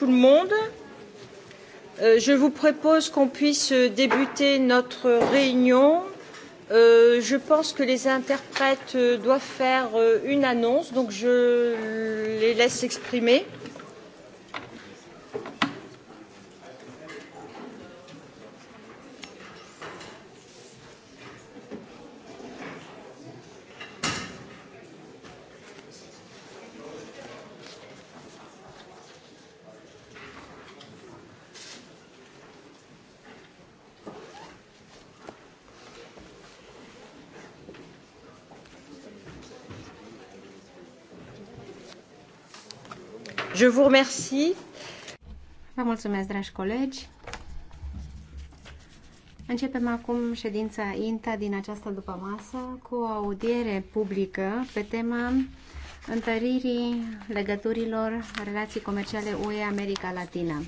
tout le monde. Euh, je vous propose qu'on puisse débuter notre réunion. Euh, je pense que les interprètes doivent faire euh, une annonce, donc je les laisse s'exprimer. Je vous remercie. Vă mulțumesc, dragi colegi. Începem acum ședința INTA din această dupămasă cu o audiere publică pe tema întăririi legăturilor relații comerciale UE-America Latina.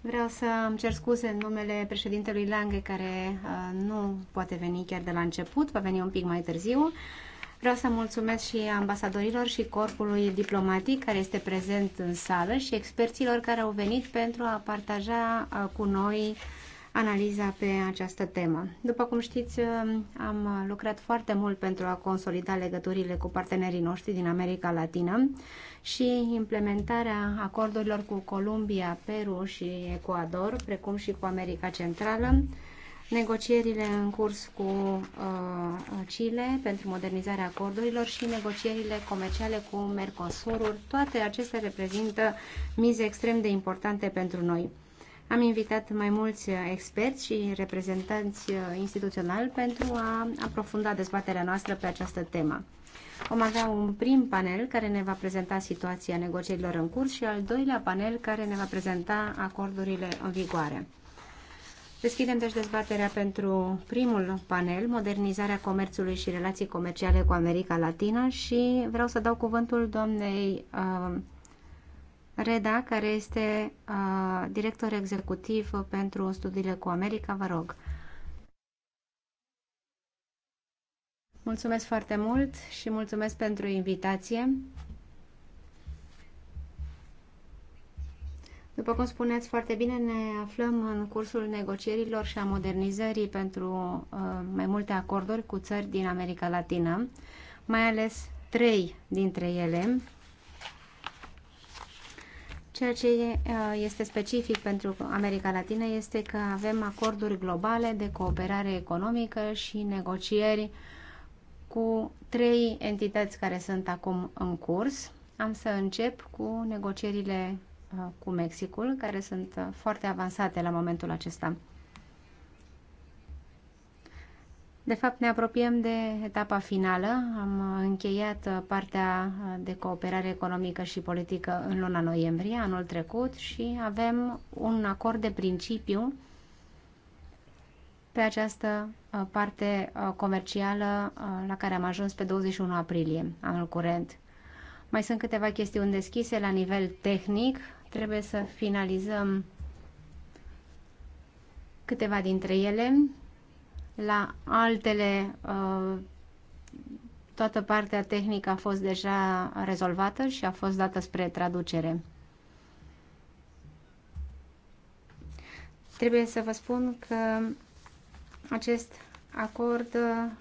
Vreau să îmi cer scuze în numele președintelui Lange, care uh, nu poate veni chiar de la început, va veni un pic mai târziu. Uh, Vreau să mulțumesc și ambasadorilor și corpului diplomatic care este prezent în sală și experților care au venit pentru a partaja cu noi analiza pe această temă. După cum știți, am lucrat foarte mult pentru a consolida legăturile cu partenerii noștri din America Latină și implementarea acordurilor cu Columbia, Peru și Ecuador, precum și cu America Centrală, negocierile în curs cu uh, Chile pentru modernizarea acordurilor și negocierile comerciale cu Mercosurul. Toate acestea reprezintă mize extrem de importante pentru noi. Am invitat mai mulți uh, experți și reprezentanți uh, instituționali pentru a aprofunda dezbaterea noastră pe această temă. Vom avea un prim panel care ne va prezenta situația negocierilor în curs și al doilea panel care ne va prezenta acordurile în vigoare. Deschidem deci dezbaterea pentru primul panel, modernizarea comerțului și relații comerciale cu America Latină și vreau să dau cuvântul doamnei uh, Reda, care este uh, director executiv pentru studiile cu America. Vă rog. Mulțumesc foarte mult și mulțumesc pentru invitație. După cum spuneați foarte bine, ne aflăm în cursul negocierilor și a modernizării pentru uh, mai multe acorduri cu țări din America Latină, mai ales trei dintre ele, Ceea ce uh, este specific pentru America Latină este că avem acorduri globale de cooperare economică și negocieri cu trei entități care sunt acum în curs. Am să încep cu negocierile Uh, cu Mexicul, care sunt uh, foarte avansate la momentul acesta. De fapt, ne apropiem de etapa finală. Am uh, încheiat partea de cooperare economică și politică în luna noiembrie anul trecut și avem un acord de principiu pe această parte comercială la care am ajuns pe 21 aprilie anul curent. Mai sunt câteva chestiuni deschise la nivel tehnic Trebuie să finalizăm câteva dintre ele. La altele, uh, toată partea tehnică a fost deja rezolvată și a fost dată spre traducere. Trebuie să vă spun că acest acord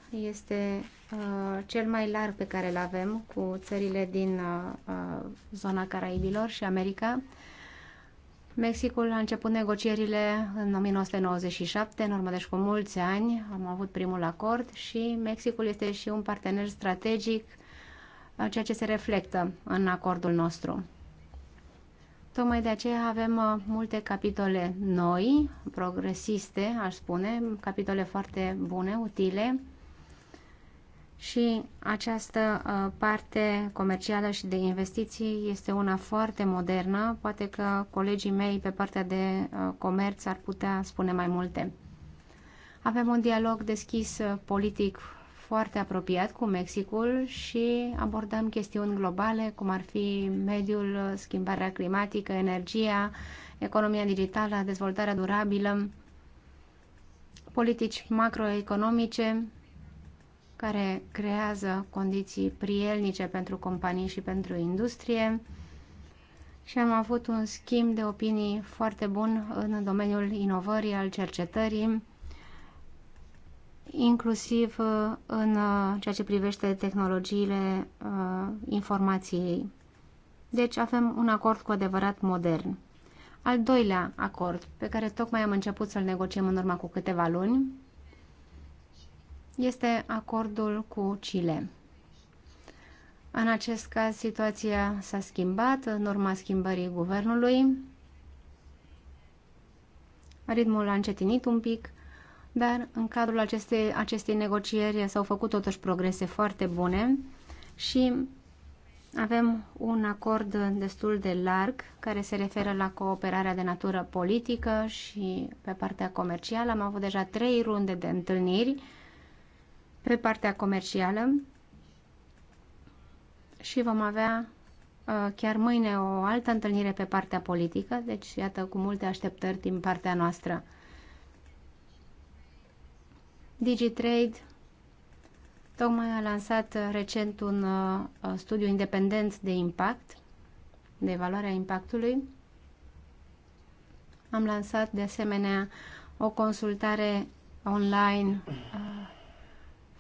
este uh, cel mai larg pe care îl avem cu țările din uh, zona Caraibilor și America. Mexicul a început negocierile în 1997, în urmă deci cu mulți ani am avut primul acord și Mexicul este și un partener strategic, uh, ceea ce se reflectă în acordul nostru. Tocmai de aceea avem uh, multe capitole noi, progresiste, aș spune, capitole foarte bune, utile, și această ă, parte comercială și de investiții este una foarte modernă. Poate că colegii mei pe partea de ă, comerț ar putea spune mai multe. Avem un dialog deschis ă, politic foarte apropiat cu Mexicul și abordăm chestiuni globale, cum ar fi mediul, schimbarea climatică, energia, economia digitală, dezvoltarea durabilă, politici macroeconomice, care creează condiții prielnice pentru companii și pentru industrie și am avut un schimb de opinii foarte bun în domeniul inovării, al cercetării, inclusiv uh, în uh, ceea ce privește tehnologiile uh, informației. Deci avem un acord cu adevărat modern. Al doilea acord, pe care tocmai am început să-l negociem în urma cu câteva luni, este acordul cu Chile. În acest caz, situația s-a schimbat în urma schimbării guvernului. Ritmul a încetinit un pic, dar în cadrul acestei, acestei negocieri s-au făcut totuși progrese foarte bune și avem un acord destul de larg care se referă la cooperarea de natură politică și pe partea comercială. Am avut deja trei runde de întâlniri pe partea comercială și vom avea uh, chiar mâine o altă întâlnire pe partea politică, deci iată cu multe așteptări din partea noastră. DigiTrade tocmai a lansat recent un uh, studiu independent de impact, de evaluarea impactului. Am lansat de asemenea o consultare online uh,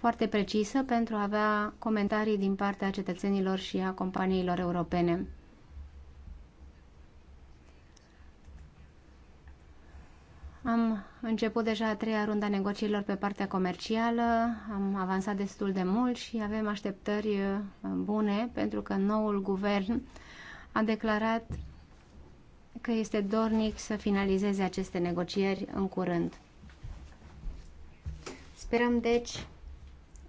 foarte precisă pentru a avea comentarii din partea cetățenilor și a companiilor europene. Am început deja a treia rundă a negocierilor pe partea comercială, am avansat destul de mult și avem așteptări uh, bune pentru că noul guvern a declarat că este dornic să finalizeze aceste negocieri în curând. Sperăm deci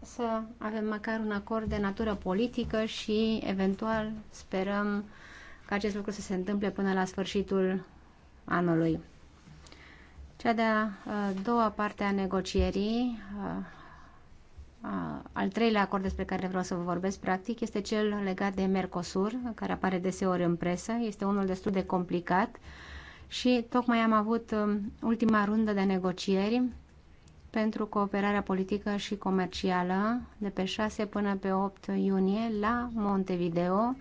să avem măcar un acord de natură politică și eventual sperăm ca acest lucru să se întâmple până la sfârșitul anului. Cea de-a uh, doua parte a negocierii, uh, al treilea acord despre care vreau să vă vorbesc practic, este cel legat de Mercosur, care apare deseori în presă. Este unul destul de complicat și tocmai am avut um, ultima rundă de negocieri pentru cooperarea politică și comercială de pe 6 până pe 8 iunie la Montevideo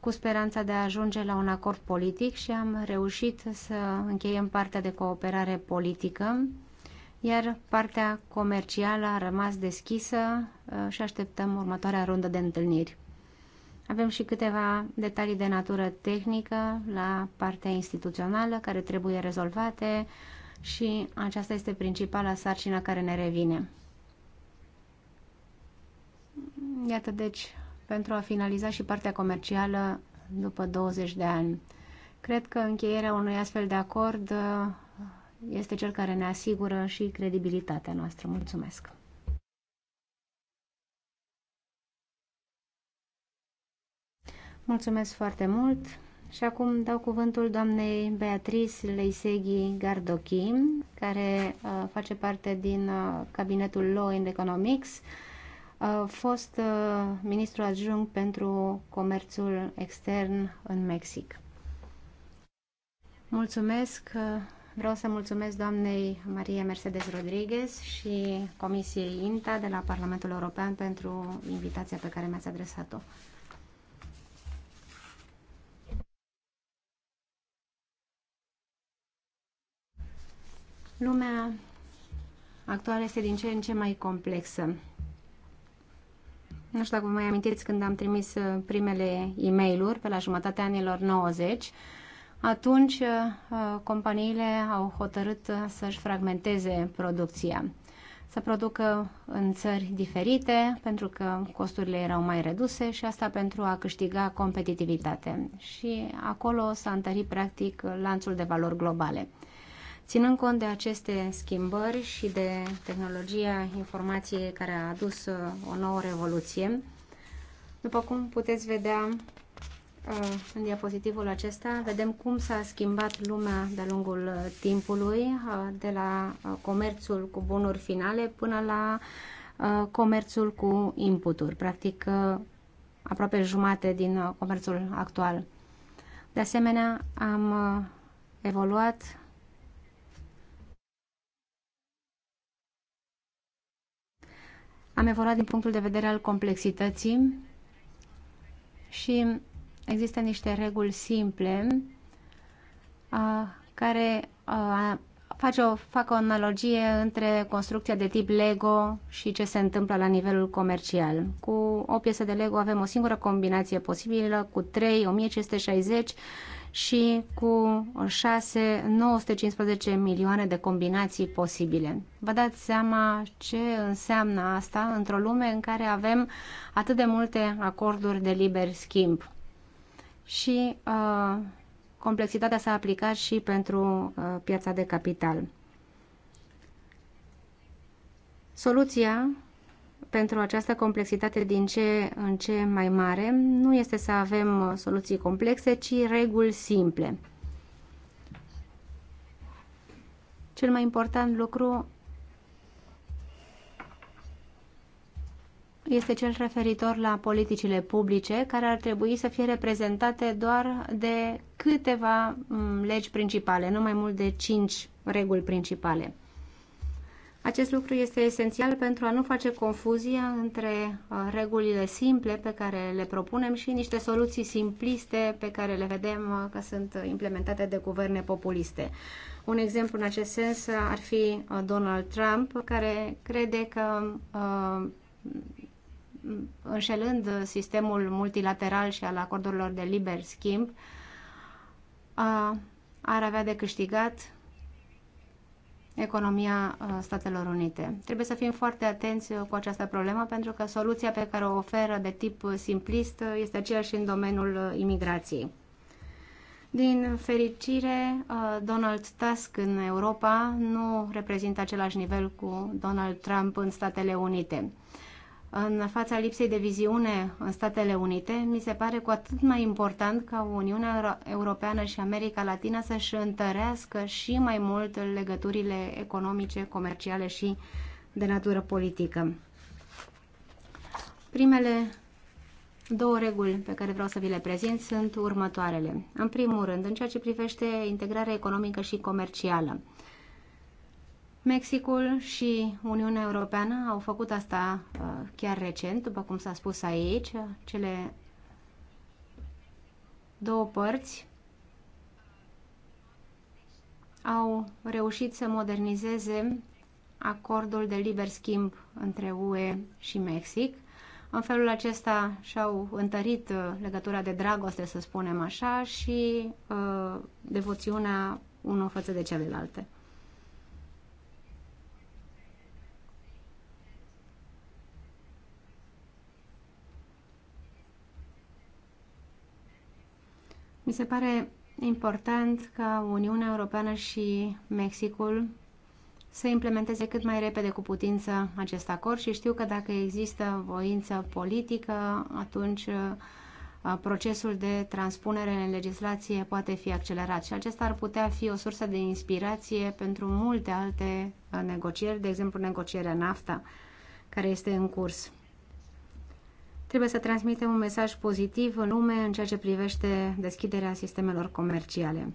cu speranța de a ajunge la un acord politic și am reușit să încheiem partea de cooperare politică, iar partea comercială a rămas deschisă uh, și așteptăm următoarea rundă de întâlniri. Avem și câteva detalii de natură tehnică la partea instituțională care trebuie rezolvate, și aceasta este principala sarcină care ne revine. Iată deci, pentru a finaliza și partea comercială după 20 de ani. Cred că încheierea unui astfel de acord uh, este cel care ne asigură și credibilitatea noastră. Mulțumesc! Mulțumesc foarte mult! Și acum dau cuvântul doamnei Beatrice Leiseghi Gardochi, care uh, face parte din uh, cabinetul Law and Economics, uh, fost uh, ministru adjunct pentru comerțul extern în Mexic. Mulțumesc! Uh, vreau să mulțumesc doamnei Maria Mercedes Rodriguez și Comisiei INTA de la Parlamentul European pentru invitația pe care mi-ați adresat-o. Lumea actuală este din ce în ce mai complexă. Nu știu dacă vă mai amintiți când am trimis uh, primele e mail pe la jumătatea anilor 90, atunci uh, companiile au hotărât uh, să-și fragmenteze producția. Să producă în țări diferite, pentru că costurile erau mai reduse și asta pentru a câștiga competitivitate. Și acolo s-a întărit practic lanțul de valori globale. Ținând cont de aceste schimbări și de tehnologia informației care a adus uh, o nouă revoluție, după cum puteți vedea uh, în diapozitivul acesta, vedem cum s-a schimbat lumea de-a lungul uh, timpului, de la comerțul cu bunuri finale până la comerțul cu inputuri, practic aproape jumate din comerțul actual. De asemenea, am evoluat Am evoluat din punctul de vedere al complexității și există niște reguli simple a, care a, face o, fac o analogie între construcția de tip Lego și ce se întâmplă la nivelul comercial. Cu o piesă de Lego avem o singură combinație posibilă, cu 3, 1560 și cu 6, 915 milioane de combinații posibile. Vă dați seama ce înseamnă asta într-o lume în care avem atât de multe acorduri de liber schimb. Și uh, complexitatea s-a aplicat și pentru uh, piața de capital. Soluția pentru această complexitate din ce în ce mai mare nu este să avem uh, soluții complexe, ci reguli simple. Cel mai important lucru este cel referitor la politicile publice, care ar trebui să fie reprezentate doar de câteva mm, legi principale, nu mai mult de cinci reguli principale. Acest lucru este esențial pentru a nu face confuzie între uh, regulile simple pe care le propunem și niște soluții simpliste pe care le vedem uh, că sunt implementate de guverne populiste. Un exemplu în acest sens uh, ar fi Donald Trump, care crede că înșelând sistemul multilateral și al acordurilor de liber schimb, ar avea de câștigat economia uh, Statelor Unite. Trebuie să fim foarte atenți uh, cu această problemă pentru că soluția pe care o oferă de tip uh, simplist este aceeași în domeniul imigrației. Din fericire, Donald Tusk în Europa nu reprezintă același nivel cu Donald Trump în Statele Unite în fața lipsei de viziune în Statele Unite, mi se pare cu atât mai important ca Uniunea Europeană și America Latina să-și întărească și mai mult legăturile economice, comerciale și de natură politică. Primele două reguli pe care vreau să vi le prezint sunt următoarele. În primul rând, în ceea ce privește integrarea economică și comercială. Mexicul și Uniunea Europeană au făcut asta uh, chiar recent, după cum s-a spus aici, cele două părți au reușit să modernizeze acordul de liber schimb între UE și Mexic. În felul acesta și-au întărit uh, legătura de dragoste, să spunem așa, și uh, devoțiunea unul față de celelalte. Mi se pare important ca Uniunea Europeană și Mexicul să implementeze cât mai repede cu putință acest acord și știu că dacă există voință politică, atunci uh, procesul de transpunere în legislație poate fi accelerat și acesta ar putea fi o sursă de inspirație pentru multe alte uh, negocieri, de exemplu negocierea NAFTA, care este în curs. Trebuie să transmitem un mesaj pozitiv în lume în ceea ce privește deschiderea sistemelor comerciale.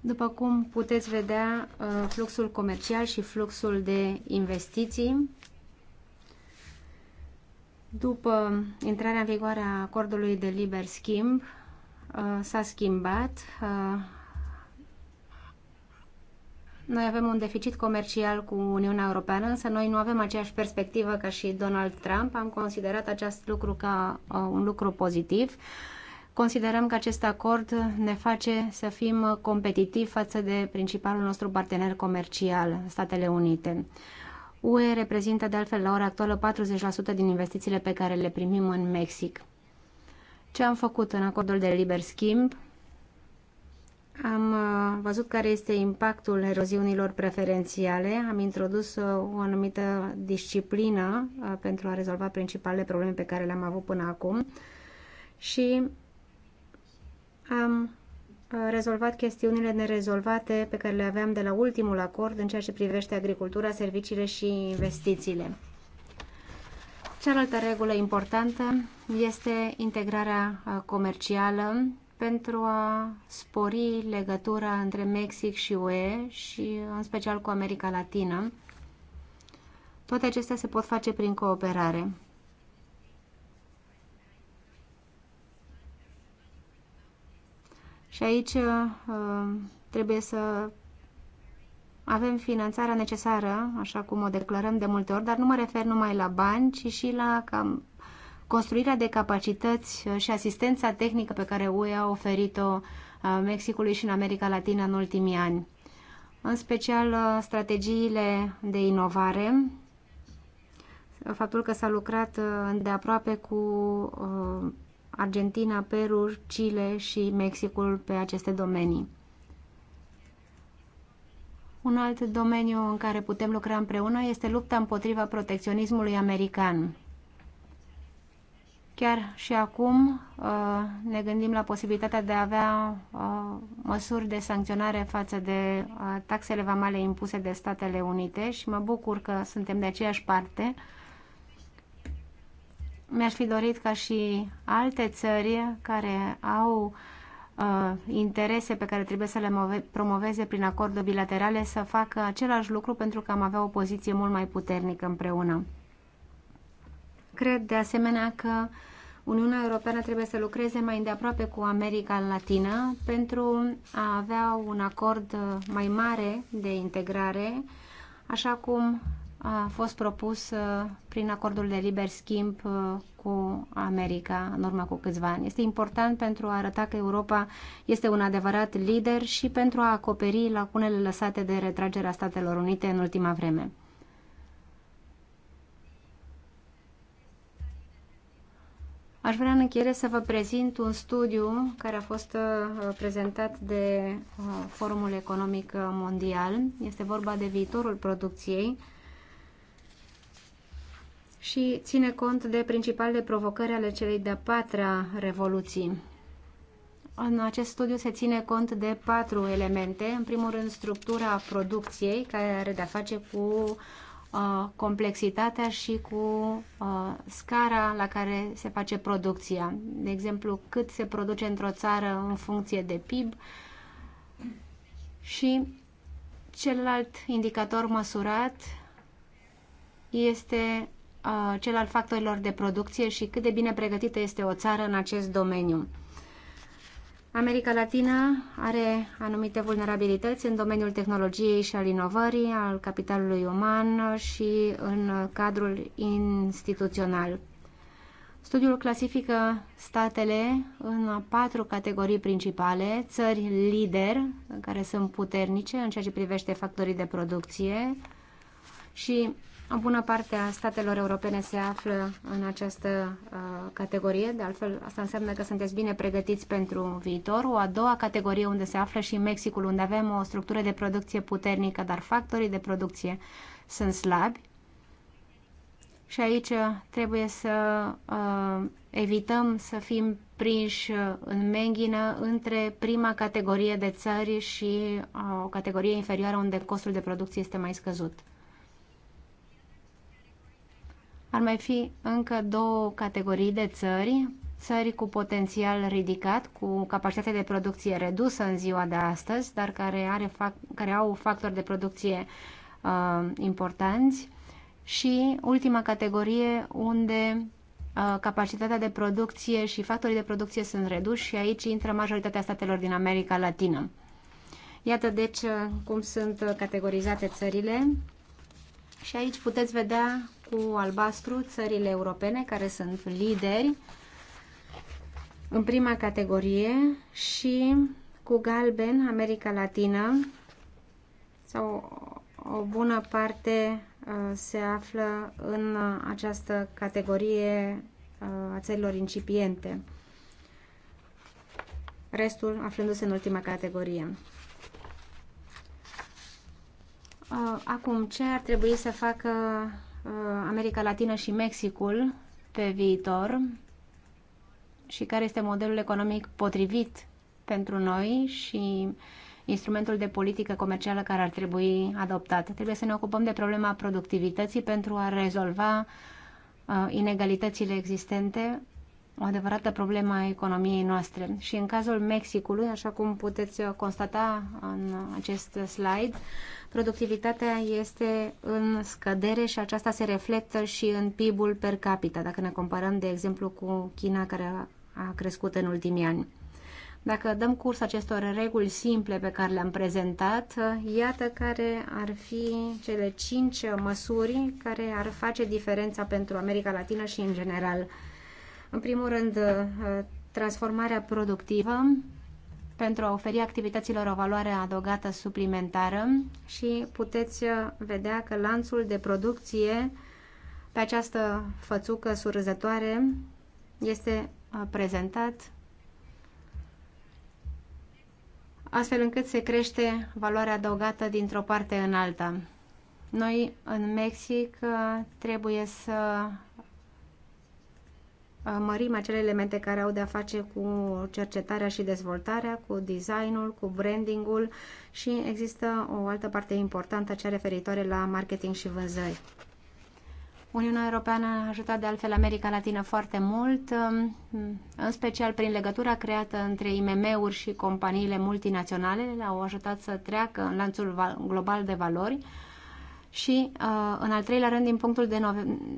După cum puteți vedea, uh, fluxul comercial și fluxul de investiții după intrarea în vigoare a acordului de liber schimb uh, s-a schimbat uh, noi avem un deficit comercial cu Uniunea Europeană, însă noi nu avem aceeași perspectivă ca și Donald Trump. Am considerat acest lucru ca uh, un lucru pozitiv. Considerăm că acest acord ne face să fim competitivi față de principalul nostru partener comercial, Statele Unite. UE reprezintă de altfel la ora actuală 40% din investițiile pe care le primim în Mexic. Ce am făcut în acordul de liber schimb? Am uh, văzut care este impactul eroziunilor preferențiale, am introdus uh, o anumită disciplină uh, pentru a rezolva principalele probleme pe care le-am avut până acum și am rezolvat chestiunile nerezolvate pe care le aveam de la ultimul acord în ceea ce privește agricultura, serviciile și investițiile. Cealaltă regulă importantă este integrarea comercială pentru a spori legătura între Mexic și UE și în special cu America Latină. Toate acestea se pot face prin cooperare. Și aici uh, trebuie să avem finanțarea necesară, așa cum o declarăm de multe ori, dar nu mă refer numai la bani, ci și la cam construirea de capacități uh, și asistența tehnică pe care UE a oferit-o uh, Mexicului și în America Latină în ultimii ani, în special uh, strategiile de inovare, faptul că s-a lucrat de aproape cu Argentina, Peru, Chile și Mexicul pe aceste domenii. Un alt domeniu în care putem lucra împreună este lupta împotriva protecționismului american. Chiar și acum uh, ne gândim la posibilitatea de a avea uh, măsuri de sancționare față de uh, taxele vamale impuse de Statele Unite și mă bucur că suntem de aceeași parte. Mi-aș fi dorit ca și alte țări care au interese pe care trebuie să le promoveze prin acorduri bilaterale să facă același lucru pentru că am avea o poziție mult mai puternică împreună. Cred de asemenea că Uniunea Europeană trebuie să lucreze mai îndeaproape cu America Latină pentru a avea un acord mai mare de integrare, așa cum a fost propus uh, prin acordul de liber schimb uh, cu America în urmă cu câțiva ani. Este important pentru a arăta că Europa este un adevărat lider și pentru a acoperi lacunele lăsate de retragerea Statelor Unite în ultima vreme. Aș vrea în încheiere să vă prezint un studiu care a fost uh, prezentat de uh, Forumul Economic Mondial. Este vorba de viitorul producției și ține cont de principalele provocări ale celei de-a patra revoluții. În acest studiu se ține cont de patru elemente. În primul rând, structura producției, care are de-a face cu Uh, complexitatea și cu uh, scara la care se face producția. De exemplu, cât se produce într-o țară în funcție de PIB și celălalt indicator măsurat este uh, cel al factorilor de producție și cât de bine pregătită este o țară în acest domeniu. America Latină are anumite vulnerabilități în domeniul tehnologiei și al inovării, al capitalului uman și în cadrul instituțional. Studiul clasifică statele în patru categorii principale, țări lider, care sunt puternice în ceea ce privește factorii de producție și o bună parte a statelor europene se află în această uh, categorie, de altfel asta înseamnă că sunteți bine pregătiți pentru viitor. O a doua categorie unde se află și Mexicul, unde avem o structură de producție puternică, dar factorii de producție sunt slabi. Și aici uh, trebuie să uh, evităm să fim prinși uh, în menghină între prima categorie de țări și uh, o categorie inferioară unde costul de producție este mai scăzut. Ar mai fi încă două categorii de țări, țări cu potențial ridicat, cu capacitate de producție redusă în ziua de astăzi, dar care, are fac- care au factori de producție uh, importanți și ultima categorie unde uh, capacitatea de producție și factorii de producție sunt reduși și aici intră majoritatea statelor din America Latină. Iată deci uh, cum sunt categorizate țările și aici puteți vedea cu albastru țările europene care sunt lideri în prima categorie și cu galben America Latină sau o bună parte uh, se află în această categorie uh, a țărilor incipiente, restul aflându-se în ultima categorie. Uh, acum, ce ar trebui să facă uh, America Latină și Mexicul pe viitor și care este modelul economic potrivit pentru noi și instrumentul de politică comercială care ar trebui adoptat. Trebuie să ne ocupăm de problema productivității pentru a rezolva uh, inegalitățile existente, o adevărată problemă a economiei noastre. Și în cazul Mexicului, așa cum puteți constata în acest slide, productivitatea este în scădere și aceasta se reflectă și în PIB-ul per capita, dacă ne comparăm, de exemplu, cu China care a crescut în ultimii ani. Dacă dăm curs acestor reguli simple pe care le-am prezentat, iată care ar fi cele cinci măsuri care ar face diferența pentru America Latină și în general. În primul rând, transformarea productivă, pentru a oferi activităților o valoare adăugată suplimentară și puteți vedea că lanțul de producție pe această fățucă surzătoare este uh, prezentat astfel încât se crește valoarea adăugată dintr-o parte în alta. Noi, în Mexic, uh, trebuie să mărim acele elemente care au de-a face cu cercetarea și dezvoltarea, cu designul, cu brandingul și există o altă parte importantă, cea referitoare la marketing și vânzări. Uniunea Europeană a ajutat de altfel America Latină foarte mult, um, în special prin legătura creată între IMM-uri și companiile multinaționale, le-au ajutat să treacă în lanțul global de valori, și, uh, în al treilea rând, din punctul de,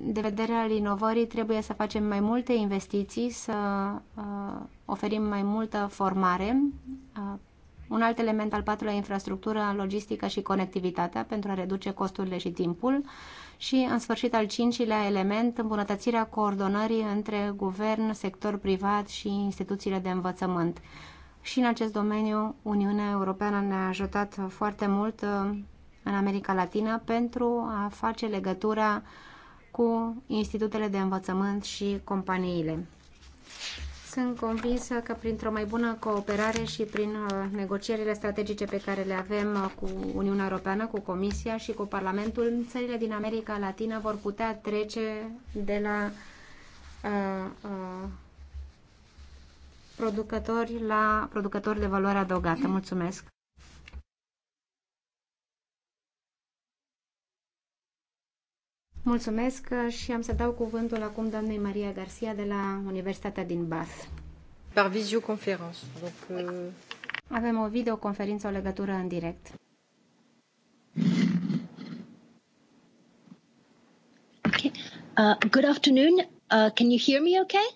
de vedere al inovării, trebuie să facem mai multe investiții, să uh, oferim mai multă formare. Uh, un alt element al patrulea, infrastructura, logistica și conectivitatea pentru a reduce costurile și timpul. Și, în sfârșit, al cincilea element, îmbunătățirea coordonării între guvern, sector privat și instituțiile de învățământ. Și în acest domeniu, Uniunea Europeană ne-a ajutat foarte mult în America Latina pentru a face legătura cu institutele de învățământ și companiile. Sunt convinsă că printr-o mai bună cooperare și prin uh, negocierile strategice pe care le avem uh, cu Uniunea Europeană, cu Comisia și cu Parlamentul, țările din America Latină vor putea trece de la uh, uh, producători la producători de valoare adăugată. Mulțumesc! Mulțumesc și am să dau cuvântul acum doamnei Maria Garcia de la Universitatea din Bath. Par videoconferență. Donc, euh... Avem o videoconferință, o legătură în direct. Okay. Uh, good afternoon. Uh, can you hear me okay?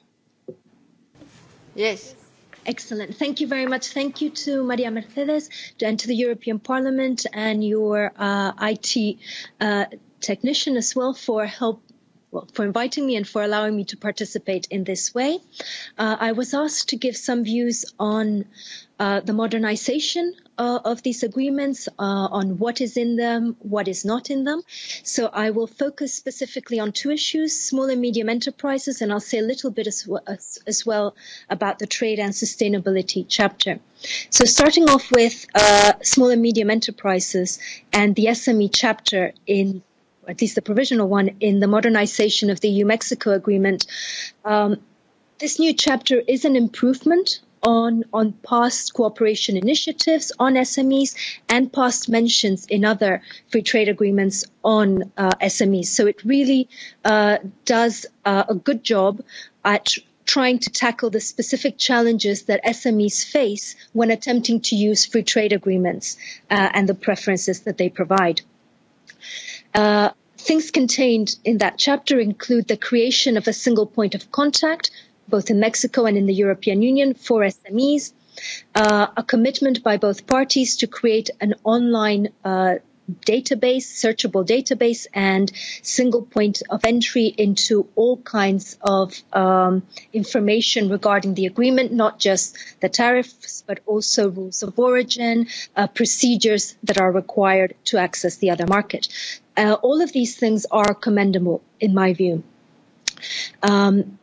Yes. Excellent. Thank you very much. Thank you to Maria Mercedes and to the European Parliament and your uh, IT uh, technician as well for help well, for inviting me and for allowing me to participate in this way. Uh, I was asked to give some views on uh, the modernization uh, of these agreements, uh, on what is in them, what is not in them. So I will focus specifically on two issues, small and medium enterprises, and I'll say a little bit as, well, as, as well about the trade and sustainability chapter. So starting off with uh, small and medium enterprises and the SME chapter in at least the provisional one, in the modernization of the EU Mexico agreement. Um, this new chapter is an improvement on on past cooperation initiatives on SMEs and past mentions in other free trade agreements on uh, SMEs. So it really uh, does uh, a good job at trying to tackle the specific challenges that SMEs face when attempting to use free trade agreements uh, and the preferences that they provide. Uh, things contained in that chapter include the creation of a single point of contact, both in Mexico and in the European Union, for SMEs, uh, a commitment by both parties to create an online uh, database, searchable database, and single point of entry into all kinds of um, information regarding the agreement, not just the tariffs, but also rules of origin, uh, procedures that are required to access the other market. Uh, all of these things are commendable, in my view. Um,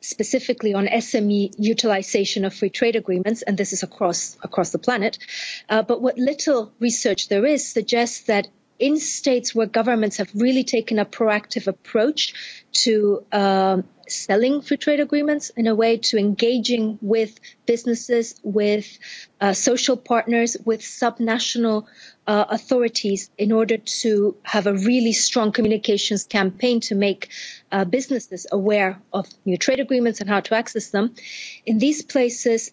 specifically on SME utilization of free trade agreements, and this is across across the planet. Uh, but what little research there is suggests that in states where governments have really taken a proactive approach to uh, selling free trade agreements in a way to engaging with businesses, with uh, social partners, with subnational uh, authorities in order to have a really strong communications campaign to make uh, businesses aware of new trade agreements and how to access them. In these places,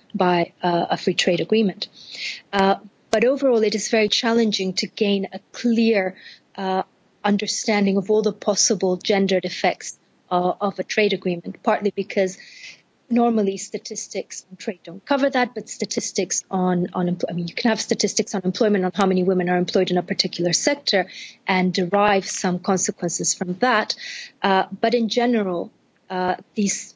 by uh, a free trade agreement. Uh, but overall, it is very challenging to gain a clear uh, understanding of all the possible gendered effects uh, of a trade agreement, partly because normally statistics on trade don't cover that, but statistics on, on I mean, you can have statistics on employment, on how many women are employed in a particular sector, and derive some consequences from that. Uh, but in general, uh, these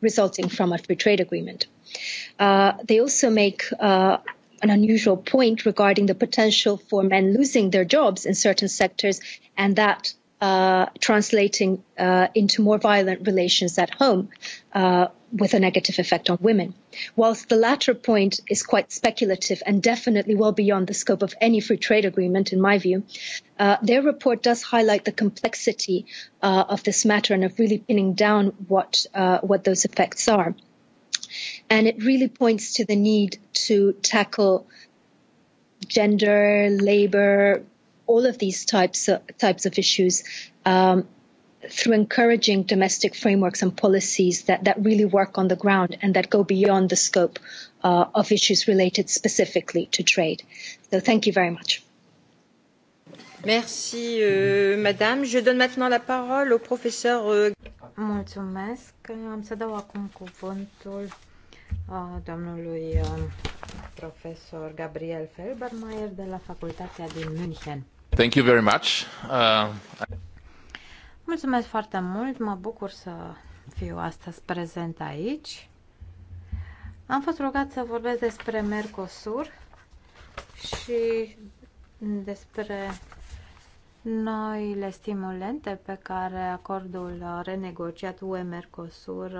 resulting from a free trade agreement. Uh, they also make uh, an unusual point regarding the potential for men losing their jobs in certain sectors and that uh, translating uh, into more violent relations at home uh, with a negative effect on women. Whilst the latter point is quite speculative and definitely well beyond the scope of any free trade agreement, in my view, uh, their report does highlight the complexity uh, of this matter and of really pinning down what uh, what those effects are. And it really points to the need to tackle gender, labor, all of these types of, types of issues um, through encouraging domestic frameworks and policies that, that really work on the ground and that go beyond the scope uh, of issues related specifically to trade. So thank you very much. Merci, euh, Madame. Je donne maintenant la parole au professeur. Euh... Mulțumesc. Am să dau acum cuvântul uh, domnului uh, profesor Gabriel Felbermayer de la Facultatea din München. Thank you very much. Uh... Mulțumesc foarte mult, mă bucur să fiu astăzi prezent aici. Am fost rugat să vorbesc despre Mercosur și despre noile stimulente pe care acordul renegociat UE-Mercosur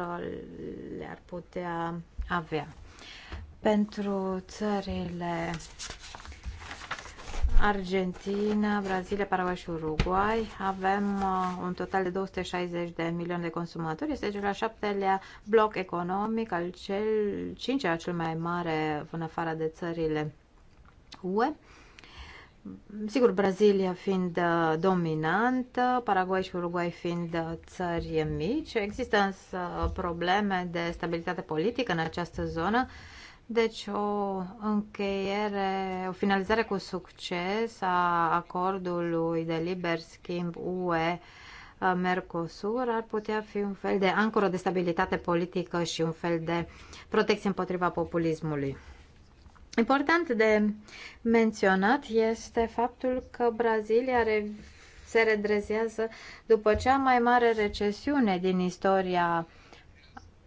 le-ar putea avea. Pentru țările Argentina, Brazilia, Paraguay și Uruguay avem uh, un total de 260 de milioane de consumatori. Este cel al șaptelea bloc economic, al cel cincilea cel mai mare în afara de țările UE. Sigur, Brazilia fiind uh, dominantă, Paraguay și Uruguay fiind uh, țări mici. Există însă probleme de stabilitate politică în această zonă. Deci o încheiere, o finalizare cu succes a acordului de liber schimb UE Mercosur ar putea fi un fel de ancoră de stabilitate politică și un fel de protecție împotriva populismului. Important de menționat este faptul că Brazilia se redresează după cea mai mare recesiune din istoria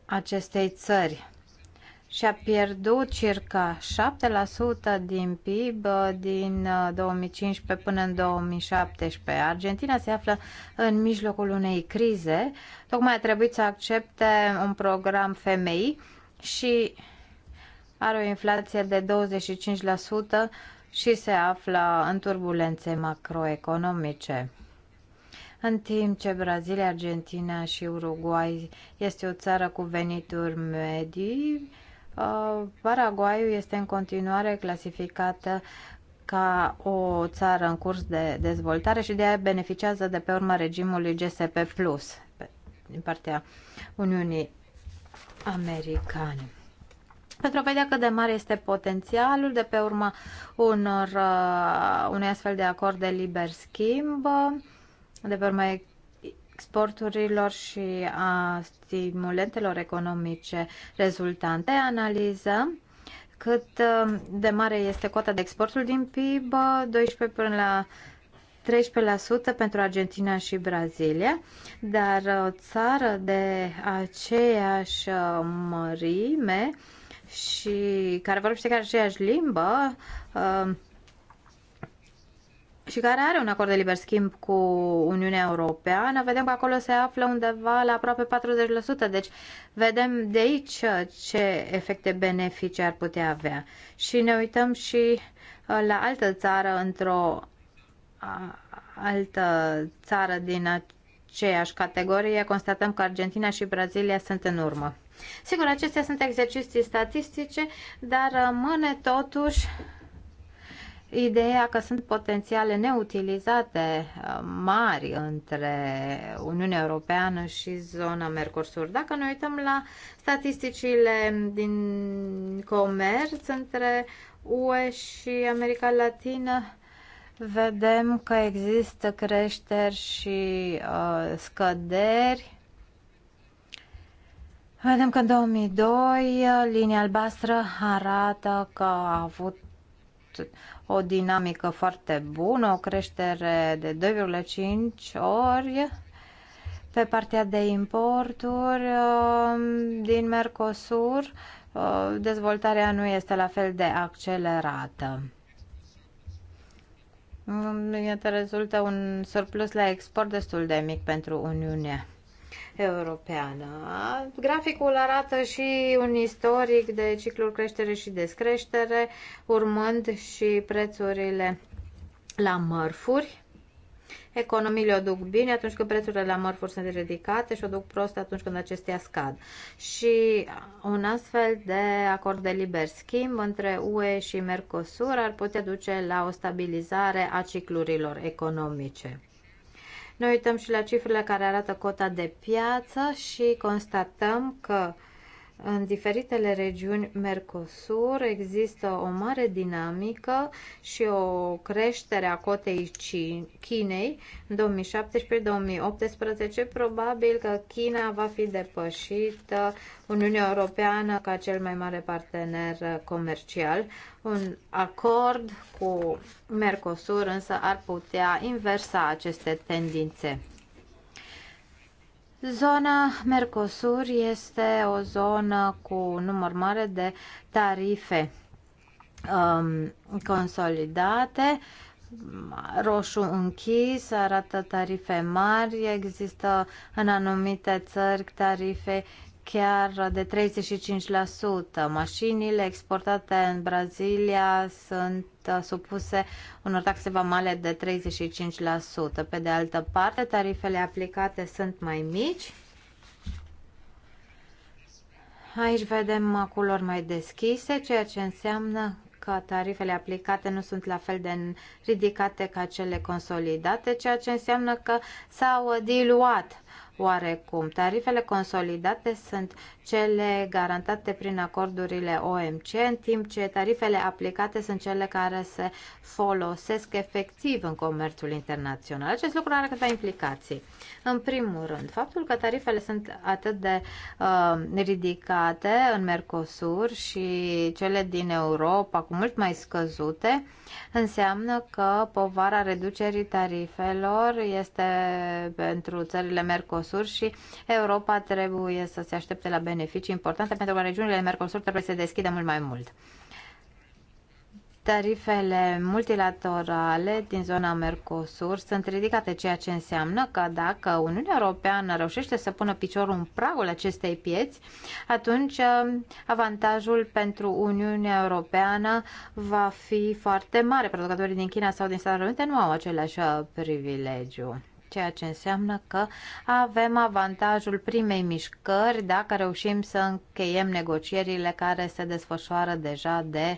acestei țări și-a pierdut circa 7% din PIB uh, din 2015 uh, până în 2017. Argentina se află în mijlocul unei crize. Tocmai a trebuit să accepte un program femei și are o inflație de 25% și se află în turbulențe macroeconomice. În timp ce Brazilia, Argentina și Uruguay este o țară cu venituri medii, Uh, Paraguayul este în continuare clasificată ca o țară în curs de dezvoltare și de aia beneficiază de pe urma regimului GSP Plus din partea Uniunii Americane. Pentru a vedea cât de mare este potențialul de pe urma unor, uh, unui astfel de acord de liber schimb, de pe urma exporturilor și a stimulentelor economice rezultante, Analiză cât uh, de mare este cota de exportul din PIB, 12 până la 13% pentru Argentina și Brazilia, dar o țară de aceeași uh, mărime și care vorbește ca aceeași limbă uh, și care are un acord de liber schimb cu Uniunea Europeană, vedem că acolo se află undeva la aproape 40%. Deci vedem de aici ce efecte benefice ar putea avea. Și ne uităm și uh, la altă țară, într-o altă țară din aceeași categorie, constatăm că Argentina și Brazilia sunt în urmă. Sigur, acestea sunt exerciții statistice, dar rămâne uh, totuși Ideea că sunt potențiale neutilizate uh, mari între Uniunea Europeană și zona Mercosur. Dacă ne uităm la statisticile din comerț între UE și America Latină, vedem că există creșteri și uh, scăderi. Vedem că în 2002 uh, linia albastră arată că a avut o dinamică foarte bună, o creștere de 2,5 ori pe partea de importuri um, din Mercosur, um, dezvoltarea nu este la fel de accelerată. Mm, iată, rezultă un surplus la export destul de mic pentru Uniune europeană. Graficul arată și un istoric de cicluri creștere și descreștere, urmând și prețurile la mărfuri. Economiile o duc bine atunci când prețurile la mărfuri sunt ridicate și o duc prost atunci când acestea scad. Și un astfel de acord de liber schimb între UE și Mercosur ar putea duce la o stabilizare a ciclurilor economice. Noi uităm și la cifrele care arată cota de piață și constatăm că în diferitele regiuni Mercosur există o mare dinamică și o creștere a cotei Chinei în 2017-2018. Probabil că China va fi depășită Uniunea Europeană ca cel mai mare partener comercial. Un acord cu Mercosur însă ar putea inversa aceste tendințe. Zona Mercosur este o zonă cu număr mare de tarife um, consolidate. Roșu închis arată tarife mari, există în anumite țări tarife chiar de 35%. Mașinile exportate în Brazilia sunt uh, supuse unor taxe vamale de 35%. Pe de altă parte, tarifele aplicate sunt mai mici. Aici vedem culori mai deschise, ceea ce înseamnă că tarifele aplicate nu sunt la fel de ridicate ca cele consolidate, ceea ce înseamnă că s-au diluat oarecum. Tarifele consolidate sunt cele garantate prin acordurile OMC, în timp ce tarifele aplicate sunt cele care se folosesc efectiv în comerțul internațional. Acest lucru are câteva implicații. În primul rând, faptul că tarifele sunt atât de uh, ridicate în Mercosur și cele din Europa cu mult mai scăzute, înseamnă că povara reducerii tarifelor este pentru țările Mercosur Mercosur și Europa trebuie să se aștepte la beneficii importante pentru că regiunile Mercosur trebuie să se deschidă mult mai mult. Tarifele multilaterale din zona Mercosur sunt ridicate, ceea ce înseamnă că dacă Uniunea Europeană reușește să pună piciorul în pragul acestei pieți, atunci um, avantajul pentru Uniunea Europeană va fi foarte mare. Producătorii din China sau din Statele Unite nu au același uh, privilegiu ceea ce înseamnă că avem avantajul primei mișcări dacă reușim să încheiem negocierile care se desfășoară deja de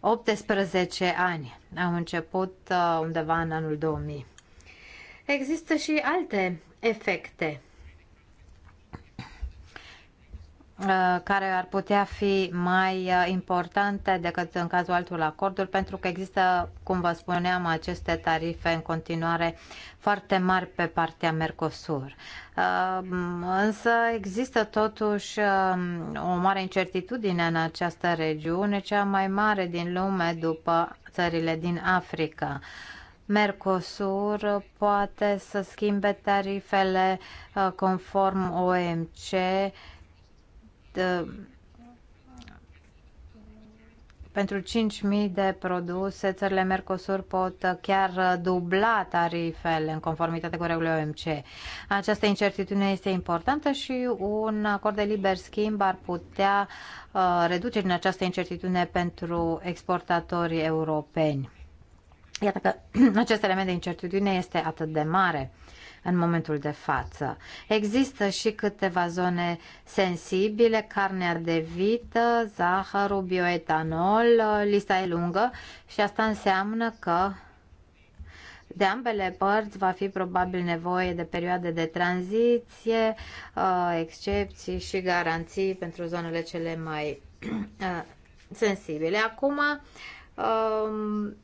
18 ani. Am început uh, undeva în anul 2000. Există și alte efecte Uh, care ar putea fi mai uh, importante decât în cazul altor acorduri, pentru că există, cum vă spuneam, aceste tarife în continuare foarte mari pe partea Mercosur. Uh, însă există totuși o mare incertitudine în această regiune, cea mai mare din lume după țările din Africa. Mercosur poate să schimbe tarifele conform OMC Uh, pentru 5.000 de produse, țările Mercosur pot uh, chiar uh, dubla tarifele în conformitate cu regulile OMC. Această incertitudine este importantă și un acord de liber schimb ar putea uh, reduce din această incertitudine pentru exportatorii europeni. Iată că acest element de incertitudine este atât de mare în momentul de față. Există și câteva zone sensibile, carnea de vită, zahărul, bioetanol, lista e lungă și asta înseamnă că de ambele părți va fi probabil nevoie de perioade de tranziție, uh, excepții și garanții pentru zonele cele mai uh, sensibile. Acum, um,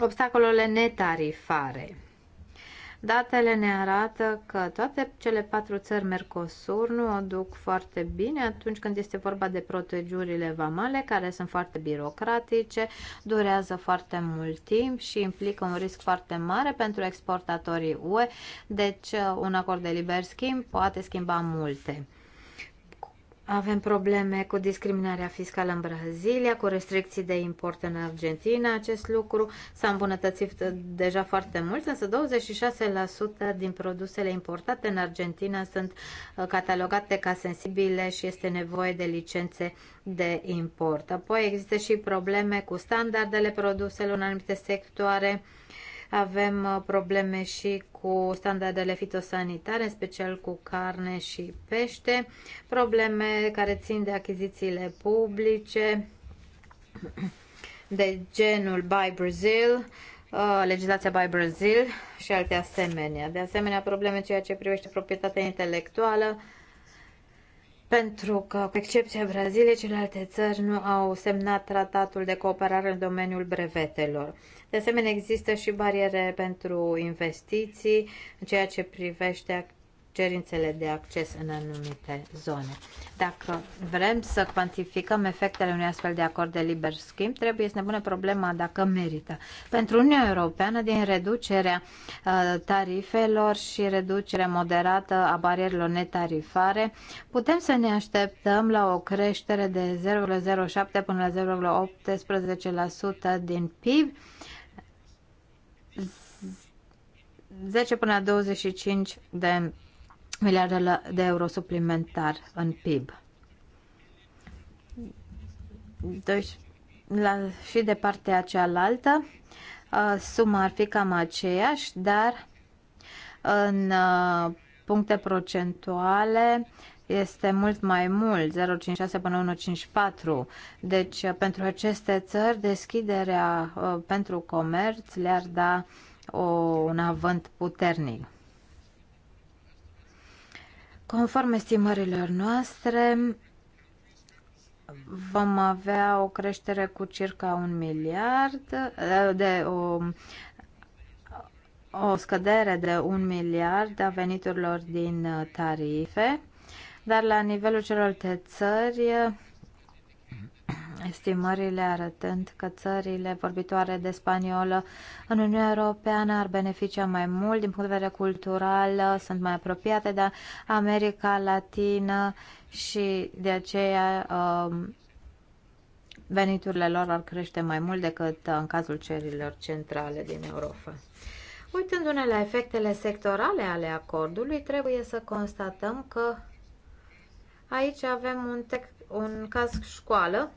obstacolele netarifare. Datele ne arată că toate cele patru țări Mercosur nu o duc foarte bine atunci când este vorba de protejurile vamale, care sunt foarte birocratice, durează foarte mult timp și implică un risc foarte mare pentru exportatorii UE, deci uh, un acord de liber schimb poate schimba multe. Avem probleme cu discriminarea fiscală în Brazilia, cu restricții de import în Argentina. Acest lucru s-a îmbunătățit deja foarte mult, însă 26% din produsele importate în Argentina sunt uh, catalogate ca sensibile și este nevoie de licențe de import. Apoi există și probleme cu standardele produselor în anumite sectoare avem uh, probleme și cu standardele fitosanitare, în special cu carne și pește, probleme care țin de achizițiile publice, de genul Buy Brazil, uh, legislația by Brazil și alte asemenea. De asemenea, probleme ceea ce privește proprietatea intelectuală, pentru că, cu excepția Braziliei, celelalte țări nu au semnat tratatul de cooperare în domeniul brevetelor. De asemenea, există și bariere pentru investiții în ceea ce privește cerințele de acces în anumite zone. Dacă vrem să cuantificăm efectele unui astfel de acord de liber schimb, trebuie să ne punem problema dacă merită. Pentru Uniunea Europeană, din reducerea uh, tarifelor și reducerea moderată a barierelor netarifare, putem să ne așteptăm la o creștere de 0,07 până la 0,18% din PIB, 10 până la 25 de miliarde de euro suplimentar în PIB. Deci, la, și de partea cealaltă, uh, suma ar fi cam aceeași, dar în uh, puncte procentuale este mult mai mult, 0,56 până 1,54. Deci, uh, pentru aceste țări, deschiderea pentru comerț le-ar da o, un avânt puternic. Conform estimărilor noastre, vom avea o creștere cu circa un miliard eh, de o, o scădere de un miliard a veniturilor din tarife, dar la nivelul celor de țări estimările arătând că țările vorbitoare de spaniolă în Uniunea Europeană ar beneficia mai mult din punct de vedere cultural, sunt mai apropiate de America Latină și de aceea um, veniturile lor ar crește mai mult decât în cazul cerilor centrale din Europa. Uitându-ne la efectele sectorale ale acordului, trebuie să constatăm că aici avem un, tec- un caz școală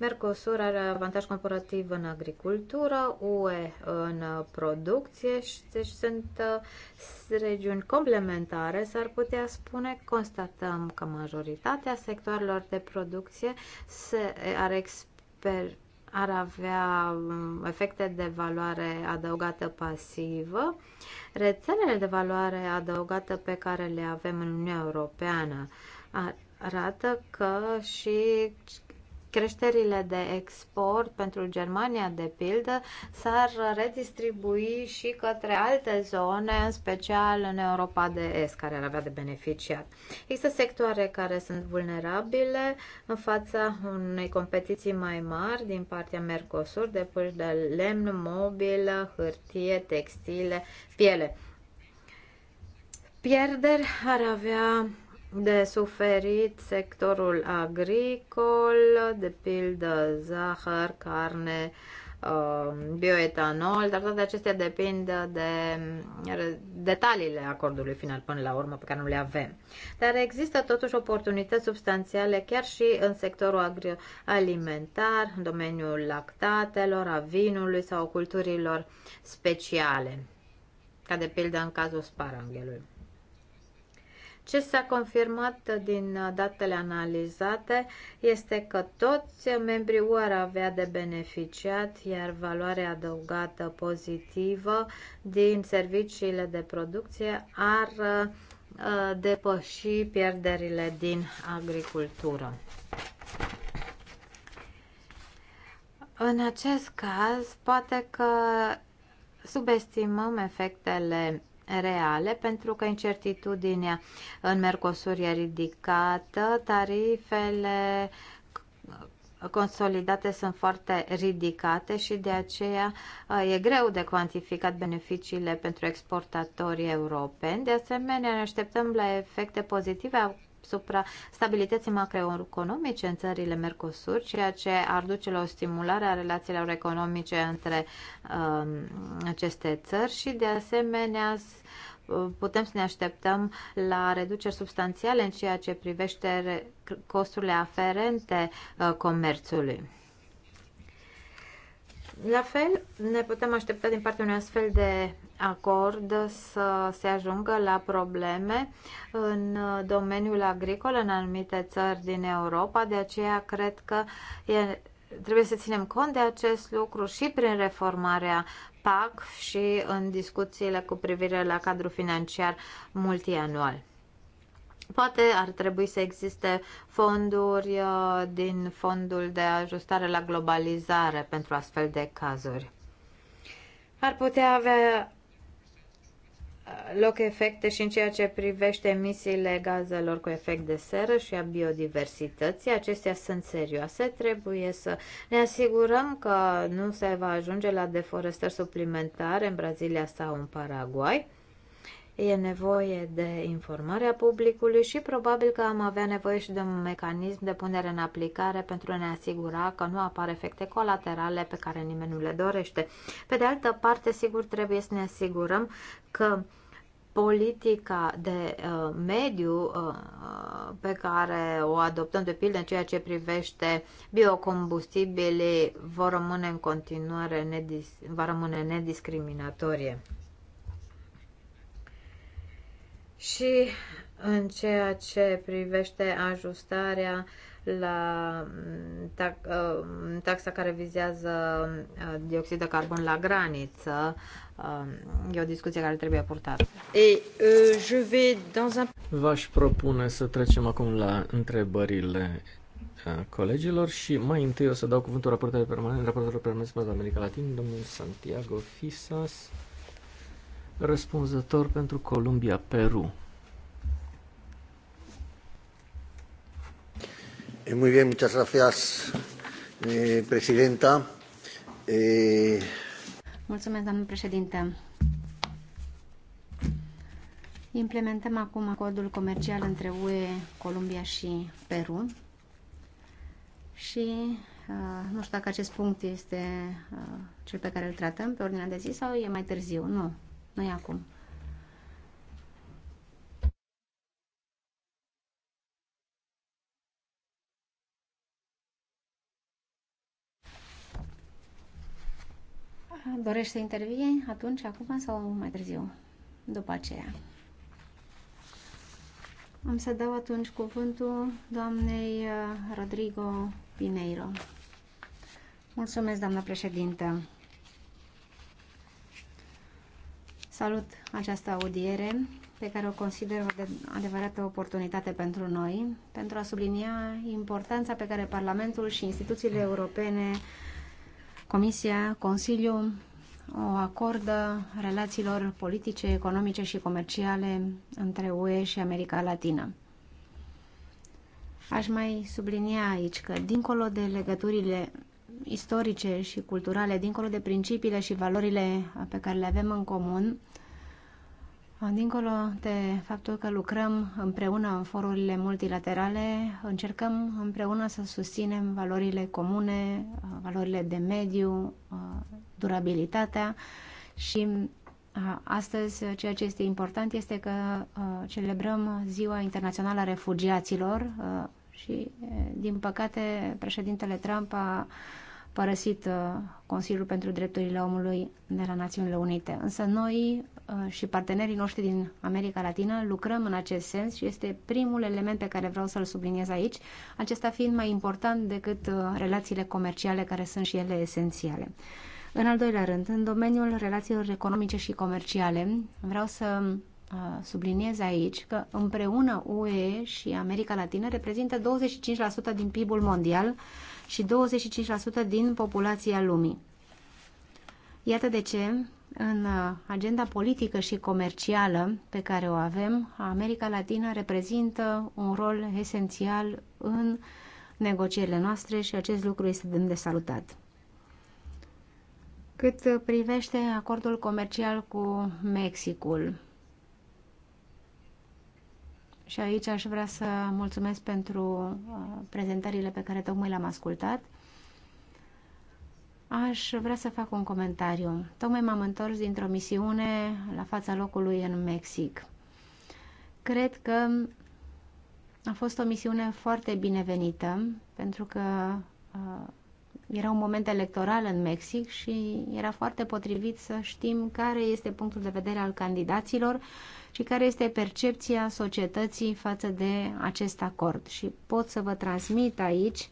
Mercosur are avantaj comparativ în agricultură, UE în producție și deci sunt uh, regiuni complementare, s-ar putea spune. Constatăm că majoritatea sectoarelor de producție se ar exper ar avea um, efecte de valoare adăugată pasivă. Rețelele de valoare adăugată pe care le avem în Uniunea Europeană arată că și creșterile de export pentru Germania, de pildă, s-ar redistribui și către alte zone, în special în Europa de Est, care ar avea de beneficiat. Există sectoare care sunt vulnerabile în fața unei competiții mai mari din partea Mercosur, de pâși de lemn, mobilă, hârtie, textile, piele. Pierderi ar avea de suferit sectorul agricol, de pildă zahăr, carne, um, bioetanol, dar toate acestea depind de detaliile acordului final până la urmă pe care nu le avem. Dar există totuși oportunități substanțiale chiar și în sectorul alimentar, în domeniul lactatelor, a vinului sau culturilor speciale, ca de pildă în cazul sparanghelului. Ce s-a confirmat din uh, datele analizate este că toți membrii UE ar avea de beneficiat, iar valoarea adăugată pozitivă din serviciile de producție ar uh, uh, depăși pierderile din agricultură. În acest caz, poate că subestimăm efectele reale, pentru că incertitudinea în Mercosur e ridicată, tarifele consolidate sunt foarte ridicate și de aceea e greu de cuantificat beneficiile pentru exportatorii europeni. De asemenea, ne așteptăm la efecte pozitive asupra stabilității macroeconomice în țările Mercosur, ceea ce ar duce la o stimulare a relațiilor economice între um, aceste țări și, de asemenea, uh, putem să ne așteptăm la reduceri substanțiale în ceea ce privește costurile aferente uh, comerțului. La fel, ne putem aștepta din partea unui astfel de acord să se ajungă la probleme în domeniul agricol în anumite țări din Europa, de aceea cred că e, trebuie să ținem cont de acest lucru și prin reformarea PAC și în discuțiile cu privire la cadrul financiar multianual. Poate ar trebui să existe fonduri uh, din fondul de ajustare la globalizare pentru astfel de cazuri. Ar putea avea uh, loc efecte și în ceea ce privește emisiile gazelor cu efect de seră și a biodiversității. Acestea sunt serioase. Trebuie să ne asigurăm că nu se va ajunge la deforestări suplimentare în Brazilia sau în Paraguay e nevoie de informarea publicului și probabil că am avea nevoie și de un mecanism de punere în aplicare pentru a ne asigura că nu apar efecte colaterale pe care nimeni nu le dorește. Pe de altă parte, sigur, trebuie să ne asigurăm că politica de uh, mediu uh, uh pe care o adoptăm de pildă în ceea ce privește biocombustibile vor rămâne în continuare nedis- va rămâne nediscriminatorie. Și în ceea ce privește ajustarea la mm, mm, taxa care vizează mm, dioxid de carbon la graniță, e o discuție care trebuie purtată. Euh, V-aș propune să trecem acum la întrebările colegilor și mai întâi o să dau cuvântul raportului permanent, raportului permanent pentru America Latin, domnul Santiago Fisas răspunzător pentru Columbia-Peru. Eh, muy bien, muchas gracias, eh, presidenta. Eh... Mulțumesc, doamnă președinte. Implementăm acum codul comercial între UE, Columbia și Peru. Și uh, nu știu dacă acest punct este uh, cel pe care îl tratăm pe ordinea de zi sau e mai târziu. Nu, noi acum. Dorești să intervii atunci, acum sau mai târziu? După aceea. Am să dau atunci cuvântul doamnei uh, Rodrigo Pineiro. Mulțumesc, doamna președintă. Salut această audiere pe care o consider o adevărată oportunitate pentru noi, pentru a sublinia importanța pe care Parlamentul și instituțiile europene, Comisia, Consiliul, o acordă relațiilor politice, economice și comerciale între UE și America Latină. Aș mai sublinia aici că, dincolo de legăturile istorice și culturale, dincolo de principiile și valorile pe care le avem în comun, dincolo de faptul că lucrăm împreună în forurile multilaterale, încercăm împreună să susținem valorile comune, valorile de mediu, durabilitatea și Astăzi, ceea ce este important este că celebrăm Ziua Internațională a Refugiaților și, din păcate, președintele Trump a părăsit uh, Consiliul pentru Drepturile Omului de la Națiunile Unite. Însă noi uh, și partenerii noștri din America Latină lucrăm în acest sens și este primul element pe care vreau să-l subliniez aici, acesta fiind mai important decât uh, relațiile comerciale care sunt și ele esențiale. În al doilea rând, în domeniul relațiilor economice și comerciale, vreau să subliniez aici că împreună UE și America Latină reprezintă 25% din PIB-ul mondial și 25% din populația lumii. Iată de ce, în uh, agenda politică și comercială pe care o avem, America Latină reprezintă un rol esențial în negocierile noastre și acest lucru este demn de salutat. Cât privește acordul comercial cu Mexicul, și aici aș vrea să mulțumesc pentru uh, prezentările pe care tocmai le-am ascultat. Aș vrea să fac un comentariu. Tocmai m-am întors dintr-o misiune la fața locului în Mexic. Cred că a fost o misiune foarte binevenită, pentru că uh, era un moment electoral în Mexic și era foarte potrivit să știm care este punctul de vedere al candidaților și care este percepția societății față de acest acord. Și pot să vă transmit aici uh,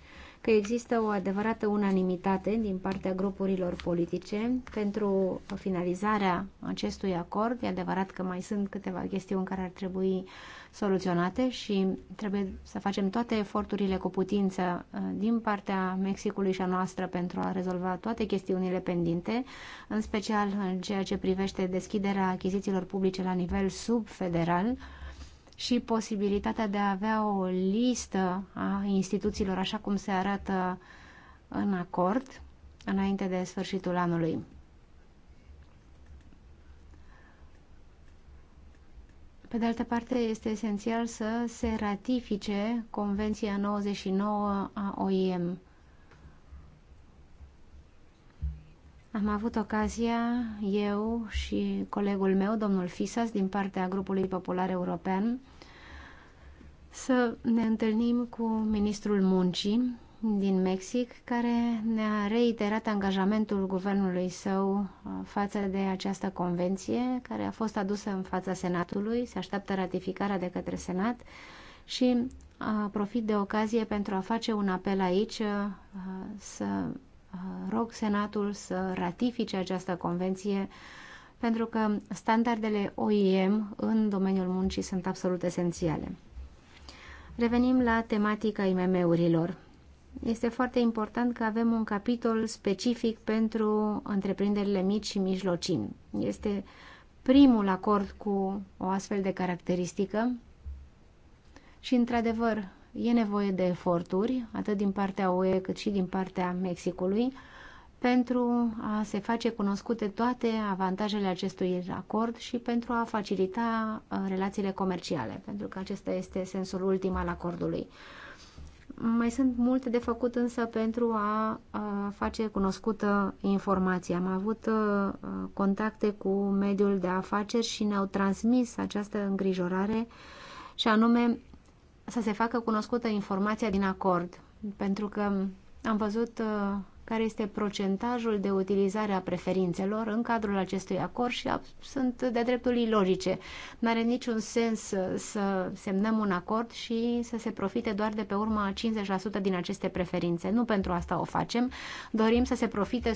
că există o adevărată unanimitate din partea grupurilor politice pentru finalizarea acestui acord. E adevărat că mai sunt câteva chestiuni care ar trebui soluționate și trebuie să facem toate eforturile cu putință uh, din partea Mexicului și a noastră pentru a rezolva toate chestiunile pendinte, în special în ceea ce privește deschiderea achizițiilor publice la nivel subfederal, și posibilitatea de a avea o listă a instituțiilor așa cum se arată în acord înainte de sfârșitul anului. Pe de altă parte, este esențial să se ratifice Convenția 99 a OIM Am avut ocazia, eu și colegul meu, domnul Fisas, din partea grupului popular european, să ne întâlnim cu ministrul muncii din Mexic, care ne-a reiterat angajamentul guvernului său uh, față de această convenție, care a fost adusă în fața Senatului, se așteaptă ratificarea de către Senat și uh, profit de ocazie pentru a face un apel aici uh, să Uh, rog Senatul să ratifice această convenție pentru că standardele OIM în domeniul muncii sunt absolut esențiale. Revenim la tematica IMM-urilor. Este foarte important că avem un capitol specific pentru întreprinderile mici și mijlocii. Este primul acord cu o astfel de caracteristică și, într-adevăr, e nevoie de eforturi, atât din partea UE cât și din partea Mexicului, pentru a se face cunoscute toate avantajele acestui acord și pentru a facilita uh, relațiile comerciale, pentru că acesta este sensul ultim al acordului. Mai sunt multe de făcut însă pentru a, uh, face cunoscută informația. Am avut uh, contacte cu mediul de afaceri și ne-au transmis această îngrijorare și anume să se facă cunoscută informația din acord, pentru că am văzut uh, care este procentajul de utilizare a preferințelor în cadrul acestui acord și sunt de dreptul ilogice. Nu are niciun sens uh, să semnăm un acord și să se profite doar de pe urma 50% din aceste preferințe. Nu pentru asta o facem, dorim să se profite 100%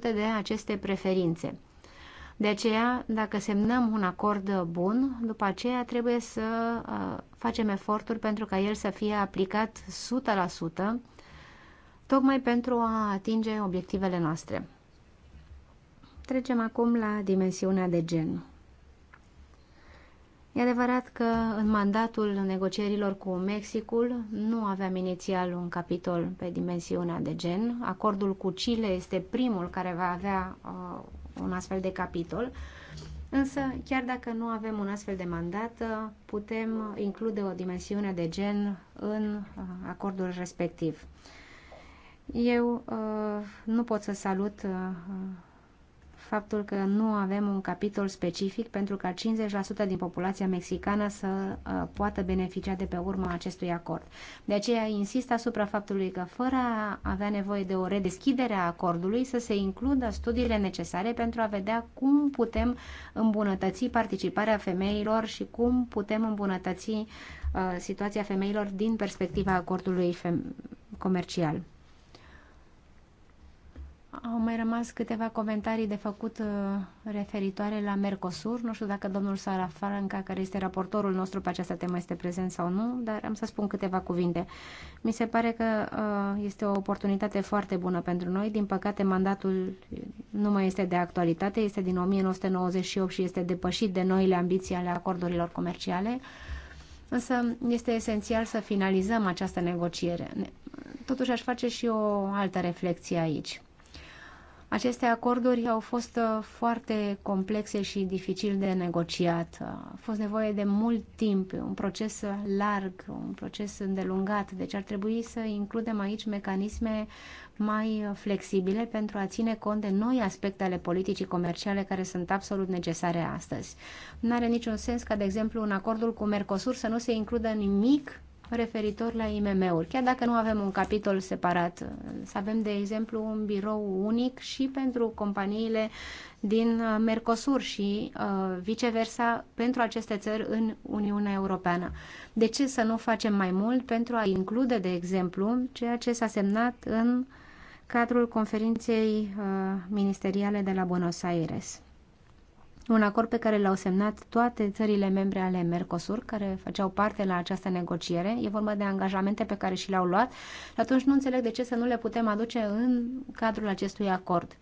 de aceste preferințe. De aceea, dacă semnăm un acord bun, după aceea trebuie să uh, facem eforturi pentru ca el să fie aplicat 100%, tocmai pentru a atinge obiectivele noastre. Trecem acum la dimensiunea de gen. E adevărat că în mandatul negocierilor cu Mexicul nu aveam inițial un capitol pe dimensiunea de gen. Acordul cu Chile este primul care va avea uh, un astfel de capitol. Însă, chiar dacă nu avem un astfel de mandat, putem include o dimensiune de gen în uh, acordul respectiv. Eu uh, nu pot să salut uh, faptul că nu avem un capitol specific pentru ca 50% din populația mexicană să uh, poată beneficia de pe urma acestui acord. De aceea insist asupra faptului că fără a avea nevoie de o redeschidere a acordului să se includă studiile necesare pentru a vedea cum putem îmbunătăți participarea femeilor și cum putem îmbunătăți uh, situația femeilor din perspectiva acordului comercial. Au mai rămas câteva comentarii de făcut uh, referitoare la Mercosur. Nu știu dacă domnul Sara Franca, care este raportorul nostru pe această temă, este prezent sau nu, dar am să spun câteva cuvinte. Mi se pare că uh, este o oportunitate foarte bună pentru noi. Din păcate, mandatul nu mai este de actualitate, este din 1998 și este depășit de noile ambiții ale acordurilor comerciale. Însă este esențial să finalizăm această negociere. Totuși aș face și o altă reflexie aici. Aceste acorduri au fost uh, foarte complexe și dificil de negociat. Uh, a fost nevoie de mult timp, un proces larg, un proces îndelungat, deci ar trebui să includem aici mecanisme mai flexibile pentru a ține cont de noi aspecte ale politicii comerciale care sunt absolut necesare astăzi. Nu are niciun sens ca, de exemplu, în acordul cu Mercosur să nu se includă nimic referitor la IMM-uri. Chiar dacă nu avem un capitol separat, să avem, de exemplu, un birou unic și pentru companiile din uh, Mercosur și uh, viceversa pentru aceste țări în Uniunea Europeană. De ce să nu facem mai mult pentru a include, de exemplu, ceea ce s-a semnat în cadrul conferinței uh, ministeriale de la Buenos Aires? un acord pe care l-au semnat toate țările membre ale Mercosur, care făceau parte la această negociere. E vorba de angajamente pe care și le-au luat. Și atunci nu înțeleg de ce să nu le putem aduce în cadrul acestui acord.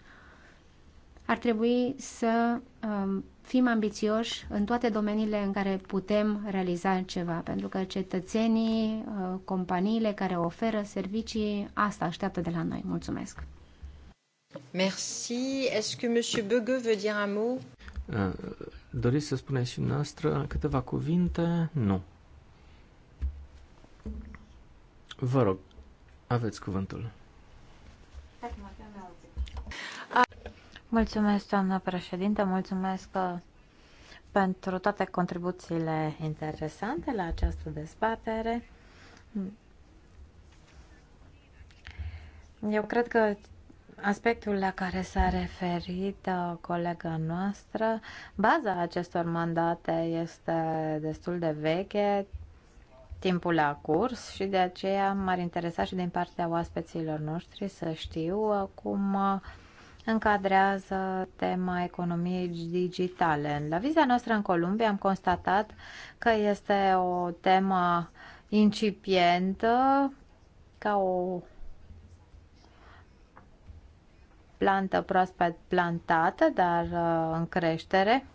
Ar trebui să um, fim ambițioși în toate domeniile în care putem realiza ceva, pentru că cetățenii, uh, companiile care oferă servicii, asta așteaptă de la noi. Mulțumesc! Merci. Est-ce que M. Böge veut dire un mot Uh, doriți să spuneți și noastră câteva cuvinte? Nu. Vă rog, aveți cuvântul. Mulțumesc, doamnă președinte, mulțumesc uh, pentru toate contribuțiile interesante la această dezbatere. Eu cred că aspectul la care s-a referit o uh, colega noastră, baza acestor mandate este destul de veche, timpul a curs și de aceea m-ar interesa și din partea oaspeților noștri să știu uh, cum uh, încadrează tema economiei digitale. La viza noastră în Columbia am constatat că este o temă incipientă, ca o plantă proaspăt plantată, dar uh, în creștere.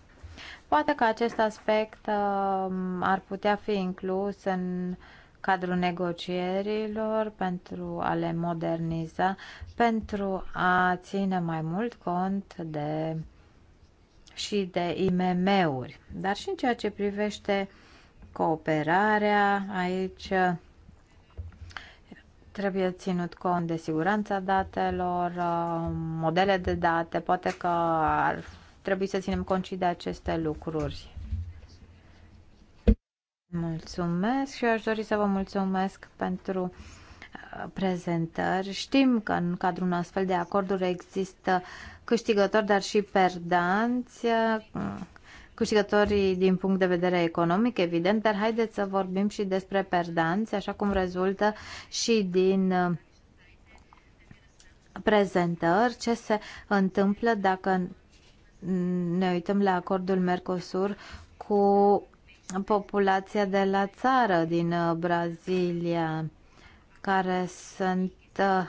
Poate că acest aspect uh, ar putea fi inclus în cadrul negocierilor pentru a le moderniza, pentru a ține mai mult cont de și de IMM-uri. Dar și în ceea ce privește cooperarea, aici Trebuie ținut cont de siguranța datelor, uh, modele de date, poate că ar trebui să ținem cont și de aceste lucruri. Mulțumesc și eu aș dori să vă mulțumesc pentru uh, prezentări. Știm că în cadrul unui astfel de acorduri există câștigători, dar și perdanți uh, câștigătorii din punct de vedere economic, evident, dar haideți să vorbim și despre perdanți, așa cum rezultă și din uh, prezentări ce se întâmplă dacă ne uităm la acordul Mercosur cu populația de la țară din uh, Brazilia, care sunt uh,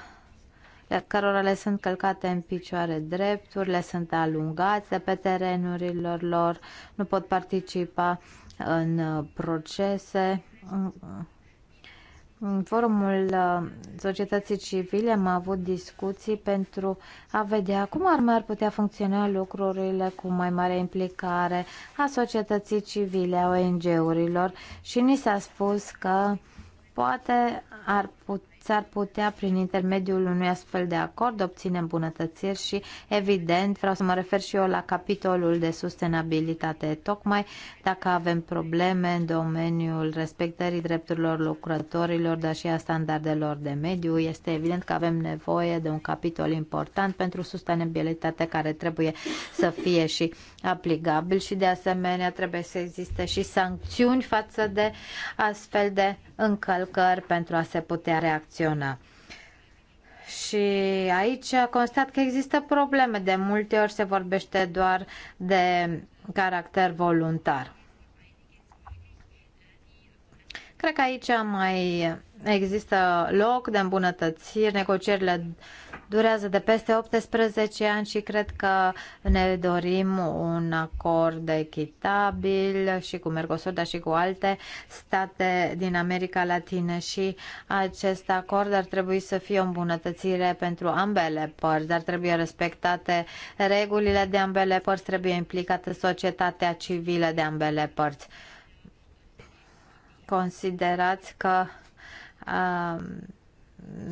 cărora le sunt călcate în picioare drepturile, sunt alungate pe terenurilor lor, nu pot participa în uh, procese. Mm, mm. În forumul uh, societății civile am avut discuții pentru a vedea cum ar mai putea funcționa lucrurile cu mai mare implicare a societății civile, a ONG-urilor și ni s-a spus că poate ar putea s-ar putea, prin intermediul unui astfel de acord, obține îmbunătățiri și, evident, vreau să mă refer și eu la capitolul de sustenabilitate. Tocmai dacă avem probleme în domeniul respectării drepturilor lucrătorilor, dar și a standardelor de mediu, este evident că avem nevoie de un capitol important pentru sustenabilitate care trebuie să fie și aplicabil și, de asemenea, trebuie să existe și sancțiuni față de astfel de încălcări pentru a se putea reacționa funcționa. Și aici constat că există probleme. De multe ori se vorbește doar de caracter voluntar. Cred că aici mai există loc de îmbunătățiri, negocierile durează de peste 18 ani și cred că ne dorim un acord echitabil și cu Mercosur, dar și cu alte state din America Latină și acest acord ar trebui să fie o îmbunătățire pentru ambele părți, dar trebuie respectate regulile de ambele părți, trebuie implicată societatea civilă de ambele părți. Considerați că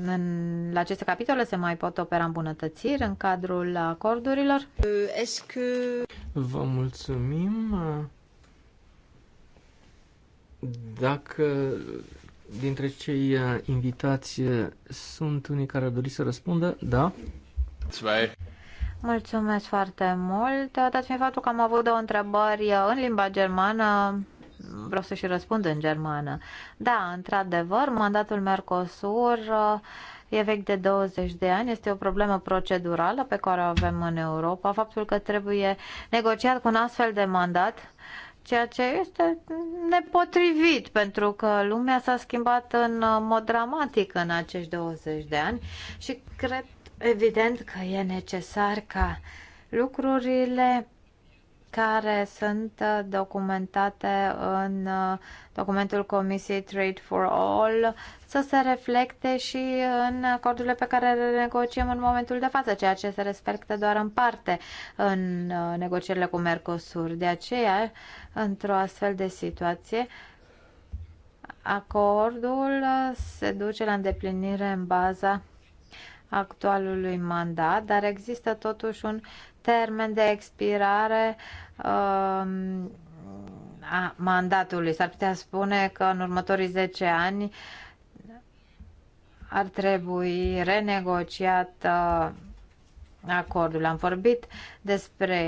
în aceste capitole se mai pot opera îmbunătățiri în cadrul acordurilor? Vă mulțumim. Dacă dintre cei uh, invitați uh, sunt unii care ar dori să răspundă, da? Zwei. Mulțumesc foarte mult, dați mi faptul că am avut două întrebări uh, în limba germană, vreau să și răspund în germană. Da, într-adevăr, mandatul Mercosur uh, e vechi de 20 de ani, este o problemă procedurală pe care o avem în Europa, faptul că trebuie negociat cu un astfel de mandat ceea ce este nepotrivit, pentru că lumea s-a schimbat în uh, mod dramatic în acești 20 de ani și cred evident că e necesar ca lucrurile care sunt uh, documentate în uh, documentul Comisiei Trade for All să se reflecte și în acordurile pe care le negociem în momentul de față, ceea ce se respectă doar în parte în uh, negocierile cu Mercosur. De aceea, într-o astfel de situație, acordul se duce la îndeplinire în baza actualului mandat, dar există totuși un termen de expirare um, a mandatului. S-ar putea spune că în următorii 10 ani ar trebui renegociat uh, acordul. Am vorbit despre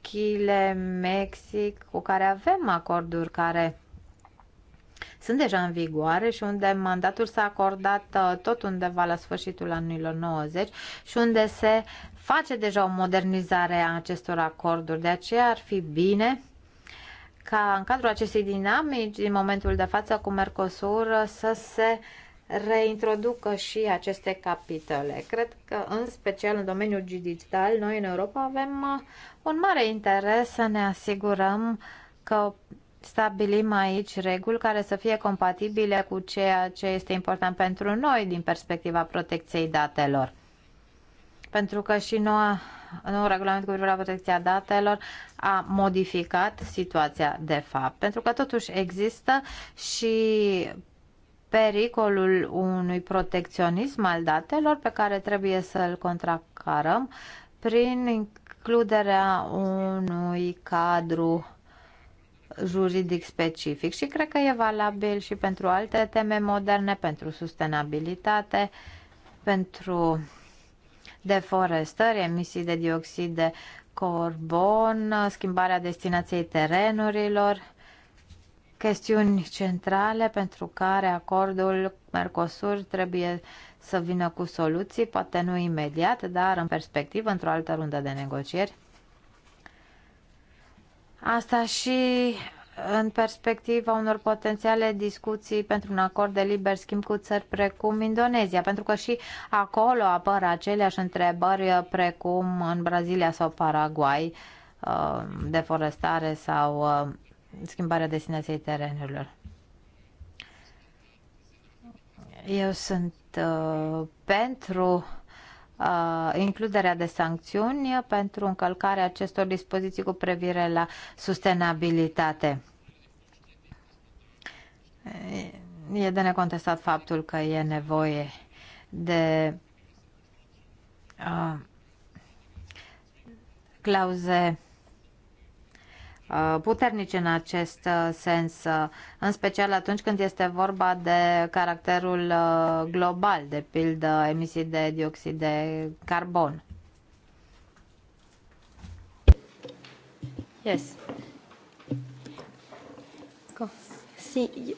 Chile, Mexic, cu care avem acorduri care sunt deja în vigoare și unde mandatul s-a acordat uh, tot undeva la sfârșitul anilor 90 și unde se face deja o modernizare a acestor acorduri. De aceea ar fi bine ca în cadrul acestei dinamici, din momentul de față cu Mercosur, să se reintroducă și aceste capitole. Cred că, în special în domeniul digital, noi în Europa avem uh, un mare interes să ne asigurăm că stabilim aici reguli care să fie compatibile cu ceea ce este important pentru noi din perspectiva protecției datelor pentru că și noua, nou regulament cu privire la protecția datelor a modificat situația de fapt, pentru că totuși există și pericolul unui protecționism al datelor pe care trebuie să-l contracarăm prin includerea unui cadru juridic specific și cred că e valabil și pentru alte teme moderne, pentru sustenabilitate, pentru deforestări, emisii de dioxid de carbon, schimbarea destinației terenurilor, chestiuni centrale pentru care acordul Mercosur trebuie să vină cu soluții, poate nu imediat, dar în perspectivă, într-o altă rundă de negocieri. Asta și în perspectiva unor potențiale discuții pentru un acord de liber schimb cu țări precum Indonezia, pentru că și acolo apar aceleași întrebări uh, precum în Brazilia sau Paraguay, uh, deforestare sau uh, schimbarea destinației terenurilor. Eu sunt uh, pentru uh, includerea de sancțiuni pentru încălcarea acestor dispoziții cu privire la sustenabilitate. E de necontestat faptul că e nevoie de uh, clauze puternice în acest sens, în special atunci când este vorba de caracterul global, de pildă emisii de dioxid de carbon. Yes. Sí,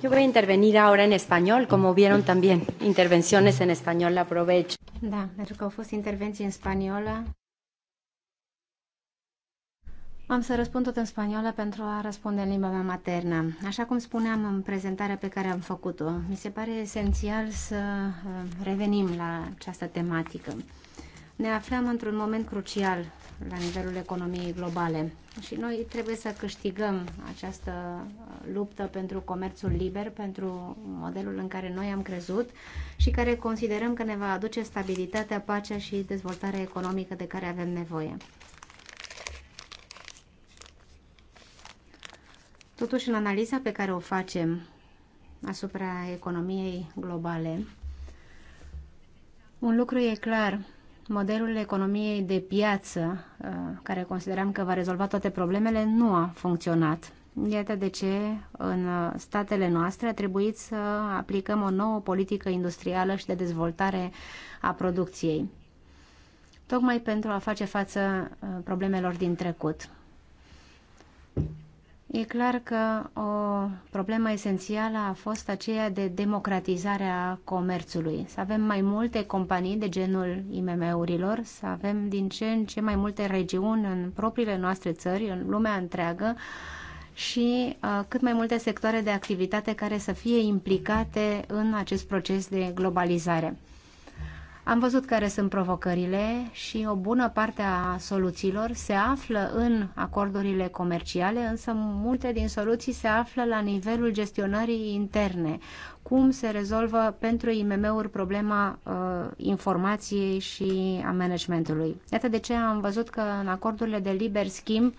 yo voy a intervenir ahora en español, como vieron también intervenciones en español, aprovecho. Da, pentru că au fost intervenții în spaniolă. Am să răspund tot în spaniolă pentru a răspunde în limba mea maternă. Așa cum spuneam în prezentarea pe care am făcut-o, mi se pare esențial să uh, revenim la această tematică. Ne aflăm într-un moment crucial la nivelul economiei globale și noi trebuie să câștigăm această uh, luptă pentru comerțul liber, pentru modelul în care noi am crezut și care considerăm că ne va aduce stabilitatea, pacea și dezvoltarea economică de care avem nevoie. Totuși, în analiza pe care o facem asupra economiei globale, un lucru e clar – modelul economiei de piață, uh, care consideram că va rezolva toate problemele, nu a funcționat. Iată de ce în uh, statele noastre a trebuit să aplicăm o nouă politică industrială și de dezvoltare a producției, tocmai pentru a face față uh, problemelor din trecut. E clar că o problemă esențială a fost aceea de democratizare a comerțului. Să avem mai multe companii de genul IMM-urilor, să avem din ce în ce mai multe regiuni în propriile noastre țări, în lumea întreagă, și uh, cât mai multe sectoare de activitate care să fie implicate în acest proces de globalizare. Am văzut care sunt provocările și o bună parte a soluțiilor se află în acordurile comerciale, însă multe din soluții se află la nivelul gestionării interne. Cum se rezolvă pentru IMM-uri problema uh, informației și a managementului. Iată de ce am văzut că în acordurile de liber schimb uh,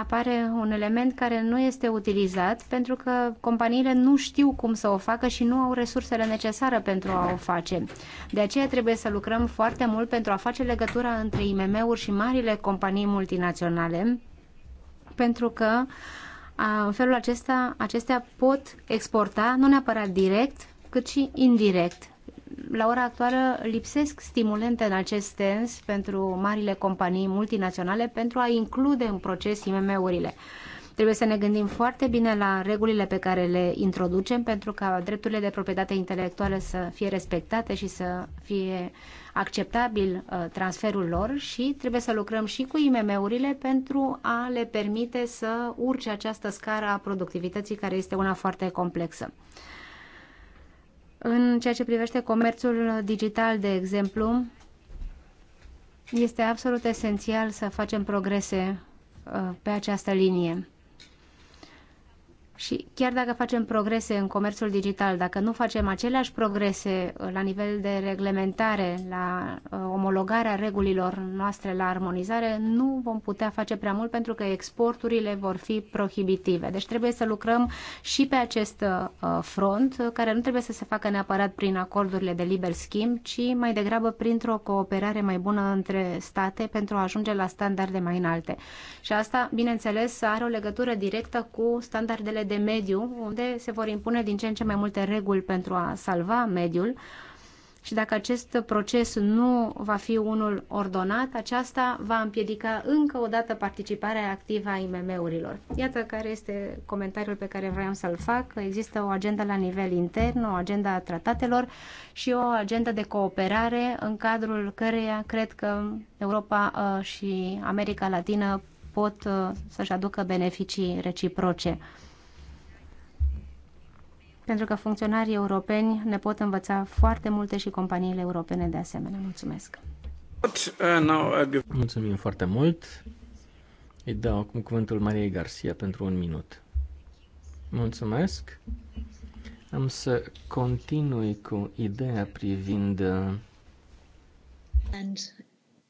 apare un element care nu este utilizat pentru că companiile nu știu cum să o facă și nu au resursele necesare pentru a o face. De aceea trebuie să lucrăm foarte mult pentru a face legătura între IMM-uri și marile companii multinaționale pentru că în felul acesta acestea pot exporta nu neapărat direct, cât și indirect la ora actuală lipsesc stimulente în acest sens pentru marile companii multinaționale pentru a include în proces IMM-urile. Trebuie să ne gândim foarte bine la regulile pe care le introducem pentru ca drepturile de proprietate intelectuală să fie respectate și să fie acceptabil uh, transferul lor și trebuie să lucrăm și cu IMM-urile pentru a le permite să urce această scară a productivității care este una foarte complexă. În ceea ce privește comerțul digital, de exemplu, este absolut esențial să facem progrese uh, pe această linie. Și chiar dacă facem progrese în comerțul digital, dacă nu facem aceleași progrese uh, la nivel de reglementare, la uh, omologarea regulilor noastre, la armonizare, nu vom putea face prea mult pentru că exporturile vor fi prohibitive. Deci trebuie să lucrăm și pe acest uh, front, care nu trebuie să se facă neapărat prin acordurile de liber schimb, ci mai degrabă printr-o cooperare mai bună între state pentru a ajunge la standarde mai înalte. Și asta, bineînțeles, are o legătură directă cu standardele de mediu, unde se vor impune din ce în ce mai multe reguli pentru a salva mediul. Și dacă acest proces nu va fi unul ordonat, aceasta va împiedica încă o dată participarea activă a IMM-urilor. Iată care este comentariul pe care vreau să-l fac. Există o agenda la nivel intern, o agenda a tratatelor și o agenda de cooperare în cadrul căreia cred că Europa uh, și America Latină pot uh, să-și aducă beneficii reciproce pentru că funcționarii europeni ne pot învăța foarte multe și companiile europene de asemenea. Mulțumesc! Mulțumim foarte mult! Îi dau acum cuvântul Mariei Garcia pentru un minut. Mulțumesc! Am să continui cu ideea privind And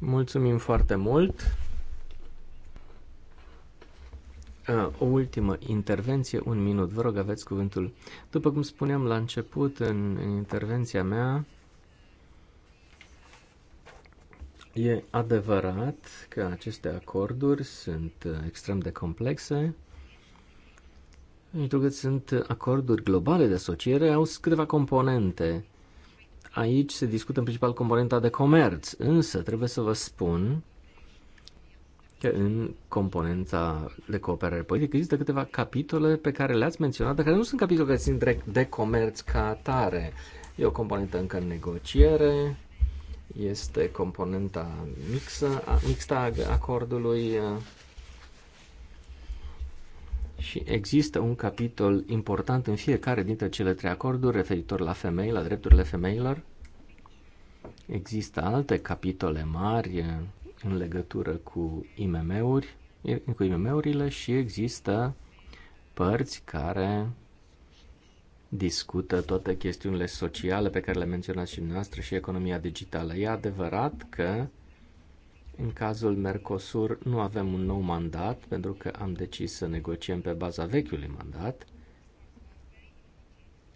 Mulțumim foarte mult. O ultimă intervenție, un minut. Vă rog, aveți cuvântul. După cum spuneam la început, în, în intervenția mea, E adevărat că aceste acorduri sunt uh, extrem de complexe, pentru că sunt acorduri globale de asociere, au câteva componente Aici se discută în principal componenta de comerț, însă trebuie să vă spun că în componenta de cooperare politică există câteva capitole pe care le-ați menționat, dar care nu sunt capitole care țin direct de comerț ca atare. E o componentă încă în negociere, este componenta mixă, mixta acordului, și există un capitol important în fiecare dintre cele trei acorduri referitor la femei, la drepturile femeilor. Există alte capitole mari în legătură cu IMM-uri, cu IMM-urile și există părți care discută toate chestiunile sociale pe care le menționați și dumneavoastră și economia digitală. E adevărat că în cazul Mercosur nu avem un nou mandat pentru că am decis să negociem pe baza vechiului mandat,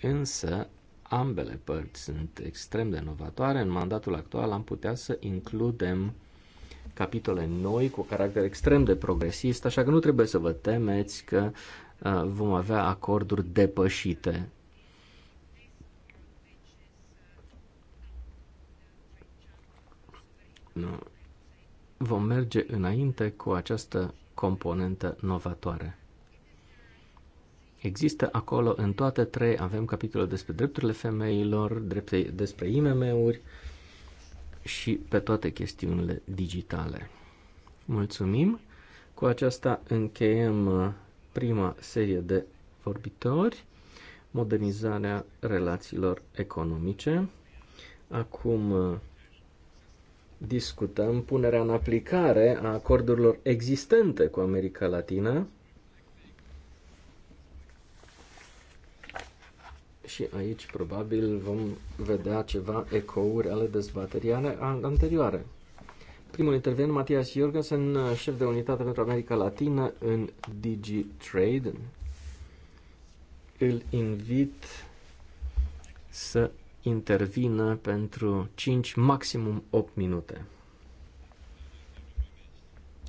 însă ambele părți sunt extrem de novatoare. În mandatul actual am putea să includem capitole noi cu caracter extrem de progresist, așa că nu trebuie să vă temeți că uh, vom avea acorduri depășite. Nu vom merge înainte cu această componentă novatoare. Există acolo în toate trei, avem capitolul despre drepturile femeilor, drepte, despre IMM-uri și pe toate chestiunile digitale. Mulțumim! Cu aceasta încheiem uh, prima serie de vorbitori, modernizarea relațiilor economice. Acum uh, discutăm punerea în aplicare a acordurilor existente cu America Latină. Și aici probabil vom vedea ceva ecouri ale dezbaterii anterioare. Primul intervenit, Matias Jorgensen, șef de unitate pentru America Latină în DigiTrade. Îl invit să intervină pentru 5, maximum 8 minute.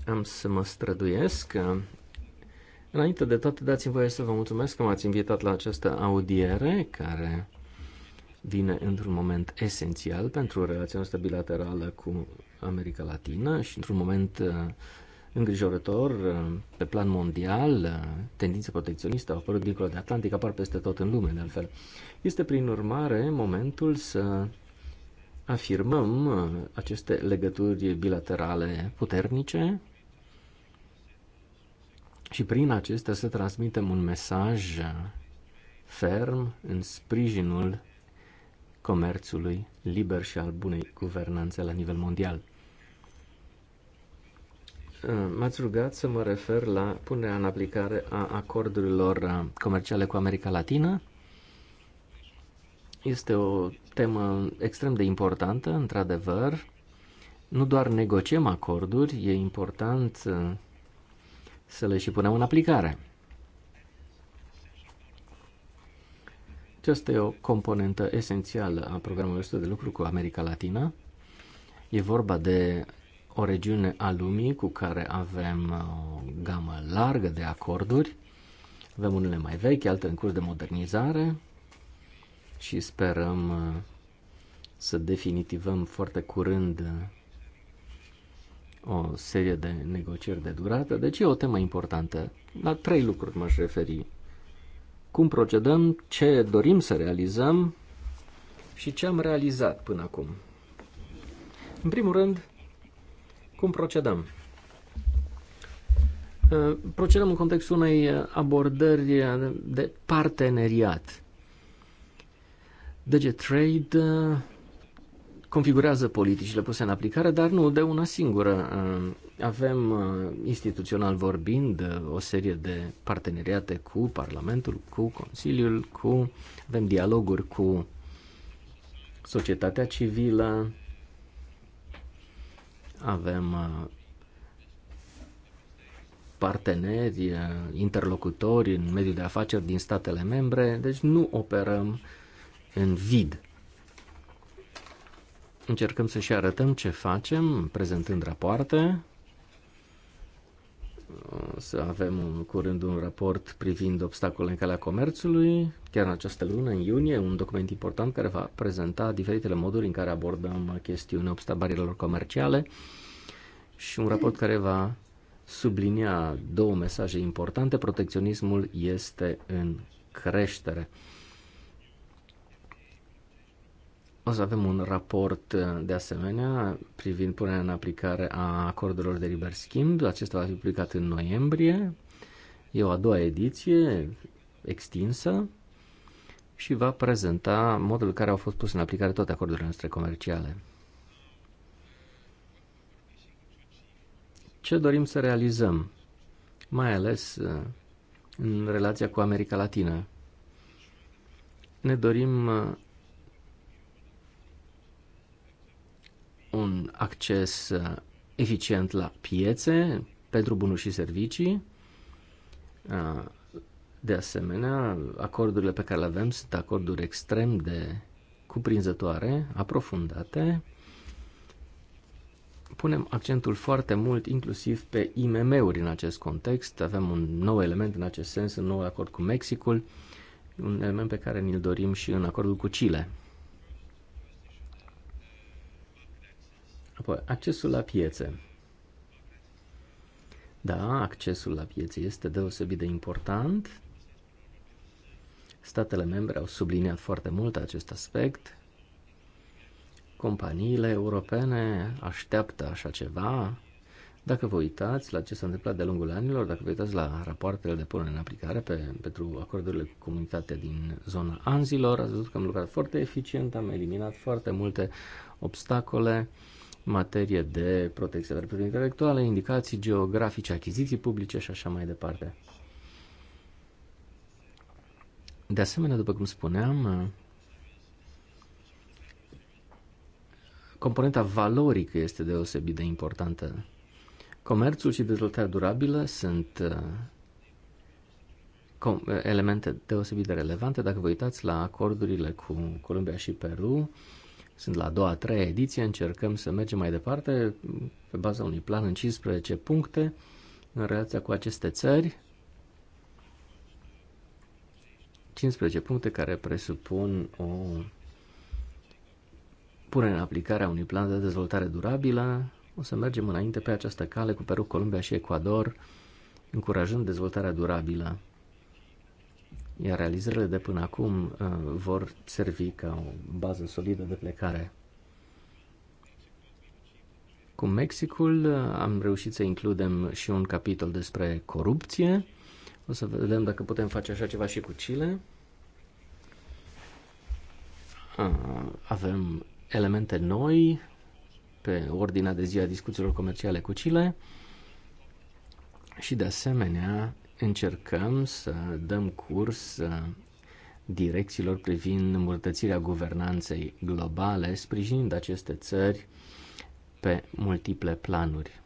Am să mă străduiesc. Înainte de toate, dați-mi voie să vă mulțumesc că m-ați invitat la această audiere care vine într-un moment esențial pentru relația noastră bilaterală cu America Latină și într-un moment uh, îngrijorător uh, pe plan mondial. Uh, tendințe protecționiste au apărut dincolo de Atlantic, apar peste tot în lume, de altfel. Este, prin urmare, momentul să afirmăm uh, aceste legături bilaterale puternice și prin acestea să transmitem un mesaj ferm în sprijinul comerțului liber și al bunei guvernanțe la nivel mondial. M-ați rugat să mă refer la punerea în aplicare a acordurilor uh, comerciale cu America Latină. Este o temă extrem de importantă, într-adevăr. Nu doar negociem acorduri, e important uh, să le și punem în aplicare. Aceasta e o componentă esențială a programului nostru de lucru cu America Latină. E vorba de o regiune a lumii cu care avem uh, o gamă largă de acorduri. Avem unele mai vechi, altele în curs de modernizare și sperăm uh, să definitivăm foarte curând uh, o serie de negocieri de durată. Deci e o temă importantă. La trei lucruri m-aș referi. Cum procedăm, ce dorim să realizăm și ce am realizat până acum. În primul rând, cum procedăm? Uh, procedăm în contextul unei abordări de parteneriat. DG deci, Trade uh, configurează politicile puse în aplicare, dar nu de una singură. Uh, avem, instituțional vorbind, o serie de parteneriate cu Parlamentul, cu Consiliul, cu, avem dialoguri cu societatea civilă, avem uh, parteneri, uh, interlocutori în mediul de afaceri din statele membre, deci nu operăm în vid. Încercăm să și arătăm ce facem prezentând rapoarte, să avem curând un raport privind obstacolele în calea comerțului, chiar în această lună, în iunie, un document important care va prezenta diferitele moduri în care abordăm chestiunea obstabarilor comerciale și un raport care va sublinia două mesaje importante. Protecționismul este în creștere. O să avem un raport uh, de asemenea privind punerea în aplicare a acordurilor de liber schimb. Acesta va fi publicat în noiembrie. E o a doua ediție extinsă și va prezenta modul în care au fost puse în aplicare toate acordurile noastre comerciale. Ce dorim să realizăm? Mai ales uh, în relația cu America Latină. Ne dorim uh, un acces uh, eficient la piețe pentru bunuri și servicii. Uh, de asemenea, acordurile pe care le avem sunt acorduri extrem de cuprinzătoare, aprofundate. Punem accentul foarte mult inclusiv pe IMM-uri în acest context. Avem un nou element în acest sens, un nou acord cu Mexicul, un element pe care ni-l dorim și în acordul cu Chile. Apoi, accesul la piețe. Da, accesul la piețe este deosebit de important. Statele membre au subliniat foarte mult acest aspect. Companiile europene așteaptă așa ceva. Dacă vă uitați la ce s-a întâmplat de-a lungul anilor, dacă vă uitați la rapoartele de punere în aplicare pe, pentru acordurile cu comunitatea din zona anzilor, ați văzut că am lucrat foarte eficient, am eliminat foarte multe obstacole materie de protecție a drepturilor intelectuale, indicații geografice, achiziții publice și așa mai departe. De asemenea, după cum spuneam, componenta valorică este deosebit de importantă. Comerțul și dezvoltarea durabilă sunt uh, elemente deosebit de relevante. Dacă vă uitați la acordurile cu Columbia și Peru, sunt la a doua, a treia ediție, încercăm să mergem mai departe pe baza unui plan în 15 puncte în relația cu aceste țări. 15 puncte care presupun o punere în aplicare a unui plan de dezvoltare durabilă. O să mergem înainte pe această cale cu Peru, Columbia și Ecuador, încurajând dezvoltarea durabilă iar realizările de până acum uh, vor servi ca o bază solidă de plecare. Cu Mexicul uh, am reușit să includem și un capitol despre corupție. O să vedem dacă putem face așa ceva și cu Chile. Uh, avem elemente noi pe ordinea de zi a discuțiilor comerciale cu Chile și de asemenea încercăm să dăm curs uh, direcțiilor privind îmbunătățirea guvernanței globale, sprijinind aceste țări pe multiple planuri.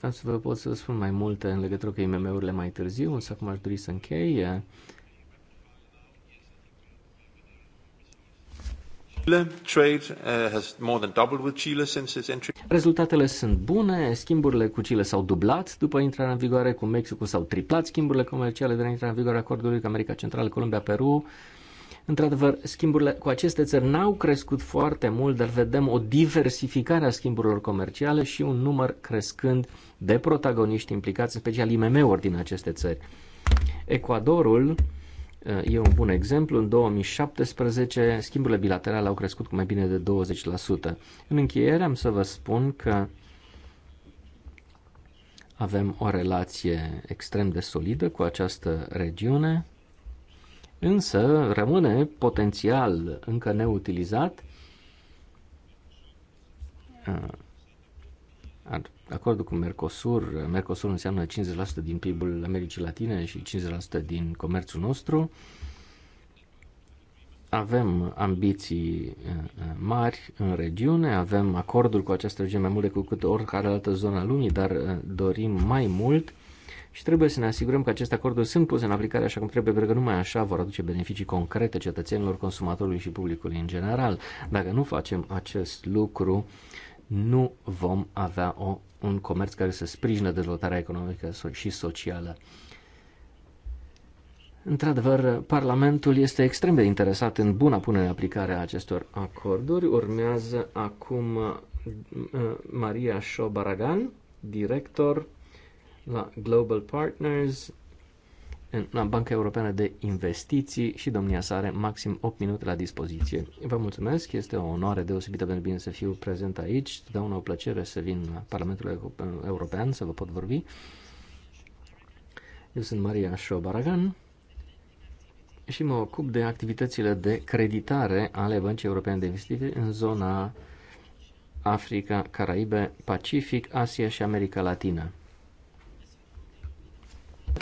Am să vă pot să vă spun mai multe în legătură cu IMM-urile mai târziu, însă acum aș dori să închei Uh, Rezultatele sunt bune, schimburile cu Chile s-au dublat după intrarea în vigoare, cu Mexicul s-au triplat schimburile comerciale de la intrarea în vigoare a acordului cu America Centrală, Columbia, Peru. Într-adevăr, schimburile cu aceste țări n-au crescut foarte mult, dar vedem o diversificare a schimburilor comerciale și un număr crescând de protagoniști implicați, în special IMM-uri din aceste țări. Ecuadorul e un bun exemplu. În 2017, schimburile bilaterale au crescut cu mai bine de 20%. În încheiere am să vă spun că avem o relație extrem de solidă cu această regiune, însă rămâne potențial încă neutilizat. Ar acordul cu Mercosur, Mercosur înseamnă 50% din PIB-ul Americii Latine și 50% din comerțul nostru. Avem ambiții uh, uh, mari în regiune, avem acordul cu această regiune mai mult decât cu oricare altă zonă a lumii, dar uh, dorim mai mult și trebuie să ne asigurăm că aceste acorduri sunt puse în aplicare așa cum trebuie, pentru că numai așa vor aduce beneficii concrete cetățenilor, consumatorului și publicului în general. Dacă nu facem acest lucru, nu vom avea o, un comerț care să sprijină dezvoltarea economică și socială. Într-adevăr, Parlamentul este extrem de interesat în buna punere în aplicare a acestor acorduri. Urmează acum uh, Maria Șobaragan, director la Global Partners, în la Banca Europeană de Investiții și domnia sa are maxim 8 minute la dispoziție. Vă mulțumesc, este o onoare deosebită pentru bine să fiu prezent aici, totdeauna o plăcere să vin la Parlamentul European să vă pot vorbi. Eu sunt Maria Șobaragan și mă ocup de activitățile de creditare ale Băncii Europene de Investiții în zona Africa, Caraibe, Pacific, Asia și America Latină.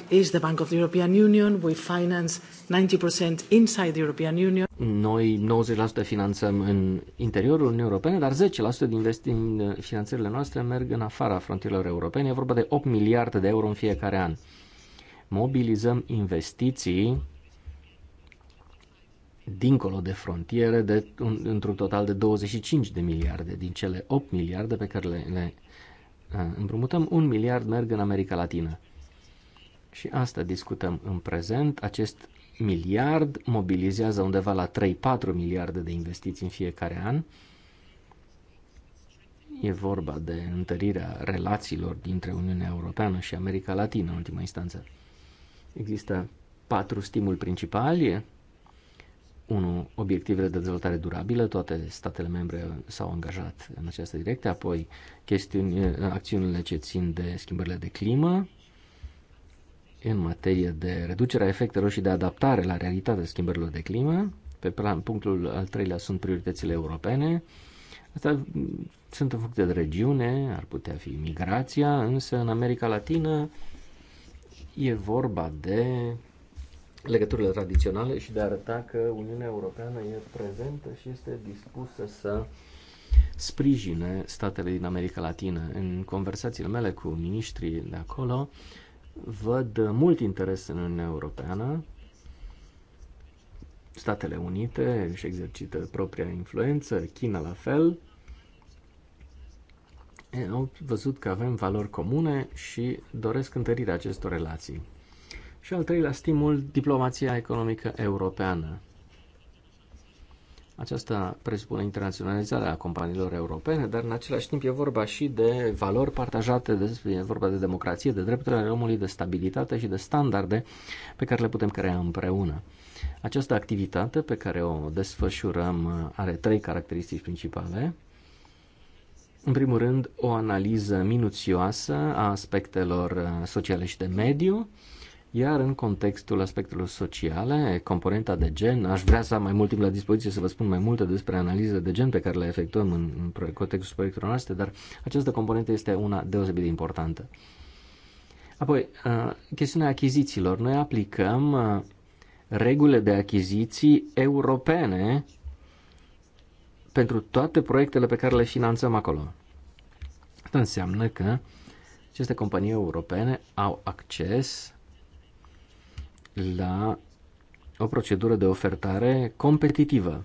Is the Bank of the European Union. We finance 90% inside the European Union. Noi 90% finanțăm în interiorul Uniunii Europene, dar 10% din, uh, finanțările noastre merg în afara frontierelor europene. E vorba de 8 miliarde de euro în fiecare an. Mobilizăm investiții dincolo de frontiere de, într-un total de 25 de miliarde. Din cele 8 miliarde pe care le, le uh, împrumutăm, un miliard merg în America Latină. Și asta discutăm în prezent. Acest miliard mobilizează undeva la 3-4 miliarde de investiții în fiecare an. E vorba de întărirea relațiilor dintre Uniunea Europeană și America Latină, în ultima instanță. Există patru stimuli principali. 1. Obiectivele de dezvoltare durabilă, toate statele membre s-au angajat în această direcție, apoi chestiuni, acțiunile ce țin de schimbările de climă, în materie de reducerea efectelor și de adaptare la realitatea schimbărilor de climă. Pe plan, punctul al treilea sunt prioritățile europene. Asta sunt în funcție de regiune, ar putea fi migrația, însă în America Latină e vorba de legăturile tradiționale și de a arăta că Uniunea Europeană e prezentă și este dispusă să sprijine statele din America Latină. În conversațiile mele cu ministrii de acolo, văd mult interes în Uniunea Europeană. Statele Unite își exercită propria influență, China la fel. Au văzut că avem valori comune și doresc întărirea acestor relații. Și al treilea stimul, diplomația economică europeană. Aceasta presupune internaționalizarea companiilor europene, dar în același timp e vorba și de valori partajate, de, e vorba de democrație, de drepturile omului, de stabilitate și de standarde pe care le putem crea împreună. Această activitate pe care o desfășurăm are trei caracteristici principale. În primul rând, o analiză minuțioasă a aspectelor sociale și de mediu, iar în contextul aspectelor sociale, componenta de gen, aș vrea să am mai mult timp la dispoziție să vă spun mai multe despre analiza de gen pe care le efectuăm în, în contextul proiectelor noastre, dar această componentă este una deosebit de importantă. Apoi, uh, chestiunea achizițiilor. Noi aplicăm uh, regulile de achiziții europene pentru toate proiectele pe care le finanțăm acolo. Asta înseamnă că aceste companii europene au acces la o procedură de ofertare competitivă,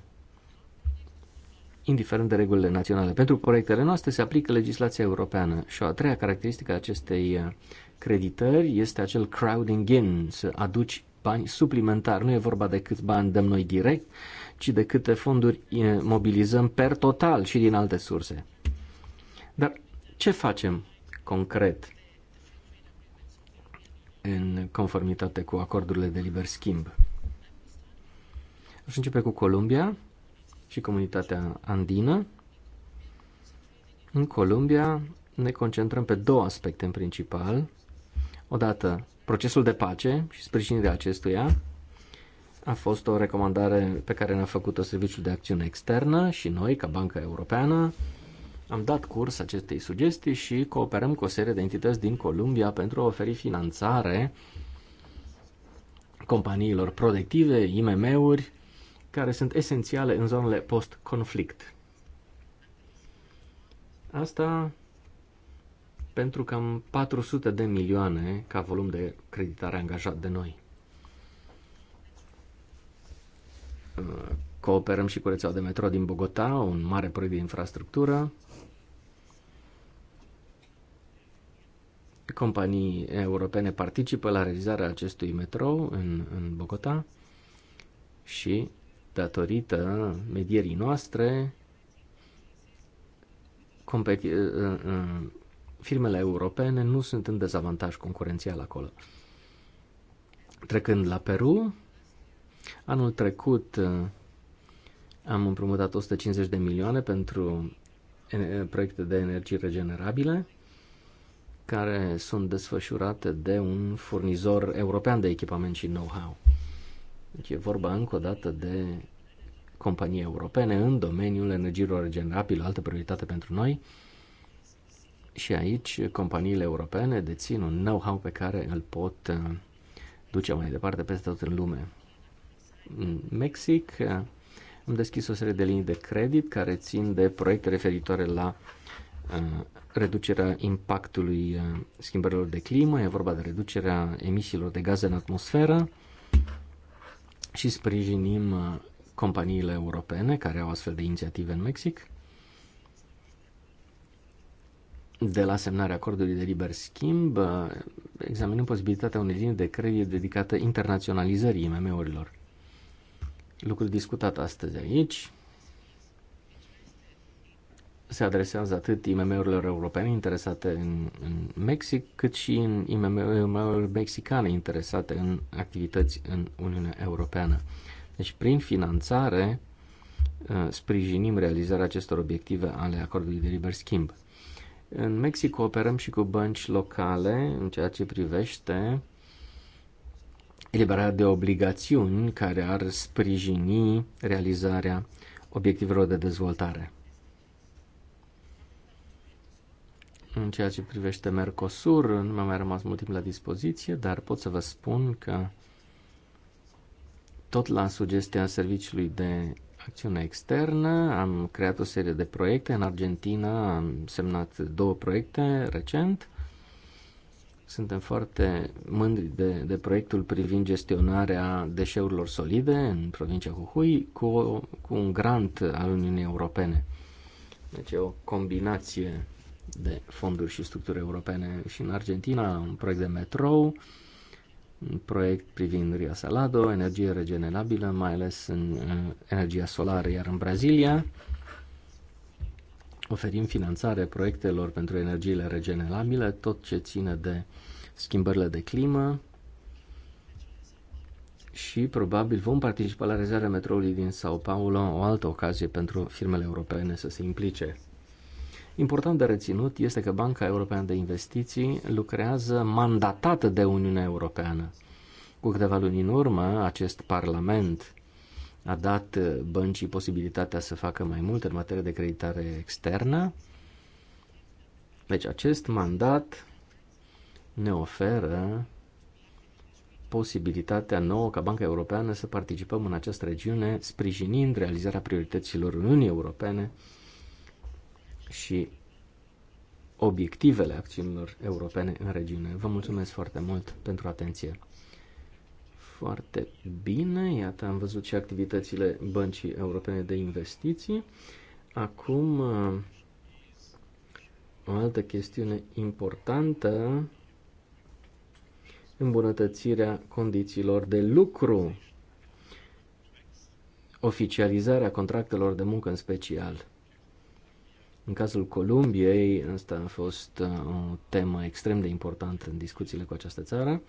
indiferent de regulile naționale. Pentru proiectele noastre se aplică legislația europeană și o a treia caracteristică a acestei uh, creditări este acel crowding in, să aduci bani suplimentari. Nu e vorba de câți bani dăm noi direct, ci de câte fonduri uh, mobilizăm per total și din alte surse. Dar ce facem concret? în conformitate cu acordurile de liber schimb. Aș începe cu Columbia și comunitatea andină. În Columbia ne concentrăm pe două aspecte în principal. Odată, procesul de pace și sprijinirea acestuia a fost o recomandare pe care ne-a făcut-o Serviciul de Acțiune Externă și noi, ca Banca Europeană, am dat curs acestei sugestii și cooperăm cu o serie de entități din Columbia pentru a oferi finanțare companiilor productive, IMM-uri, care sunt esențiale în zonele post-conflict. Asta pentru cam 400 de milioane ca volum de creditare angajat de noi. Cooperăm și cu rețeaua de metro din Bogota, un mare proiect de infrastructură, companii europene participă la realizarea acestui metrou în, în Bogota și datorită medierii noastre, firmele europene nu sunt în dezavantaj concurențial acolo. Trecând la Peru, anul trecut uh, am împrumutat 150 de milioane pentru eh, proiecte de energie regenerabile care sunt desfășurate de un furnizor european de echipament și know-how. Deci e vorba încă o dată de companii europene în domeniul energiilor regenerabile, altă prioritate pentru noi. Și aici companiile europene dețin un know-how pe care îl pot uh, duce mai departe peste tot în lume. În Mexic uh, am deschis o serie de linii de credit care țin de proiecte referitoare la reducerea impactului schimbărilor de climă, e vorba de reducerea emisiilor de gaze în atmosferă și sprijinim companiile europene care au astfel de inițiative în Mexic. De la semnarea acordului de liber schimb, examinăm posibilitatea unei linii de credit dedicată internaționalizării IMM-urilor. Lucru discutat astăzi aici, se adresează atât IMM-urilor europene interesate în, în Mexic, cât și în IMM-urilor mexicane interesate în activități în Uniunea Europeană. Deci, prin finanțare, uh, sprijinim realizarea acestor obiective ale acordului de liber schimb. În Mexic cooperăm și cu bănci locale în ceea ce privește eliberarea de obligațiuni care ar sprijini realizarea obiectivelor de dezvoltare. În ceea ce privește Mercosur, nu mi-a mai rămas mult timp la dispoziție, dar pot să vă spun că tot la sugestia Serviciului de Acțiune Externă am creat o serie de proiecte. În Argentina am semnat două proiecte recent. Suntem foarte mândri de, de proiectul privind gestionarea deșeurilor solide în provincia Juhui cu, cu un grant al Uniunii Europene. Deci e o combinație de fonduri și structuri europene și în Argentina, un proiect de metrou, un proiect privind Rio Salado, energie regenerabilă, mai ales în uh, energia solară, iar în Brazilia oferim finanțare proiectelor pentru energiile regenerabile, tot ce ține de schimbările de climă și probabil vom participa la realizarea metroului din Sao Paulo, o altă ocazie pentru firmele europene să se implice. Important de reținut este că Banca Europeană de Investiții lucrează mandatată de Uniunea Europeană. Cu câteva luni în urmă, acest Parlament a dat băncii posibilitatea să facă mai mult în materie de creditare externă. Deci acest mandat ne oferă posibilitatea nouă ca Banca Europeană să participăm în această regiune, sprijinind realizarea priorităților Uniunii Europene și obiectivele acțiunilor europene în regiune. Vă mulțumesc foarte mult pentru atenție. Foarte bine, iată, am văzut și activitățile Băncii Europene de Investiții. Acum, o altă chestiune importantă, îmbunătățirea condițiilor de lucru, oficializarea contractelor de muncă în special. În cazul Columbiei, asta a fost uh, o temă extrem de importantă în discuțiile cu această țară.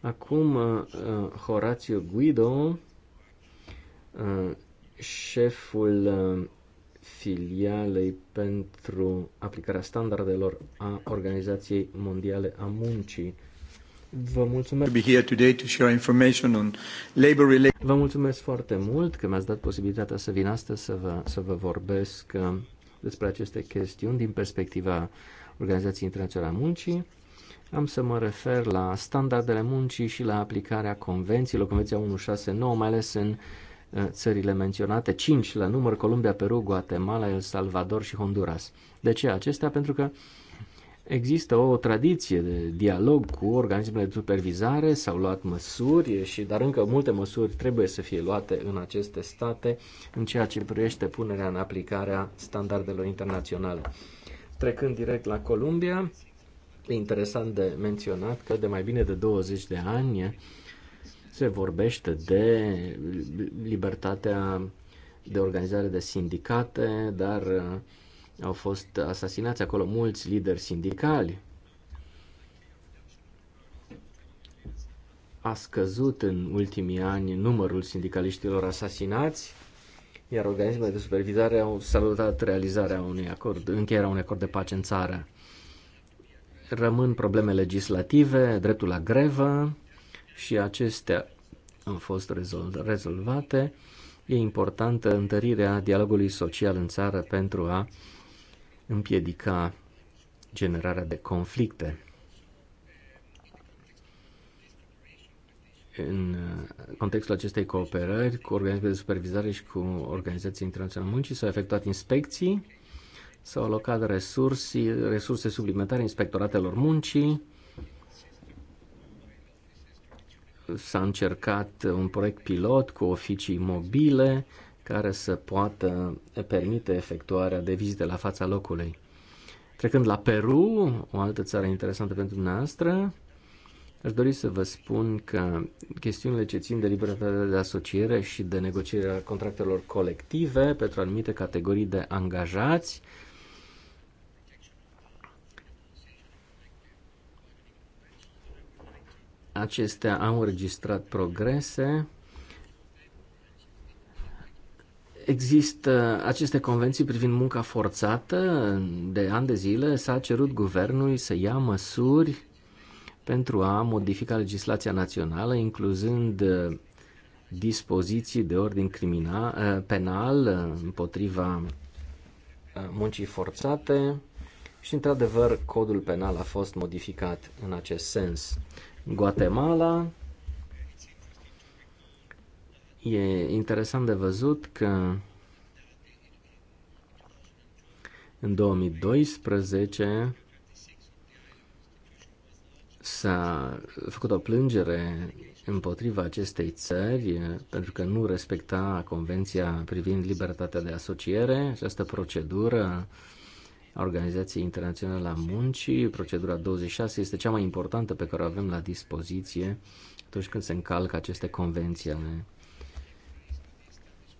Acum, uh, uh, Horatio Guido, șeful filialei pentru aplicarea standardelor a Organizației Mondiale a Muncii. Vă mulțumesc. Vă mulțumesc foarte mult că mi-ați dat posibilitatea să vin astăzi să vă, să vă vorbesc despre aceste chestiuni din perspectiva Organizației Internaționale a Muncii. Am să mă refer la standardele muncii și la aplicarea convențiilor, Convenția 169, mai ales în uh, țările menționate, 5 la număr, Columbia, Peru, Guatemala, El Salvador și Honduras. De ce acestea? Pentru că Există o tradiție de dialog cu organismele de supervizare, s-au luat măsuri, și, dar încă multe măsuri trebuie să fie luate în aceste state în ceea ce privește punerea în aplicare a standardelor internaționale. Trecând direct la Columbia, e interesant de menționat că de mai bine de 20 de ani se vorbește de libertatea de organizare de sindicate, dar uh, au fost asasinați acolo mulți lideri sindicali. A scăzut în ultimii ani numărul sindicaliștilor asasinați, iar organismele de supervizare au salutat realizarea unui acord, încheierea unui acord de pace în țară. Rămân probleme legislative, dreptul la grevă și acestea au fost rezol- rezolvate. E importantă întărirea dialogului social în țară pentru a împiedica generarea de conflicte. În uh, contextul acestei cooperări cu organisme de supervizare și cu organizații internaționale muncii s-au efectuat inspecții, s-au alocat resurse, resurse suplimentare inspectoratelor muncii, s-a încercat un proiect pilot cu oficii mobile care să poată permite efectuarea de vizite la fața locului. Trecând la Peru, o altă țară interesantă pentru dumneavoastră, aș dori să vă spun că chestiunile ce țin de libertatea de asociere și de negocierea contractelor colective pentru anumite categorii de angajați acestea au înregistrat progrese Există aceste convenții privind munca forțată. De ani de zile s-a cerut guvernului să ia măsuri pentru a modifica legislația națională, incluzând uh, dispoziții de ordin criminal, uh, penal uh, împotriva muncii forțate și, într-adevăr, codul penal a fost modificat în acest sens. Guatemala E interesant de văzut că în 2012 s-a făcut o plângere împotriva acestei țări pentru că nu respecta Convenția privind libertatea de asociere, această procedură a Organizației Internaționale a Muncii, procedura 26 este cea mai importantă pe care o avem la dispoziție atunci când se încalcă aceste convenții ale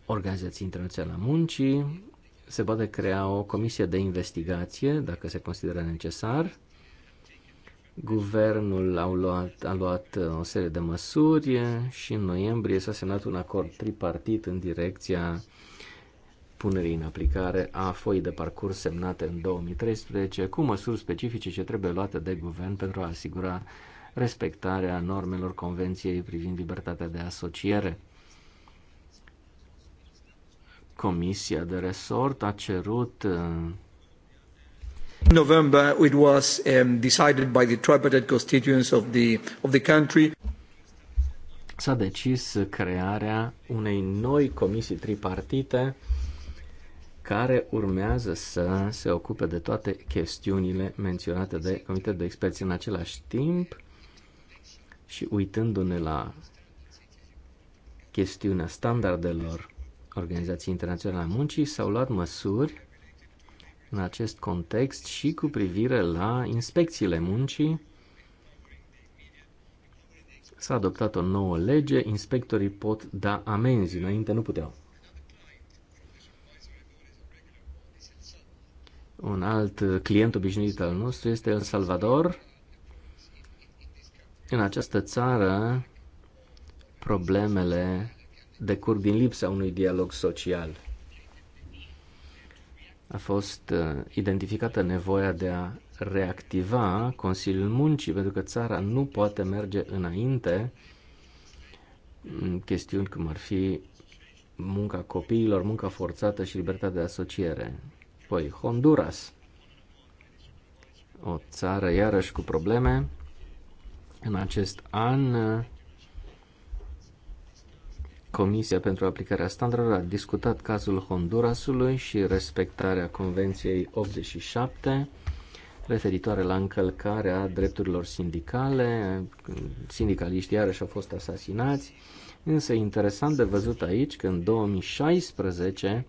Organizației Internaționale a Muncii, se poate crea o comisie de investigație, dacă se consideră necesar. Guvernul a luat, a luat uh, o serie de măsuri și în noiembrie s-a semnat un acord tripartit în direcția punerii în aplicare a foii de parcurs semnate în 2013 cu măsuri specifice ce trebuie luate de guvern pentru a asigura respectarea normelor Convenției privind libertatea de asociere. Comisia de resort a cerut In uh, November it was um, decided by the tripartite constituents of the of the country s-a decis crearea unei noi comisii tripartite care urmează să se ocupe de toate chestiunile menționate de Comitetul de Experți în același timp și uitându-ne la chestiunea standardelor Organizației Internaționale a Muncii s-au luat măsuri în acest context și cu privire la inspecțiile muncii. S-a adoptat o nouă lege, inspectorii pot da amenzi, înainte nu puteau. Un alt client obișnuit al nostru este El Salvador. În această țară, problemele decurg din lipsa unui dialog social. A fost uh, identificată nevoia de a reactiva Consiliul Muncii, pentru că țara nu poate merge înainte în chestiuni cum ar fi munca copiilor, munca forțată și libertatea de asociere. Păi, Honduras, o țară iarăși cu probleme. În acest an Comisia pentru aplicarea standardelor a discutat cazul Hondurasului și respectarea Convenției 87 referitoare la încălcarea drepturilor sindicale. Sindicaliștii iarăși au fost asasinați. Însă interesant de văzut aici că în 2016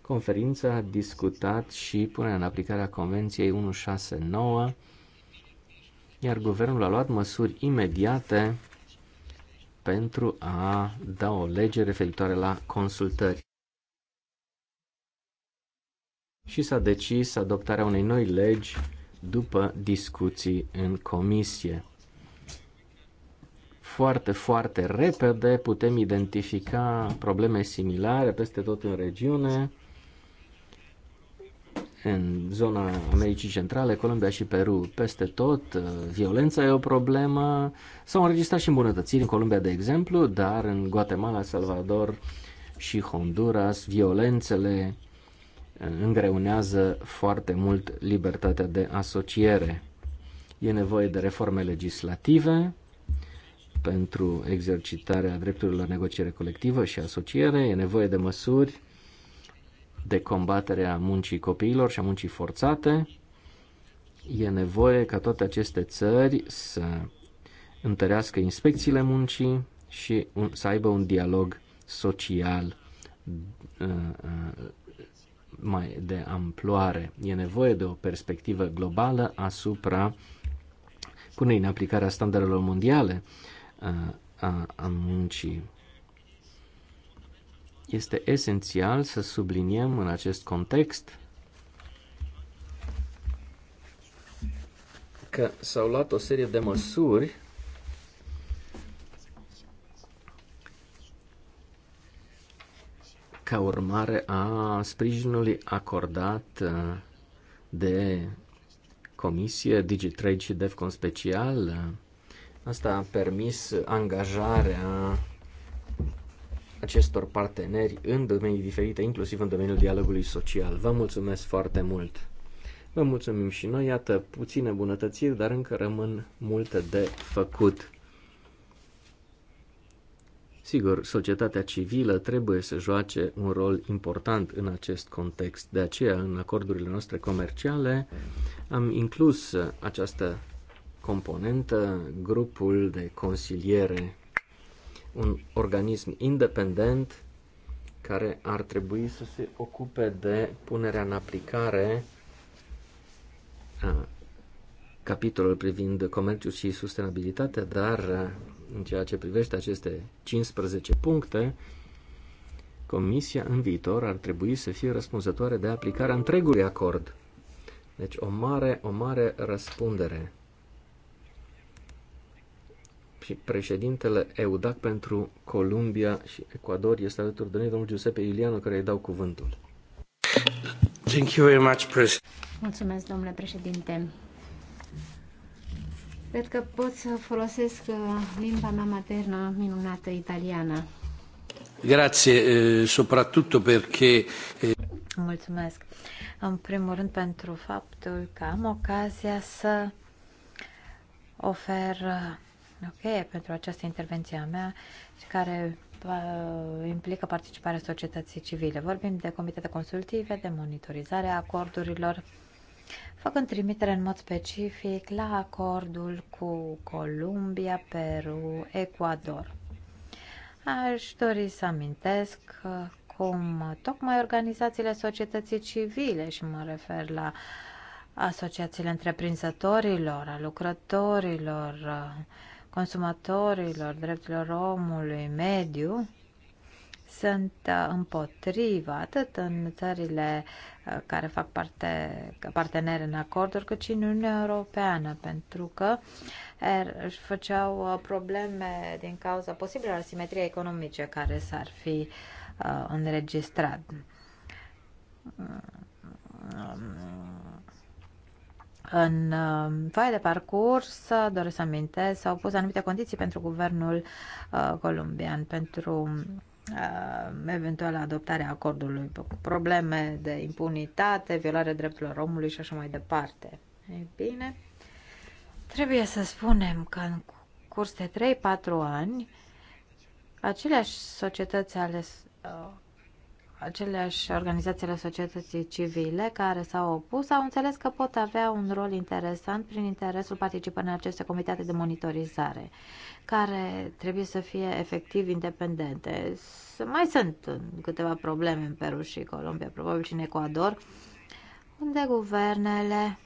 conferința a discutat și punerea în aplicare a Convenției 169, iar guvernul a luat măsuri imediate pentru a da o lege referitoare la consultări. Și s-a decis adoptarea unei noi legi după discuții în comisie. Foarte, foarte repede putem identifica probleme similare peste tot în regiune în zona Americii Centrale, Columbia și Peru. Peste tot, uh, violența e o problemă. S-au înregistrat și îmbunătățiri în Columbia, de exemplu, dar în Guatemala, Salvador și Honduras, violențele uh, îngreunează foarte mult libertatea de asociere. E nevoie de reforme legislative pentru exercitarea drepturilor negociere colectivă și asociere, e nevoie de măsuri de combatere a muncii copiilor și a muncii forțate. E nevoie ca toate aceste țări să întărească inspecțiile muncii și un, să aibă un dialog social uh, uh, mai de amploare. E nevoie de o perspectivă globală asupra punerii în aplicarea standardelor mondiale uh, a, a muncii. Este esențial să subliniem în acest context că s-au luat o serie de măsuri ca urmare a sprijinului acordat uh, de Comisie DigiTrade și Defcon special. Asta a permis angajarea acestor parteneri în domenii diferite, inclusiv în domeniul dialogului social. Vă mulțumesc foarte mult! Vă mulțumim și noi, iată, puține bunătățiri, dar încă rămân multe de făcut. Sigur, societatea civilă trebuie să joace un rol important în acest context. De aceea, în acordurile noastre comerciale, am inclus această componentă, grupul de consiliere un organism independent care ar trebui să se ocupe de punerea în aplicare a capitolul privind comerțul și sustenabilitatea, dar în ceea ce privește aceste 15 puncte, Comisia în viitor ar trebui să fie răspunzătoare de aplicarea întregului acord. Deci o mare, o mare răspundere și președintele EUDAC pentru Columbia și Ecuador este alături de noi, domnul Giuseppe Iliano, care îi dau cuvântul. Thank you very much, President. Mulțumesc, domnule președinte. Cred că pot să folosesc uh, limba mea maternă minunată italiană. Grazie, eh, soprattutto perché... Eh, Mulțumesc. În primul rând pentru faptul că am ocazia să ofer uh, Ok, okay, pentru această intervenție a mea, care implică participarea societății civile. Vorbim de comitete consultive, de monitorizare a acordurilor, făcând trimitere în mod specific la acordul cu Columbia, Peru, Ecuador. Aș dori să amintesc cum tocmai organizațiile societății civile, și mă refer la asociațiile întreprinzătorilor, a lucrătorilor, consumatorilor, drepturilor omului, mediu, sunt uh, împotriva atât în țările uh, care fac parte, parteneri în acorduri, cât și în Uniunea Europeană, pentru că er, își făceau uh, probleme din cauza posibilor asimetrie economice care s-ar fi uh, înregistrat. Mm, mm, în um, foaia de parcurs, doresc să amintesc, s-au pus anumite condiții pentru guvernul uh, colombian, pentru uh, eventuală adoptarea acordului cu probleme de impunitate, violare drepturilor omului și așa mai departe. E bine, trebuie să spunem că în curs de 3-4 ani, aceleași societăți ale uh, aceleași organizații ale societății civile care s-au opus au înțeles că pot avea un rol interesant prin interesul participării în aceste comitate de monitorizare, care trebuie să fie efectiv independente. Mai sunt câteva probleme în Peru și Colombia, probabil și în Ecuador, unde guvernele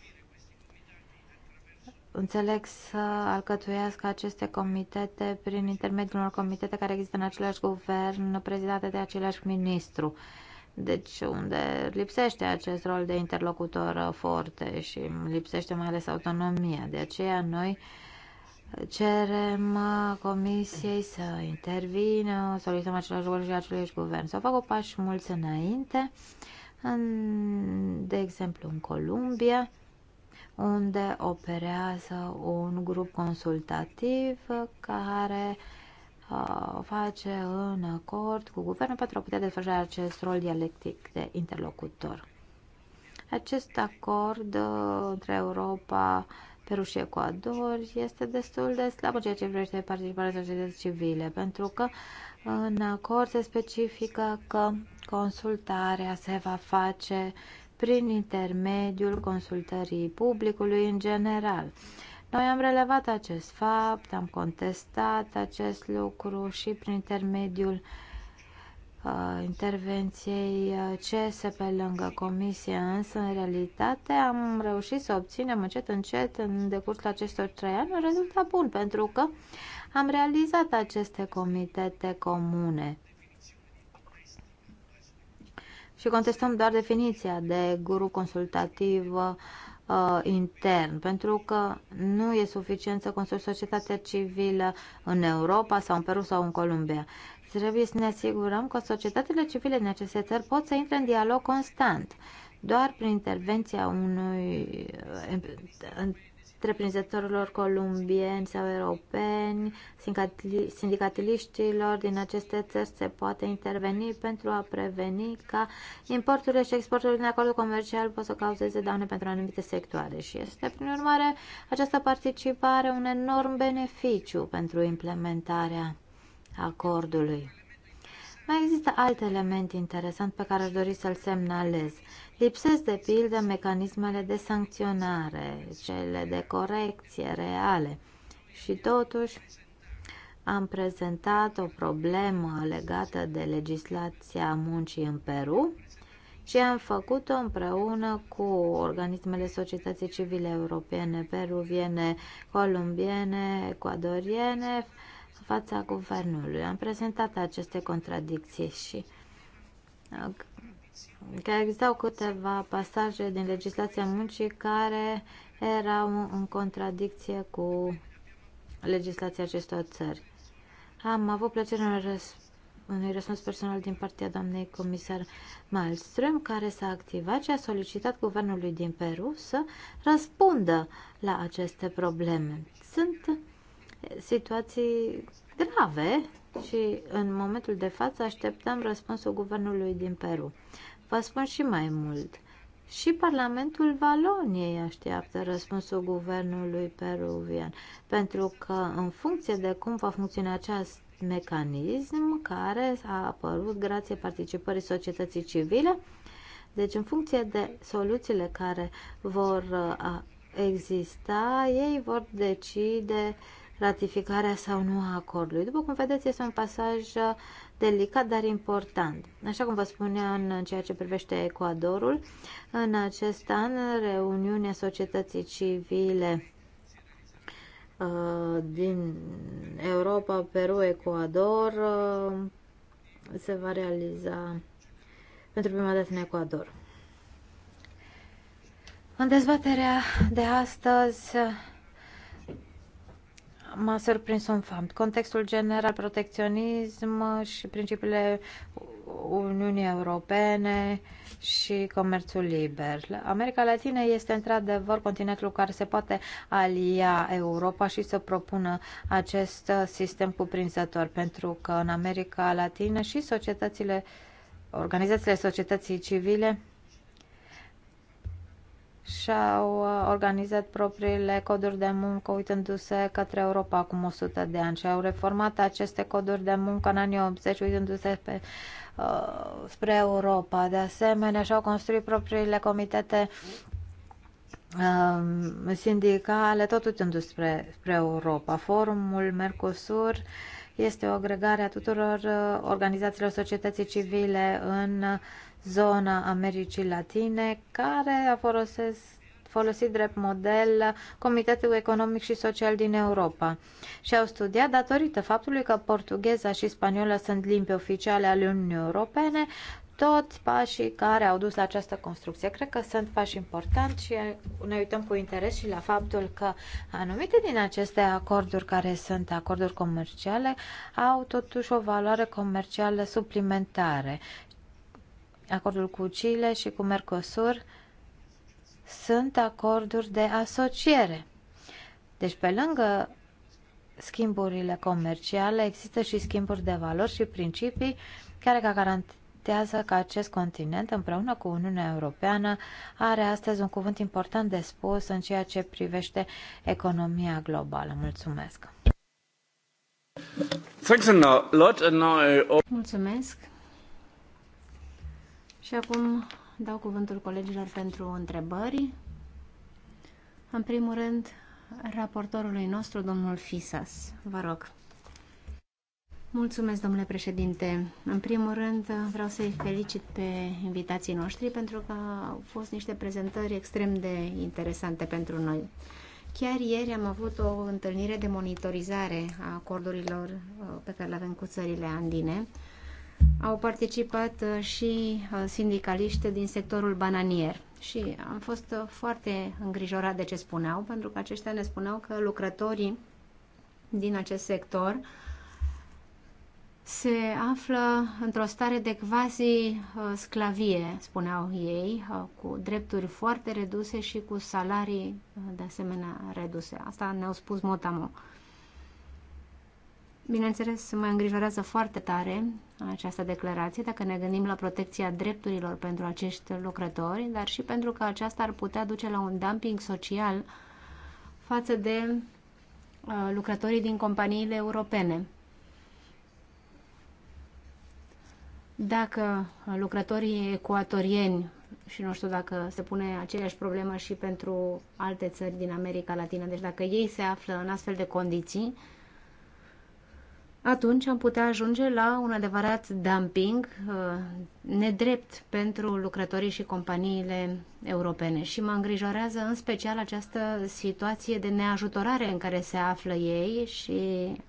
înțeleg să alcătuiască aceste comitete prin intermediul unor comitete care există în același guvern, prezidate de același ministru. Deci unde lipsește acest rol de interlocutor foarte și lipsește mai ales autonomia. De aceea noi cerem comisiei să intervină, solicităm același lucru și același guvern. Să facă pași mulți înainte, în, de exemplu în Columbia, unde operează un grup consultativ care uh, face în acord cu guvernul pentru a putea desfășura acest rol dialectic de interlocutor. Acest acord uh, între Europa, Peru și Ecuador este destul de slab în ceea ce privește participarea societății civile, pentru că în acord se specifică că consultarea se va face prin intermediul consultării publicului în general. Noi am relevat acest fapt, am contestat acest lucru și prin intermediul uh, intervenției uh, CESE pe lângă comisie, însă în realitate am reușit să obținem încet încet în decursul acestor trei ani un rezultat bun, pentru că am realizat aceste comitete comune și contestăm doar definiția de guru consultativ uh, intern, pentru că nu e suficient să construi societatea civilă în Europa sau în Peru sau în Columbia. Trebuie să ne asigurăm că societățile civile din aceste țări pot să intre în dialog constant. Doar prin intervenția unui întreprinzătorilor columbieni sau europeni, sindicatiliștilor din aceste țări se poate interveni pentru a preveni ca importurile și exporturile din acordul comercial pot să cauzeze daune pentru anumite sectoare și este, prin urmare, această participare un enorm beneficiu pentru implementarea acordului. Mai există alt element interesant pe care aș dori să-l semnalez. Lipsesc de pildă mecanismele de sancționare, cele de corecție reale. Și totuși am prezentat o problemă legată de legislația muncii în Peru și am făcut-o împreună cu organismele societății civile europene, peruviene, columbiene, ecuadoriene, fața guvernului. Am prezentat aceste contradicții și uh, că existau câteva pasaje din legislația muncii care erau în contradicție cu legislația acestor țări. Am avut plăcere în răspuns unui răspuns personal din partea doamnei comisar Malmström, care s-a activat și a solicitat guvernului din Peru să răspundă la aceste probleme. Sunt situații grave și în momentul de față așteptăm răspunsul guvernului din Peru. Vă spun și mai mult. Și Parlamentul Valoniei așteaptă răspunsul guvernului peruvian, pentru că în funcție de cum va funcționa acest mecanism care a apărut grație participării societății civile, deci în funcție de soluțiile care vor uh, exista, ei vor decide uh, ratificarea sau nu a acordului. După cum vedeți, este un pasaj uh, delicat, dar important. Așa cum vă spuneam în ceea ce privește Ecuadorul, în acest an, reuniunea societății civile uh, din Europa, Peru, Ecuador uh, se va realiza pentru prima dată în Ecuador. În dezbaterea de astăzi m-a surprins un fapt. Contextul general, protecționism și principiile Uniunii Europene și comerțul liber. America Latină este într-adevăr continentul care se poate alia Europa și să propună acest sistem cuprinzător, pentru că în America Latină și societățile, organizațiile societății civile și-au uh, organizat propriile coduri de muncă uitându-se către Europa acum 100 de ani și au reformat aceste coduri de muncă în anii 80 uitându-se pe, uh, spre Europa. De asemenea, și-au construit propriile comitete uh, sindicale, tot uitându-se spre, spre Europa. Forumul Mercosur este o agregare a tuturor uh, organizațiilor societății civile în uh, zona Americii Latine, care a folosesc folosit drept model Comitetul Economic și Social din Europa și au studiat datorită faptului că portugheza și spaniola sunt limbi oficiale ale Uniunii Europene, toți pașii care au dus la această construcție. Cred că sunt pași importanti și ne uităm cu interes și la faptul că anumite din aceste acorduri care sunt acorduri comerciale au totuși o valoare comercială suplimentare acordul cu Chile și cu Mercosur sunt acorduri de asociere. Deci, pe lângă schimburile comerciale, există și schimburi de valori și principii care garantează că acest continent, împreună cu Uniunea Europeană, are astăzi un cuvânt important de spus în ceea ce privește economia globală. Mulțumesc! Mulțumesc! Și acum dau cuvântul colegilor pentru întrebări. În primul rând, raportorului nostru, domnul Fisas. Vă rog. Mulțumesc, domnule președinte. În primul rând, vreau să-i felicit pe invitații noștri pentru că au fost niște prezentări extrem de interesante pentru noi. Chiar ieri am avut o întâlnire de monitorizare a acordurilor uh, pe care le avem cu țările andine au participat uh, și uh, sindicaliști din sectorul bananier. Și am fost uh, foarte îngrijorat de ce spuneau, pentru că aceștia ne spuneau că lucrătorii din acest sector se află într-o stare de quasi sclavie, spuneau ei, cu drepturi foarte reduse și cu salarii de asemenea reduse. Asta ne-au spus Motamo. Bineînțeles, mă îngrijorează foarte tare această declarație dacă ne gândim la protecția drepturilor pentru acești lucrători, dar și pentru că aceasta ar putea duce la un dumping social față de uh, lucrătorii din companiile europene. Dacă lucrătorii ecuatorieni, și nu știu dacă se pune aceeași problemă și pentru alte țări din America Latină, deci dacă ei se află în astfel de condiții, atunci am putea ajunge la un adevărat dumping uh, nedrept pentru lucrătorii și companiile europene. Și mă îngrijorează în special această situație de neajutorare în care se află ei și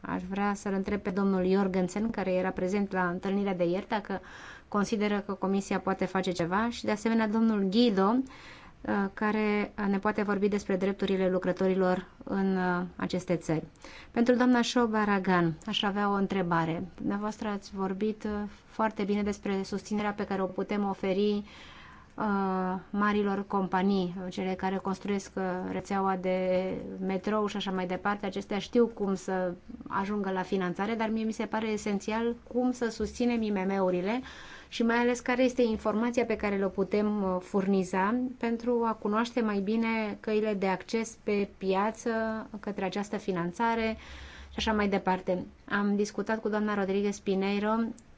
aș vrea să-l întreb pe domnul Jorgensen, care era prezent la întâlnirea de ieri, dacă consideră că Comisia poate face ceva și de asemenea domnul Guido, Uh, care ne poate vorbi despre drepturile lucrătorilor în uh, aceste țări. Pentru doamna Șo Baragan, aș avea o întrebare. Dumneavoastră ați vorbit uh, foarte bine despre susținerea pe care o putem oferi marilor companii, cele care construiesc rețeaua de metrou și așa mai departe, acestea știu cum să ajungă la finanțare, dar mie mi se pare esențial cum să susținem IMM-urile uh, și mai ales care este informația pe care o putem uh, furniza pentru a cunoaște mai bine căile de acces pe piață către această finanțare și așa mai departe. Am discutat cu doamna Rodriguez Pineiro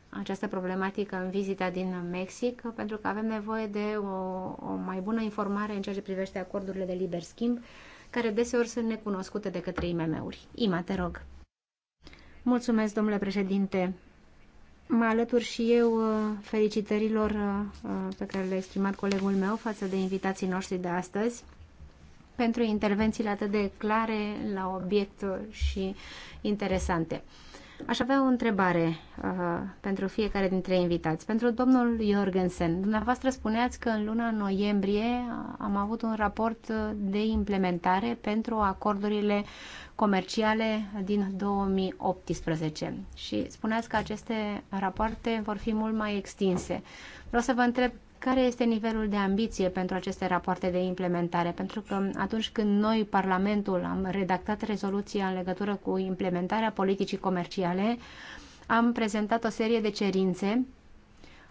această problematică în vizita din Mexic, pentru că avem nevoie de o, o mai bună informare în ceea ce privește acordurile de liber schimb, care deseori sunt necunoscute de către IMM-uri. Ima, te rog. Mulțumesc, domnule președinte. Mă alătur și eu uh, felicitărilor uh, uh, pe care le-a exprimat colegul meu față de invitații noștri de astăzi pentru intervențiile atât de clare, la obiect și interesante. Aș avea o întrebare uh, pentru fiecare dintre invitați. Pentru domnul Jorgensen, dumneavoastră spuneați că în luna noiembrie am avut un raport de implementare pentru acordurile comerciale din 2018 și spuneați că aceste rapoarte vor fi mult mai extinse. Vreau să vă întreb care este nivelul de ambiție pentru aceste rapoarte de implementare, pentru că atunci când noi, Parlamentul, am redactat rezoluția în legătură cu implementarea politicii comerciale, am prezentat o serie de cerințe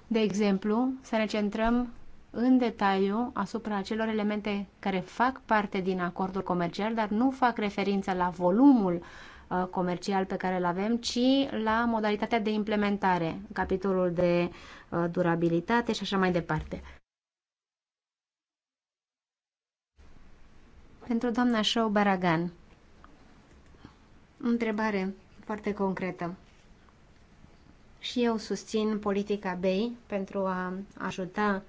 de exemplu, să ne centrăm în detaliu asupra acelor elemente care fac parte din acordul comercial, dar nu fac referință la volumul uh, comercial pe care îl avem, ci la modalitatea de implementare, capitolul de uh, durabilitate și așa mai departe. Pentru doamna Show Baragan, întrebare foarte concretă. Și eu susțin politica BEI pentru a ajuta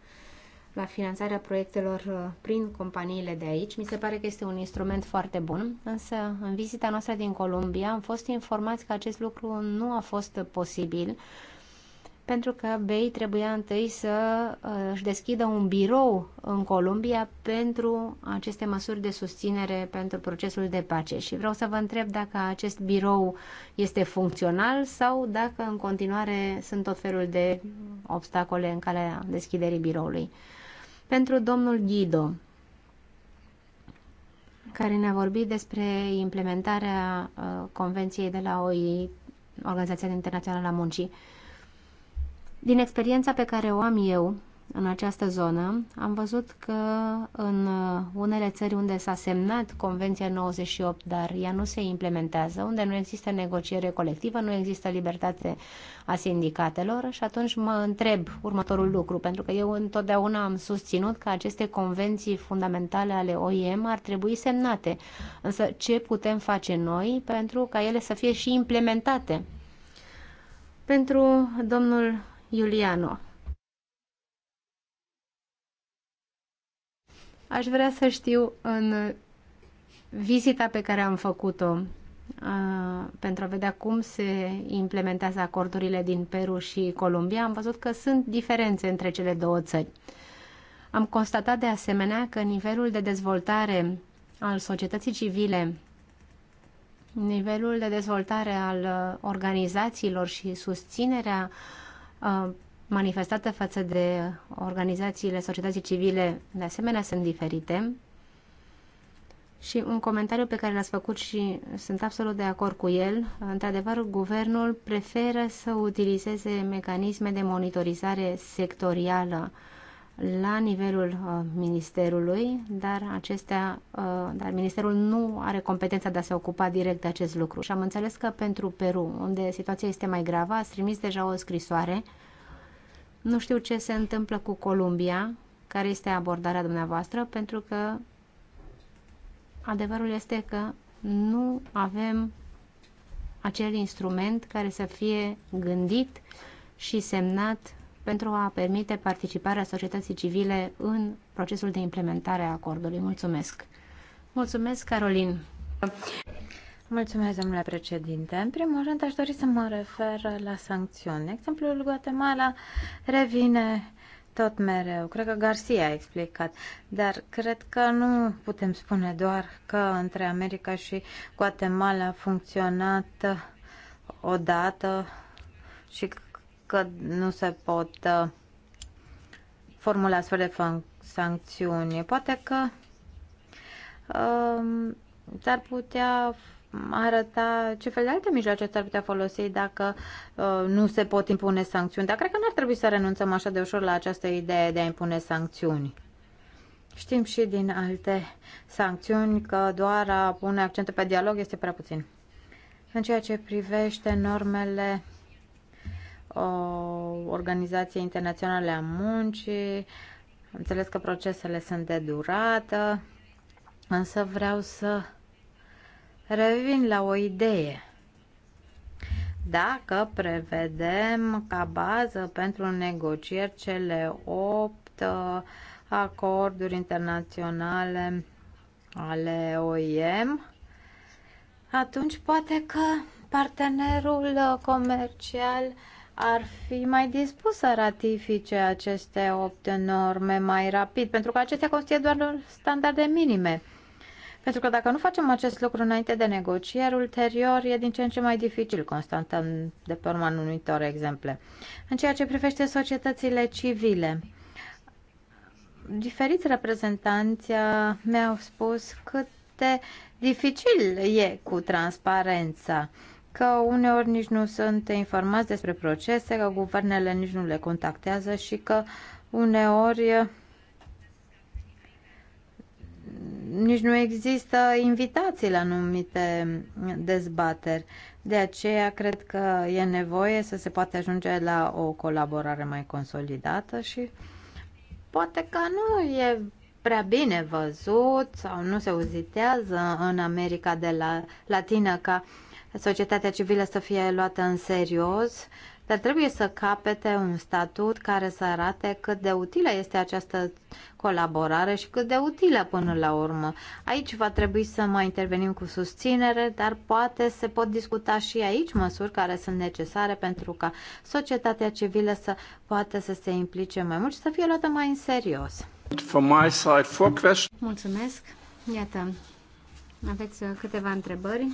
la finanțarea proiectelor uh, prin companiile de aici. Mi se pare că este un instrument foarte bun, însă în vizita noastră din Columbia am fost informați că acest lucru nu a fost posibil pentru că BEI trebuia întâi să uh, își deschidă un birou în Columbia pentru aceste măsuri de susținere pentru procesul de pace. Și vreau să vă întreb dacă acest birou este funcțional sau dacă în continuare sunt tot felul de obstacole în calea deschiderii biroului. Pentru domnul Ghido, care ne-a vorbit despre implementarea uh, Convenției de la OI, Organizația Internațională a Muncii, din experiența pe care o am eu, în această zonă, am văzut că în uh, unele țări unde s-a semnat Convenția 98, dar ea nu se implementează, unde nu există negociere colectivă, nu există libertate a sindicatelor și atunci mă întreb următorul lucru, pentru că eu întotdeauna am susținut că aceste convenții fundamentale ale OIM ar trebui semnate. Însă ce putem face noi pentru ca ele să fie și implementate? Pentru domnul Iuliano. Aș vrea să știu în vizita pe care am făcut-o pentru a vedea cum se implementează acordurile din Peru și Columbia, am văzut că sunt diferențe între cele două țări. Am constatat de asemenea că nivelul de dezvoltare al societății civile, nivelul de dezvoltare al uh, organizațiilor și susținerea uh, manifestată față de organizațiile societății civile, de asemenea, sunt diferite. Și un comentariu pe care l-ați făcut și sunt absolut de acord cu el, într-adevăr, guvernul preferă să utilizeze mecanisme de monitorizare sectorială la nivelul uh, ministerului, dar acestea, uh, dar ministerul nu are competența de a se ocupa direct de acest lucru. Și am înțeles că pentru Peru, unde situația este mai gravă, ați trimis deja o scrisoare nu știu ce se întâmplă cu Columbia, care este abordarea dumneavoastră, pentru că adevărul este că nu avem acel instrument care să fie gândit și semnat pentru a permite participarea societății civile în procesul de implementare a acordului. Mulțumesc! Mulțumesc, Carolin! Mulțumesc, domnule președinte. În primul rând, aș dori să mă refer la sancțiuni. Exemplul Guatemala revine tot mereu. Cred că Garcia a explicat, dar cred că nu putem spune doar că între America și Guatemala a funcționat odată și că nu se pot uh, formula astfel de sancțiuni. Poate că um, s-ar putea arăta ce fel de alte mijloace s-ar putea folosi dacă uh, nu se pot impune sancțiuni. Dar cred că n-ar trebui să renunțăm așa de ușor la această idee de a impune sancțiuni. Știm și din alte sancțiuni că doar a pune accentul pe dialog este prea puțin. În ceea ce privește normele uh, Organizației Internaționale a Muncii, înțeles că procesele sunt de durată, însă vreau să Revin la o idee. Dacă prevedem ca bază pentru negocieri cele 8 uh, acorduri internaționale ale OIM, atunci poate că partenerul uh, comercial ar fi mai dispus să ratifice aceste opt norme mai rapid, pentru că acestea constituie doar standarde minime. Pentru că dacă nu facem acest lucru înainte de negocieri, ulterior e din ce în ce mai dificil, constatăm de pe urma anumitor exemple. În ceea ce privește societățile civile, diferiți reprezentanți uh, mi-au spus cât de dificil e cu transparența că uneori nici nu sunt informați despre procese, că guvernele nici nu le contactează și că uneori uh, nici nu există invitații la anumite dezbateri. De aceea cred că e nevoie să se poate ajunge la o colaborare mai consolidată și poate că nu e prea bine văzut sau nu se uzitează în America de la Latină ca societatea civilă să fie luată în serios dar trebuie să capete un statut care să arate cât de utilă este această colaborare și cât de utilă până la urmă. Aici va trebui să mai intervenim cu susținere, dar poate se pot discuta și aici măsuri care sunt necesare pentru ca societatea civilă să poată să se implice mai mult și să fie luată mai în serios. Mulțumesc! Iată, aveți câteva întrebări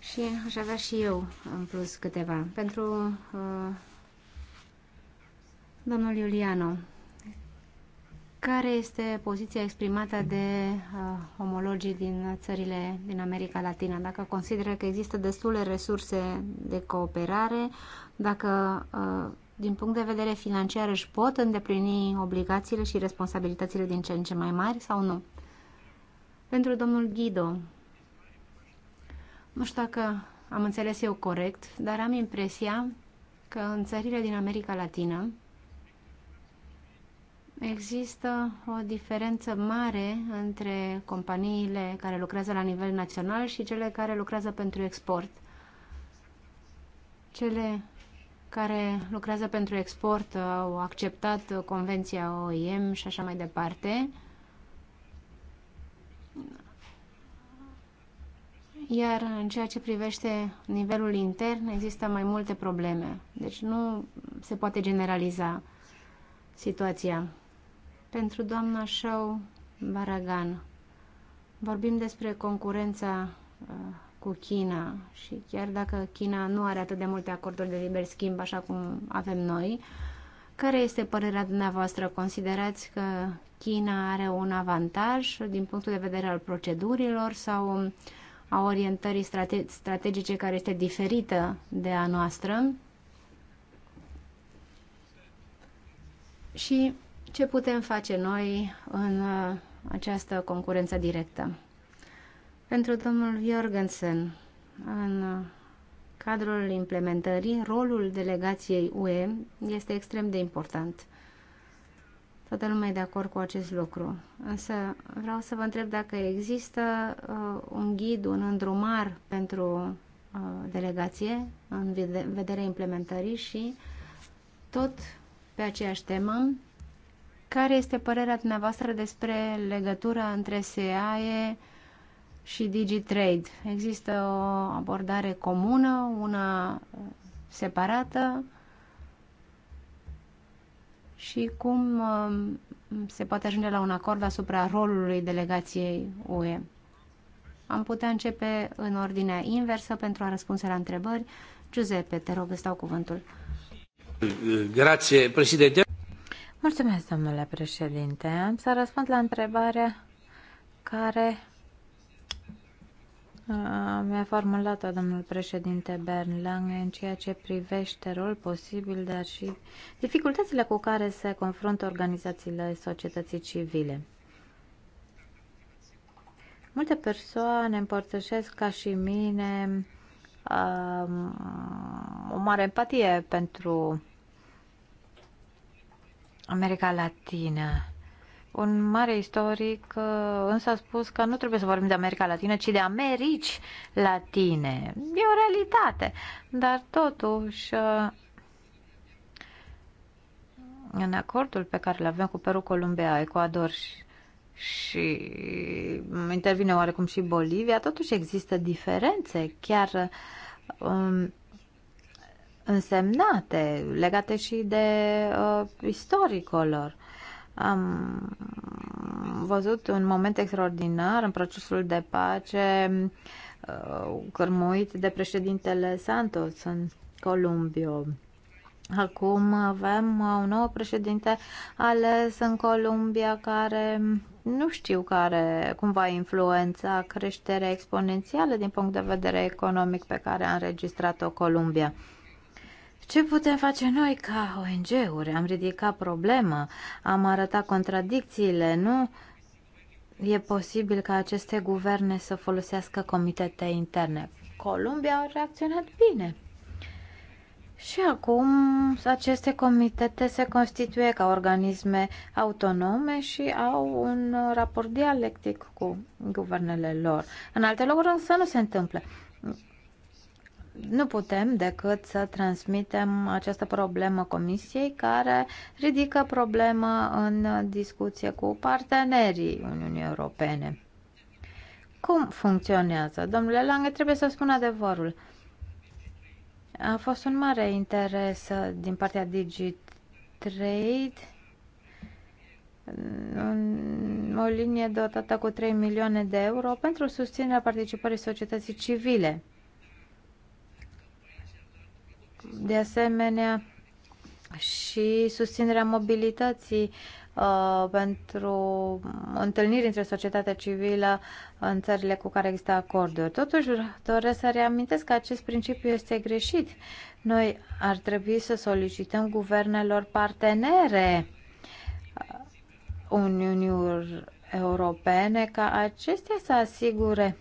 și aș avea și eu în plus câteva. Pentru uh, domnul Iuliano, care este poziția exprimată de uh, omologii din țările din America Latina? Dacă consideră că există destule resurse de cooperare, dacă uh, din punct de vedere financiar își pot îndeplini obligațiile și responsabilitățile din ce în ce mai mari sau nu? Pentru domnul Ghido, nu știu dacă am înțeles eu corect, dar am impresia că în țările din America Latină există o diferență mare între companiile care lucrează la nivel național și cele care lucrează pentru export. Cele care lucrează pentru export au acceptat convenția OIM și așa mai departe, iar în ceea ce privește nivelul intern există mai multe probleme. Deci nu se poate generaliza situația. Pentru doamna Show Baragan, vorbim despre concurența uh, cu China și chiar dacă China nu are atât de multe acorduri de liber schimb așa cum avem noi, care este părerea dumneavoastră? Considerați că China are un avantaj din punctul de vedere al procedurilor sau a orientării strate strategice care este diferită de a noastră și ce putem face noi în uh, această concurență directă. Pentru domnul Jorgensen, în uh, cadrul implementării, rolul delegației UE este extrem de important. Toată lumea e de acord cu acest lucru. Însă vreau să vă întreb dacă există uh, un ghid, un îndrumar pentru uh, delegație în vederea implementării și tot pe aceeași temă, care este părerea dumneavoastră despre legătura între SEAE și DigiTrade? Există o abordare comună, una separată? și cum um, se poate ajunge la un acord asupra rolului delegației UE. Am putea începe în ordinea inversă pentru a răspunde la întrebări. Giuseppe, te rog, îți dau cuvântul. Grație, președinte. Mulțumesc, domnule președinte. Am să răspund la întrebarea care mi-a formulat-o domnul președinte Bern Lange în ceea ce privește rol posibil, dar și dificultățile cu care se confruntă organizațiile societății civile. Multe persoane împărtășesc ca și mine o mare empatie pentru America Latină un mare istoric uh, însă a spus că nu trebuie să vorbim de America Latină, ci de Americi Latine. E o realitate, dar totuși uh, în acordul pe care îl avem cu Peru, Columbia, Ecuador și, și intervine oarecum și Bolivia, totuși există diferențe chiar um, însemnate, legate și de uh, istoricul lor. Uh, am văzut un moment extraordinar în procesul de pace uh, cărmuit de președintele Santos în Columbia. Acum avem un nou președinte ales în Columbia care nu știu care, cum va influența creșterea exponențială din punct de vedere economic pe care a înregistrat-o Columbia. Ce putem face noi ca ONG-uri? Am ridicat problema, am arătat contradicțiile, nu? E posibil ca aceste guverne să folosească comitete interne. Columbia a reacționat bine. Și acum aceste comitete se constituie ca organisme autonome și au un raport dialectic cu guvernele lor. În alte locuri însă nu se întâmplă nu putem decât să transmitem această problemă Comisiei care ridică problemă în discuție cu partenerii Uniunii Europene. Cum funcționează? Domnule Lange, trebuie să spun adevărul. A fost un mare interes uh, din partea DigiTrade o linie dotată cu 3 milioane de euro pentru susținerea participării societății civile de asemenea și susținerea mobilității uh, pentru întâlniri între societatea civilă în țările cu care există acorduri. Totuși, doresc să reamintesc că acest principiu este greșit. Noi ar trebui să solicităm guvernelor partenere Uniunii Europene ca acestea să asigure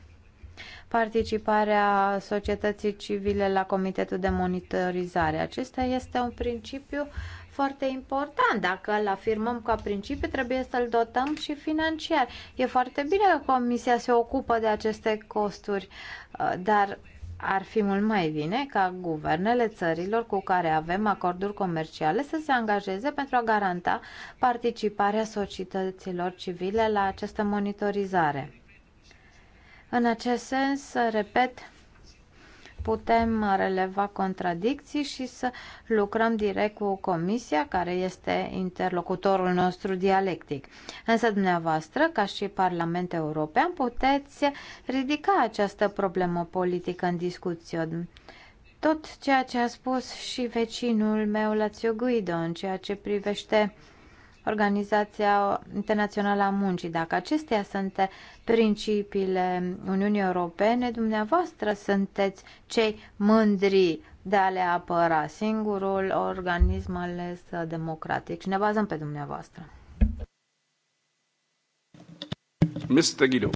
participarea societății civile la comitetul de monitorizare. Acesta este un principiu foarte important. Dacă îl afirmăm ca principiu, trebuie să-l dotăm și financiar. E foarte bine că Comisia se ocupă de aceste costuri, uh, dar ar fi mult mai bine ca guvernele țărilor cu care avem acorduri comerciale să se angajeze pentru a garanta participarea societăților civile la această monitorizare. În acest sens, repet, putem releva contradicții și să lucrăm direct cu Comisia, care este interlocutorul nostru dialectic. Însă dumneavoastră, ca și Parlament European, puteți ridica această problemă politică în discuție. Tot ceea ce a spus și vecinul meu, Lazio Guido, în ceea ce privește uh, Organizația Internațională a Muncii. Dacă acestea sunt principiile Uniunii Europene, dumneavoastră sunteți cei mândri de a le apăra singurul organism ales democratic și ne bazăm pe dumneavoastră. Mr. Guido.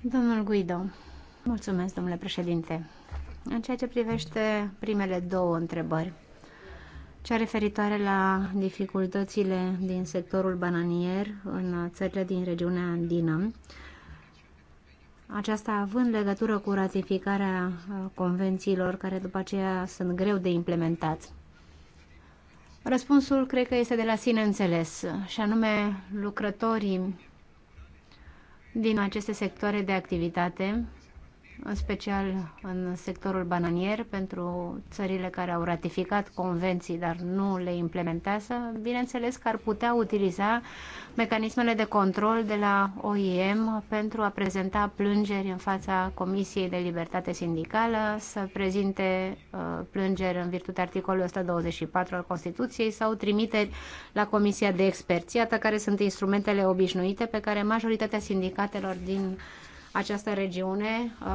Domnul Guido, mulțumesc, domnule președinte. În ceea ce privește primele două întrebări, cea referitoare la dificultățile din sectorul bananier în țările din regiunea andină, aceasta având legătură cu ratificarea uh, convențiilor care după aceea sunt greu de implementat. Răspunsul cred că este de la sine înțeles, și anume lucrătorii din aceste sectoare de activitate în special în sectorul bananier, pentru țările care au ratificat convenții, dar nu le implementează, bineînțeles că ar putea utiliza mecanismele de control de la OIM pentru a prezenta plângeri în fața Comisiei de Libertate Sindicală, să prezinte uh, plângeri în virtutea articolului 124 al Constituției sau trimite la Comisia de Experți, iată care sunt instrumentele obișnuite pe care majoritatea sindicatelor din această regiune uh,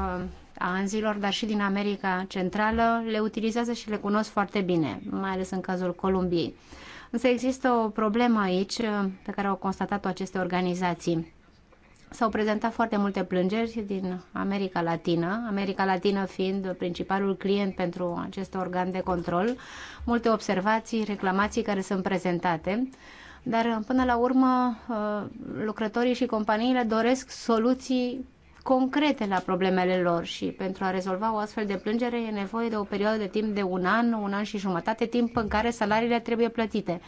a anzilor, dar și din America Centrală, le utilizează și le cunosc foarte bine, mai ales în cazul Columbiei. Însă există o problemă aici uh, pe care au constatat-o aceste organizații. S-au prezentat foarte multe plângeri din America Latină, America Latină fiind principalul client pentru acest organ de control, multe observații, reclamații care sunt prezentate, dar uh, până la urmă lucrătorii și companiile doresc soluții concrete la problemele lor și pentru a rezolva o astfel de plângere e nevoie de o perioadă de timp de un an, un an și jumătate, timp în care salariile trebuie plătite.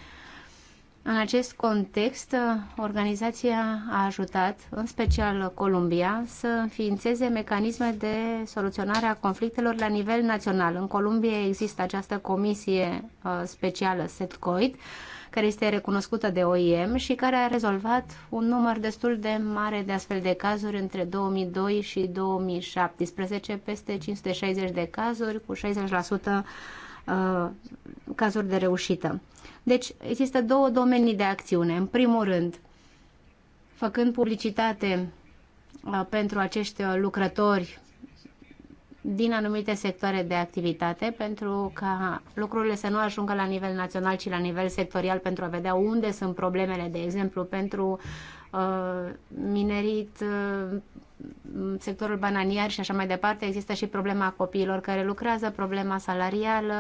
În acest context, organizația a ajutat, în special Columbia, să înființeze mecanisme de soluționare a conflictelor la nivel național. În Columbia există această comisie uh, specială, SETCOIT, care este recunoscută de OIM și care a rezolvat un număr destul de mare de astfel de cazuri între 2002 și 2017, peste 560 de cazuri cu 60% uh, cazuri de reușită. Deci există două domenii de acțiune. În primul rând, făcând publicitate uh, pentru acești lucrători din anumite sectoare de activitate pentru ca lucrurile să nu ajungă la nivel național, ci la nivel sectorial pentru a vedea unde sunt problemele, de exemplu, pentru uh, minerit, uh, sectorul bananiar și așa mai departe. Există și problema copiilor care lucrează, problema salarială,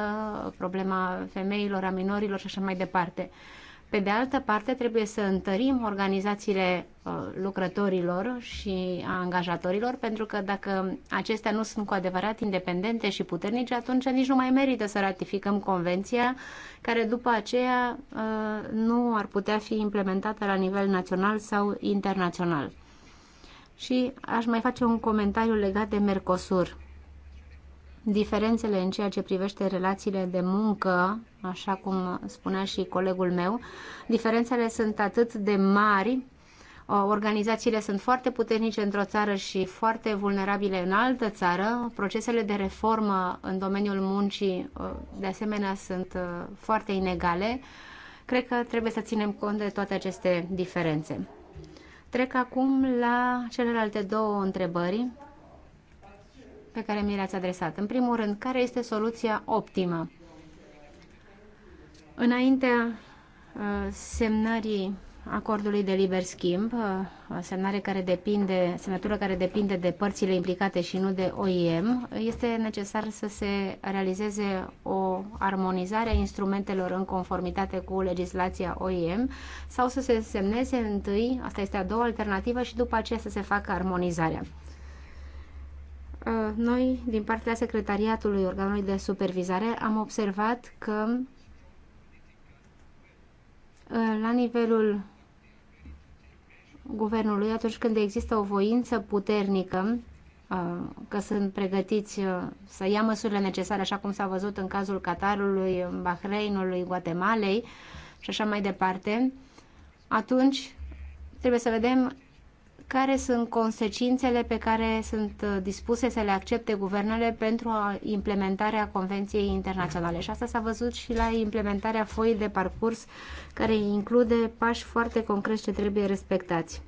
problema femeilor, a minorilor și așa mai departe. Uh, pe de altă parte, trebuie să întărim organizațiile uh, lucrătorilor și a angajatorilor, pentru că dacă acestea nu sunt cu adevărat independente și puternice, atunci nici nu mai merită să ratificăm convenția, care după aceea uh, nu ar putea fi implementată la nivel național sau internațional. Și aș mai face un comentariu legat de Mercosur diferențele în ceea ce privește relațiile de muncă, așa cum spunea și colegul meu, diferențele sunt atât de mari organizațiile sunt foarte puternice într-o țară și foarte vulnerabile în altă țară. Procesele de reformă în domeniul muncii, de asemenea, sunt foarte inegale. Cred că trebuie să ținem cont de toate aceste diferențe. Trec acum la celelalte două întrebări pe care mi le-ați adresat. În primul rând, care este soluția optimă? Înaintea uh, semnării acordului de liber schimb, uh, semnare care depinde, semnătură care depinde de părțile implicate și nu de OIM, este necesar să se realizeze o armonizare a instrumentelor în conformitate cu legislația OIM sau să se semneze întâi, asta este a doua alternativă, și după aceea să se facă armonizarea. Uh, noi, din partea secretariatului organului de supervizare, am observat că uh, la nivelul guvernului, atunci când există o voință puternică, uh, că sunt pregătiți să ia măsurile necesare, așa cum s-a văzut în cazul Qatarului, Bahreinului, Guatemalei și așa mai departe, atunci trebuie să vedem care sunt consecințele pe care sunt uh, dispuse să le accepte guvernele pentru implementarea Convenției Internaționale. Și asta s-a văzut și la implementarea foii de parcurs, care include pași foarte concreți ce trebuie respectați.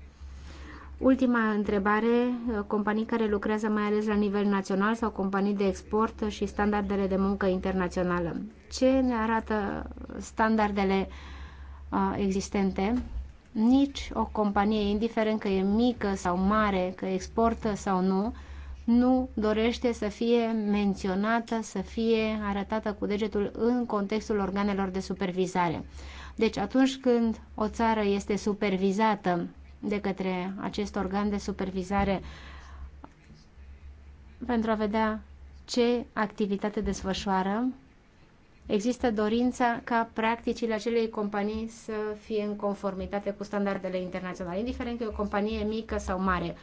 Ultima întrebare, uh, companii care lucrează mai ales la nivel național sau companii de export și standardele de muncă internațională. Ce ne arată standardele uh, existente nici o companie, indiferent că e mică sau mare, că exportă sau nu, nu dorește să fie menționată, să fie arătată cu degetul în contextul organelor de supervizare. Deci atunci când o țară este supervizată de către acest organ de supervizare pentru a vedea ce activitate desfășoară, Există dorința ca practicile acelei companii să fie în conformitate cu standardele internaționale, indiferent că e o companie mică sau mare.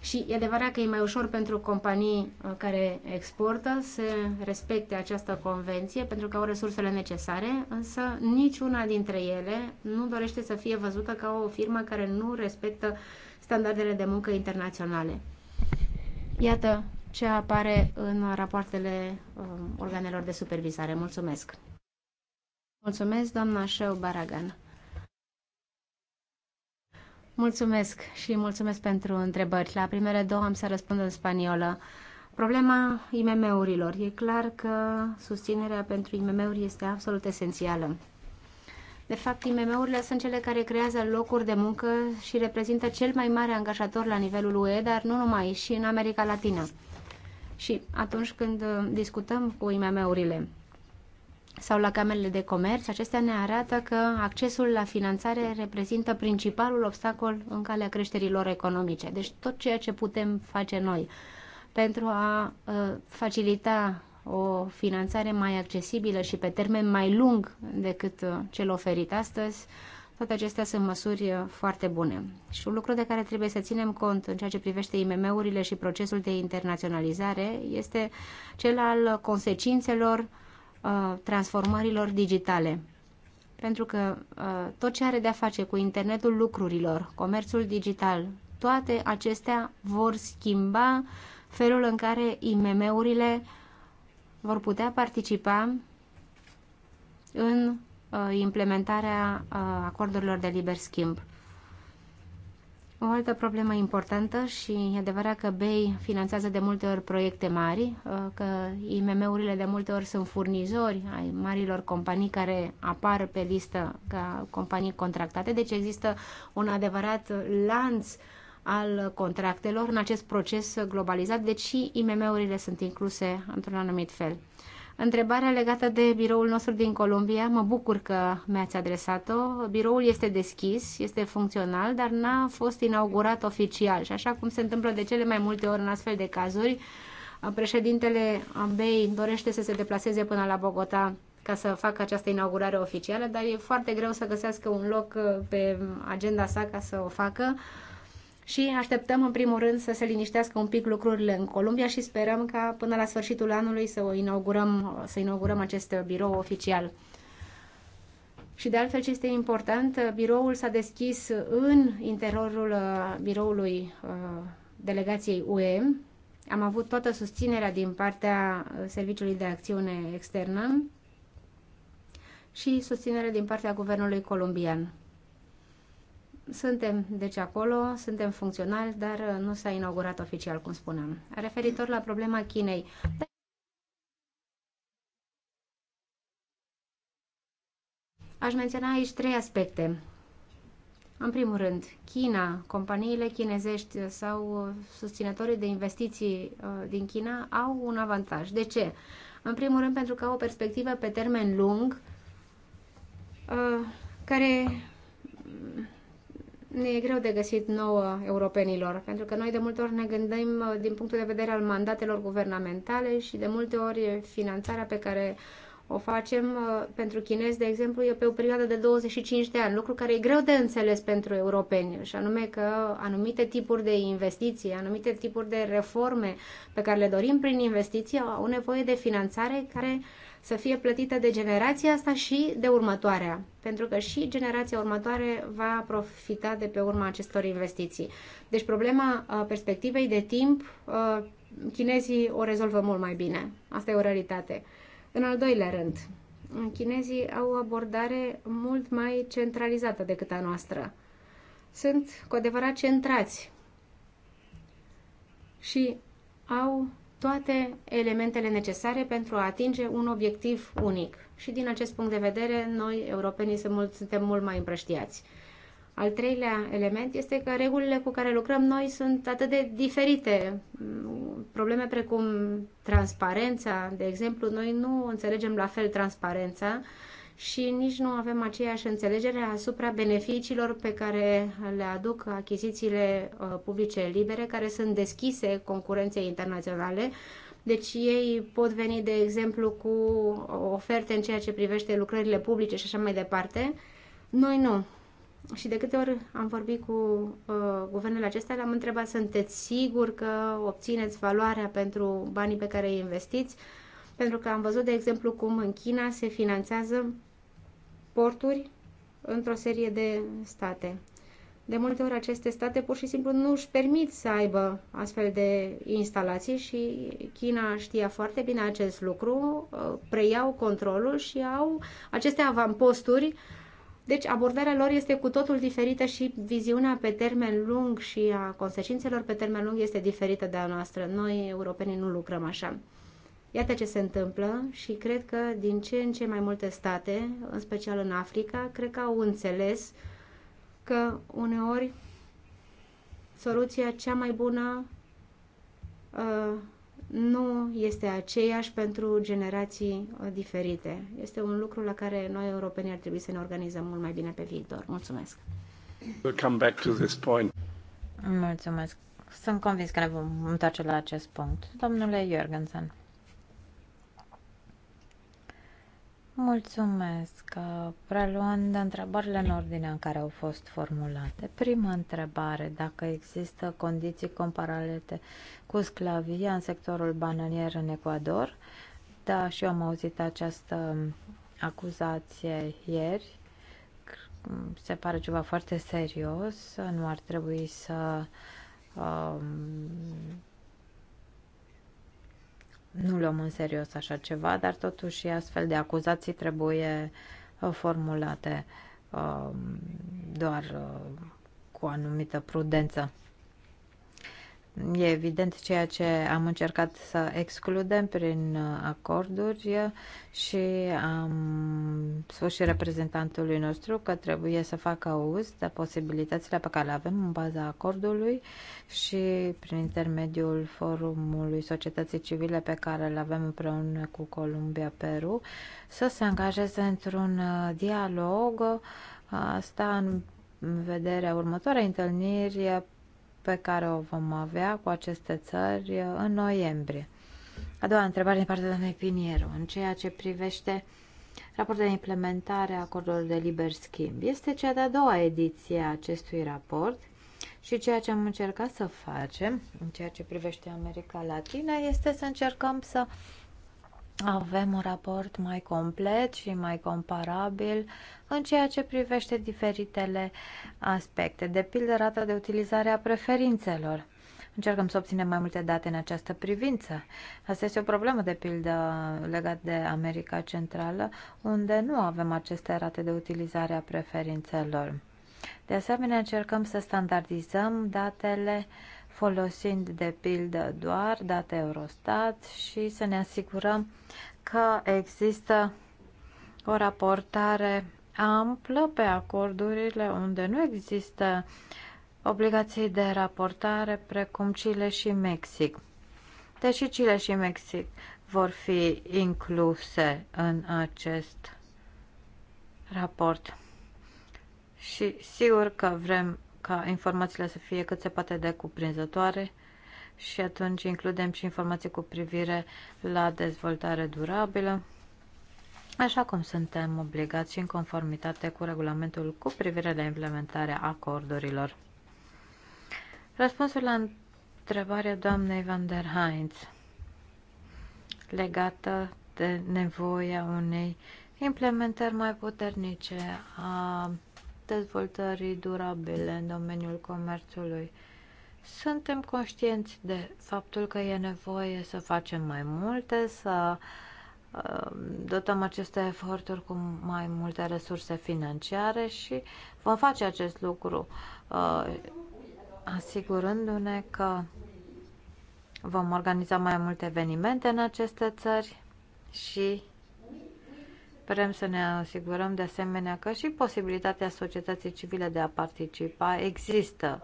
Și e adevărat că e mai ușor pentru companii uh, care exportă să respecte această convenție pentru că au resursele necesare, însă niciuna dintre ele nu dorește să fie văzută ca o firmă care nu respectă standardele de muncă internaționale. Iată ce apare în rapoartele um, organelor de supervizare. Mulțumesc! Mulțumesc, doamna Șeu Baragan! Mulțumesc și mulțumesc pentru întrebări. La primele două am să răspund în spaniolă. Problema IMM-urilor. E clar că susținerea pentru IMM-uri este absolut esențială. De fapt, IMM-urile sunt cele care creează locuri de muncă și reprezintă cel mai mare angajator la nivelul UE, dar nu numai, și în America Latină și atunci când uh, discutăm cu IMM-urile sau la camerele de comerț, acestea ne arată că accesul la finanțare reprezintă principalul obstacol în calea creșterilor economice. Deci tot ceea ce putem face noi pentru a uh, facilita o finanțare mai accesibilă și pe termen mai lung decât uh, cel oferit astăzi, toate acestea sunt măsuri uh, foarte bune. Și un lucru de care trebuie să ținem cont în ceea ce privește IMM-urile și procesul de internaționalizare este cel al consecințelor uh, transformărilor digitale. Pentru că uh, tot ce are de-a face cu internetul lucrurilor, comerțul digital, toate acestea vor schimba felul în care IMM-urile vor putea participa în Uh, implementarea uh, acordurilor de liber schimb. O altă problemă importantă și e adevărat că BEI finanțează de multe ori proiecte mari, uh, că IMM-urile de multe ori sunt furnizori ai marilor companii care apar pe listă ca companii contractate, deci există un adevărat lanț al contractelor în acest proces globalizat, deci și IMM-urile sunt incluse într-un anumit fel. Întrebarea legată de biroul nostru din Columbia, mă bucur că mi-ați adresat-o. Biroul este deschis, este funcțional, dar n-a fost inaugurat oficial și așa cum se întâmplă de cele mai multe ori în astfel de cazuri, președintele Bay dorește să se deplaseze până la Bogota ca să facă această inaugurare oficială, dar e foarte greu să găsească un loc uh, pe agenda sa ca să o facă și așteptăm în primul rând să se liniștească un pic lucrurile în Columbia și sperăm ca până la sfârșitul anului să o inaugurăm, să inaugurăm acest birou oficial. Și de altfel ce este important, biroul s-a deschis în interiorul uh, biroului uh, delegației UE. Am avut toată susținerea din partea uh, Serviciului de Acțiune Externă și susținere din partea guvernului colombian. Suntem, deci, acolo, suntem funcționali, dar uh, nu s-a inaugurat oficial, cum spuneam. Referitor la problema Chinei. Aș menționa aici trei aspecte. În primul rând, China, companiile chinezești sau uh, susținătorii de investiții uh, din China au un avantaj. De ce? În primul rând pentru că au o perspectivă pe termen lung care ne e greu de găsit nouă europenilor, pentru că noi de multe ori ne gândim uh, din punctul de vedere al mandatelor guvernamentale și de multe ori finanțarea pe care o facem uh, pentru chinezi, de exemplu, e pe o perioadă de 25 de ani, lucru care e greu de înțeles pentru europeni, și anume că anumite tipuri de investiții, anumite tipuri de reforme pe care le dorim prin investiții au nevoie de finanțare care să fie plătită de generația asta și de următoarea, pentru că și generația următoare va profita de pe urma acestor investiții. Deci problema uh, perspectivei de timp, uh, chinezii o rezolvă mult mai bine. Asta e o realitate. În al doilea rând, chinezii au o abordare mult mai centralizată decât a noastră. Sunt cu adevărat centrați și au toate elementele necesare pentru a atinge un obiectiv unic. Și din acest punct de vedere, noi, europenii, suntem mult, suntem mult mai împrăștiați. Al treilea element este că regulile cu care lucrăm noi sunt atât de diferite. Probleme precum transparența, de exemplu, noi nu înțelegem la fel transparența, uh, și nici nu avem aceeași înțelegere asupra beneficiilor pe care le aduc achizițiile uh, publice libere, care sunt deschise concurenței internaționale, deci ei pot veni, de exemplu, cu oferte în ceea ce privește lucrările publice și așa mai departe. Noi nu. Și de câte ori am vorbit cu uh, guvernele acestea, le-am întrebat, sunteți siguri că obțineți valoarea pentru banii pe care îi investiți? Pentru că am văzut, de exemplu, cum în China se finanțează exporturi într-o serie de state. De multe ori aceste state pur și simplu nu își permit să aibă astfel de instalații și China știa foarte bine acest lucru, uh, preiau controlul și au aceste avamposturi. Deci abordarea lor este cu totul diferită și viziunea pe termen lung și a consecințelor pe termen lung este diferită de a noastră. Noi, europenii, nu lucrăm așa. Iată ce se întâmplă și cred că din ce în ce mai multe state, în special în Africa, cred că au înțeles că uneori soluția cea mai bună uh, nu este aceeași pentru generații uh, diferite. Este un lucru la care noi europenii ar trebui să ne organizăm mult mai bine pe viitor. Mulțumesc! We'll come back to this point. Mulțumesc! Sunt convins că ne vom întoarce la acest punct. Domnule Jorgensen. Mulțumesc. Preluând întrebările în ordinea în care au fost formulate, prima întrebare, dacă există condiții comparate cu sclavia în sectorul bananier în Ecuador, da, și eu am auzit această acuzație ieri, se pare ceva foarte serios, nu ar trebui să um, nu luăm în serios așa ceva, dar totuși astfel de acuzații trebuie uh, formulate um, doar uh, cu anumită prudență. E evident ceea ce am încercat să excludem prin acorduri și am spus și reprezentantului nostru că trebuie să facă uz de posibilitățile pe care le avem în baza acordului și prin intermediul forumului societății civile pe care îl avem împreună cu Columbia Peru să se angajeze într-un dialog asta în vederea următoarei întâlniri pe care o vom avea cu aceste țări uh, în noiembrie. A doua întrebare din partea doamnei Piniero, în ceea ce privește raportul de implementare a acordului de liber schimb. Este cea de-a doua ediție a acestui raport și ceea ce am încercat să facem în ceea ce privește America Latina este să încercăm să uh, avem un raport mai complet și mai comparabil în ceea ce privește diferitele aspecte, de pildă rata de utilizare a preferințelor. Încercăm să obținem mai multe date în această privință. Asta este o problemă, de pildă, legat de America Centrală, unde nu avem aceste rate de utilizare a preferințelor. De asemenea, încercăm să standardizăm datele uh, folosind de pildă doar date Eurostat și să ne asigurăm că există o raportare amplă pe acordurile unde nu există obligații de raportare precum Chile și Mexic. Deși Chile și Mexic vor fi incluse în acest raport. Și sigur că vrem ca informațiile să fie cât se poate de cuprinzătoare și atunci includem și informații cu privire la dezvoltare durabilă, așa cum suntem obligați și în conformitate cu regulamentul cu privire la implementarea acordurilor. Răspunsul la întrebarea doamnei van der Heinz legată de nevoia unei implementări mai puternice a dezvoltării durabile în domeniul comerțului. Suntem conștienți de faptul că e nevoie să facem mai multe, să um, dotăm aceste eforturi cu mai multe resurse financiare și vom face acest lucru uh, asigurându-ne că vom organiza mai multe evenimente în aceste țări și Sperăm să ne asigurăm de asemenea că și posibilitatea societății civile de a participa există.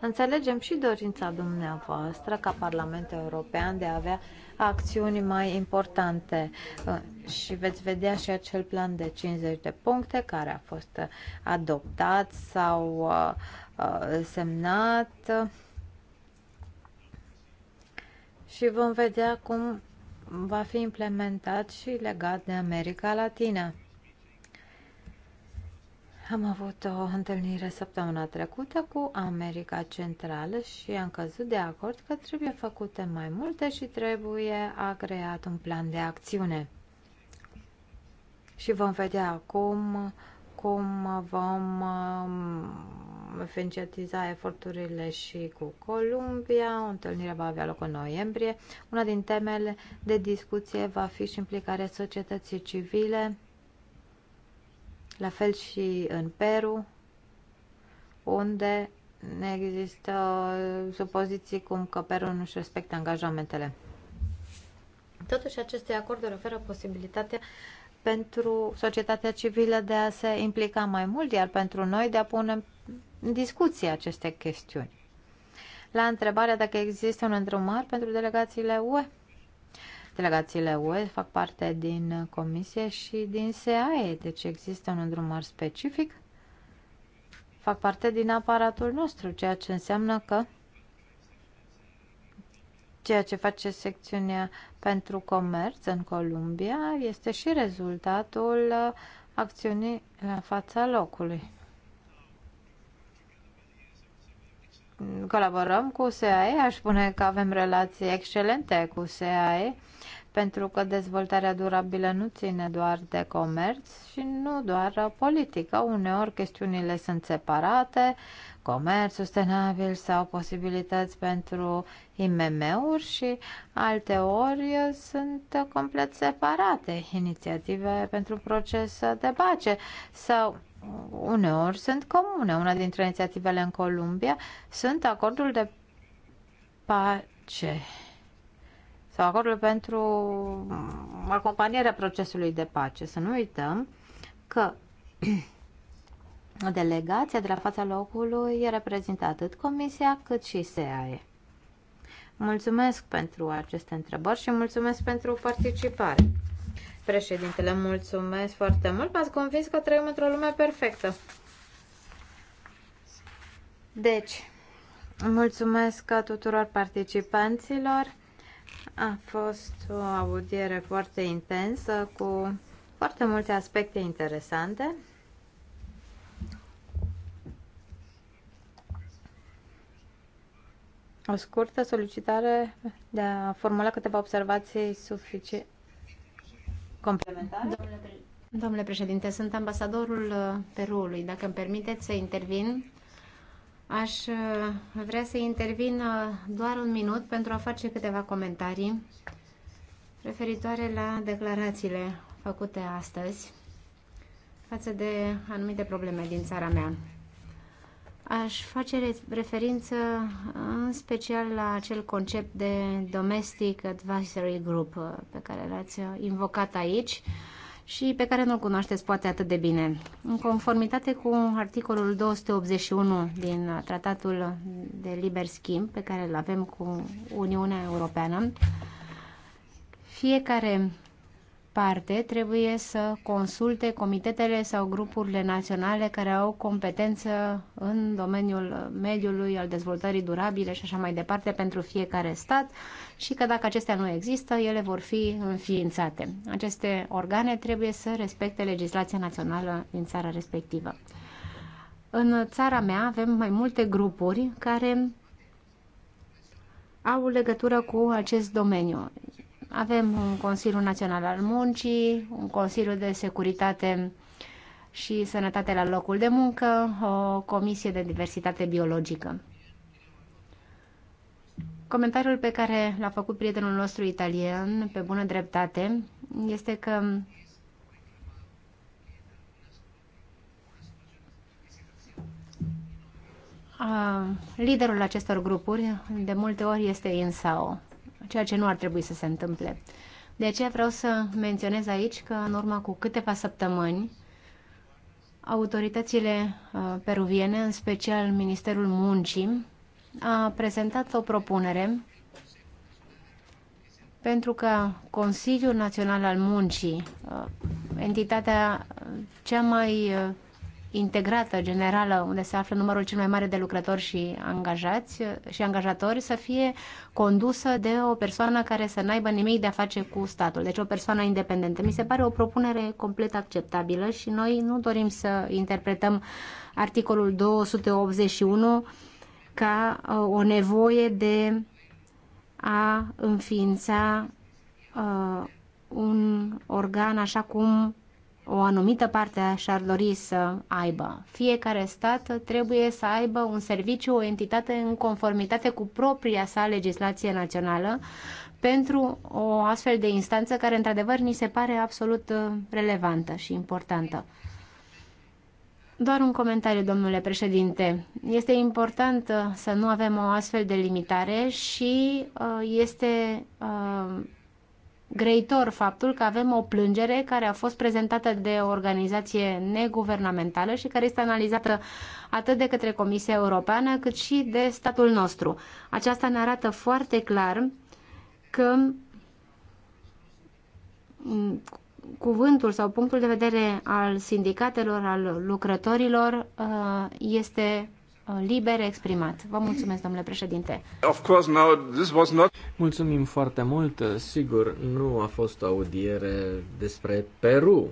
Înțelegem și dorința dumneavoastră ca Parlamentul European de a avea acțiuni mai importante uh, și veți vedea și acel plan de 50 de puncte care a fost adoptat sau uh, uh, semnat și vom vedea cum va fi implementat și legat de America Latină. Am avut o întâlnire săptămâna trecută cu America Centrală și am căzut de acord că trebuie făcute mai multe și trebuie a creat un plan de acțiune. Și vom vedea acum cum vom eficientiza eforturile și cu Columbia. Întâlnirea va avea loc în noiembrie. Una din temele de discuție va fi și implicarea societății civile, la fel și în Peru, unde ne există supoziții cum că Peru nu își respectă angajamentele. Totuși, aceste acorduri oferă posibilitatea pentru societatea civilă de a se implica mai mult, iar pentru noi de a pune în discuție aceste chestiuni. La întrebarea dacă există un îndrumar pentru delegațiile UE, delegațiile UE fac parte din Comisie și din SEAE, deci există un îndrumar specific, fac parte din aparatul nostru, ceea ce înseamnă că Ceea ce face secțiunea pentru comerț în Columbia este și rezultatul acțiunii la fața locului. Colaborăm cu SAE, aș spune că avem relații excelente cu SAE, pentru că dezvoltarea durabilă nu ține doar de comerț și nu doar politică. Uneori chestiunile sunt separate, comerț sustenabil sau posibilități pentru IMM-uri și alte ori sunt complet separate inițiative pentru proces de pace sau uneori sunt comune. Una dintre inițiativele în Columbia sunt acordul de pace sau acordul pentru acompanierea procesului de pace. Să nu uităm că delegația de la fața locului reprezintă atât Comisia cât și SEAE. Mulțumesc pentru aceste întrebări și mulțumesc pentru participare. Președintele, mulțumesc foarte mult. M-ați convins că trăim într-o lume perfectă. Deci, mulțumesc tuturor participanților. A fost o audiere foarte intensă cu foarte multe aspecte interesante. o scurtă solicitare de a formula câteva observații suficient complementare. Domnule, pre Domnule președinte, sunt ambasadorul uh, Peruului. Dacă îmi permiteți să intervin, aș uh, vrea să intervin uh, doar un minut pentru a face câteva comentarii referitoare la declarațiile făcute astăzi față de anumite probleme din țara mea. Aș face referință în special la acel concept de Domestic Advisory Group uh, pe care l-ați uh, invocat aici și pe care nu-l cunoașteți poate atât de bine. În conformitate cu articolul 281 din uh, Tratatul de Liber Schimb pe care îl avem cu Uniunea Europeană, fiecare parte trebuie să consulte comitetele sau grupurile naționale care au competență în domeniul mediului, al dezvoltării durabile și așa mai departe pentru fiecare stat și că dacă acestea nu există, ele vor fi înființate. Aceste organe trebuie să respecte legislația națională din țara respectivă. În țara mea avem mai multe grupuri care au legătură cu acest domeniu. Avem un Consiliu Național al Muncii, un Consiliu de Securitate și Sănătate la locul de muncă, o Comisie de Diversitate Biologică. Comentariul pe care l-a făcut prietenul nostru italian, pe bună dreptate, este că liderul acestor grupuri de multe ori este INSAO, ceea ce nu ar trebui să se întâmple. De aceea vreau să menționez aici că în urma cu câteva săptămâni, autoritățile uh, peruviene, în special Ministerul Muncii, a prezentat o propunere pentru că Consiliul Național al Muncii, uh, entitatea cea mai uh, integrată, generală, unde se află numărul cel mai mare de lucrători și angajați și angajatori, să fie condusă de o persoană care să n-aibă nimic de a face cu statul, deci o persoană independentă. Mi se pare o propunere complet acceptabilă și noi nu dorim să interpretăm articolul 281 ca uh, o nevoie de a înființa uh, un organ așa cum o anumită parte și-ar dori să aibă. Fiecare stat trebuie să aibă un serviciu, o entitate în conformitate cu propria sa legislație națională pentru o astfel de instanță care, într-adevăr, ni se pare absolut uh, relevantă și importantă. Doar un comentariu, domnule președinte. Este important uh, să nu avem o astfel de limitare și uh, este greitor faptul că avem o plângere care a fost prezentată de o organizație neguvernamentală și care este analizată atât de către Comisia Europeană cât și de statul nostru. Aceasta ne arată foarte clar că cuvântul sau punctul de vedere al sindicatelor, al lucrătorilor uh, este Uh, liber exprimat. Vă mulțumesc, domnule președinte. Of course, now this was not... Mulțumim foarte mult. Sigur, nu a fost o audiere despre Peru.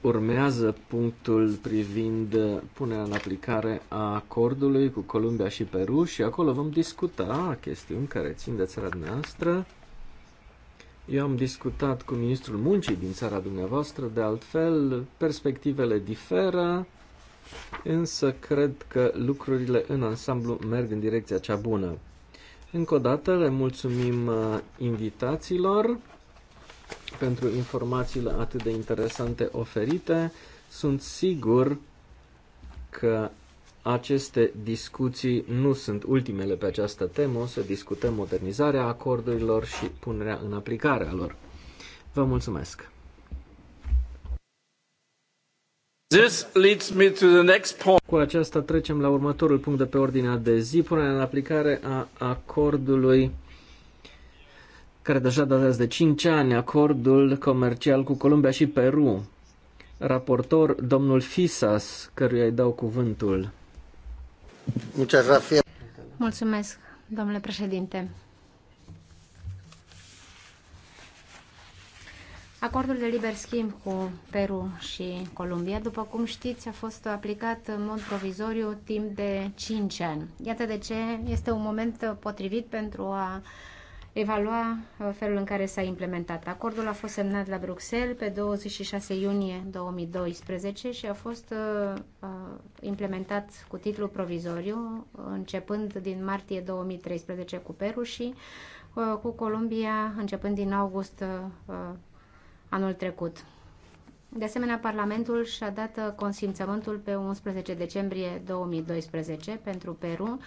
Urmează punctul privind punerea în aplicare a acordului cu Columbia și Peru și acolo vom discuta chestiuni care țin de țara noastră. Eu am discutat cu ministrul muncii din țara dumneavoastră, de altfel perspectivele diferă însă cred că lucrurile în ansamblu merg în direcția cea bună. Încă o dată le mulțumim uh, invitațiilor pentru informațiile atât de interesante oferite. Sunt sigur că aceste discuții nu sunt ultimele pe această temă, o să discutăm modernizarea acordurilor și punerea în aplicare a lor. Vă mulțumesc! This leads me to the next point. Cu aceasta trecem la următorul punct de pe ordinea de zi, punerea în aplicare a acordului care deja datează de 5 ani, acordul comercial cu Columbia și Peru. Raportor, domnul Fisas, căruia îi dau cuvântul. Mulțumesc, domnule președinte. Acordul de liber schimb cu Peru și Columbia, după cum știți, a fost aplicat în mod provizoriu timp de 5 ani. Iată de ce este un moment potrivit pentru a evalua uh, felul în care s-a implementat. Acordul a fost semnat la Bruxelles pe 26 iunie 2012 și a fost uh, uh, implementat cu titlu provizoriu, începând din martie 2013 cu Peru și cu Columbia începând din august anul trecut. De asemenea, Parlamentul și-a dat consimțământul pe 11 decembrie 2012 pentru Peru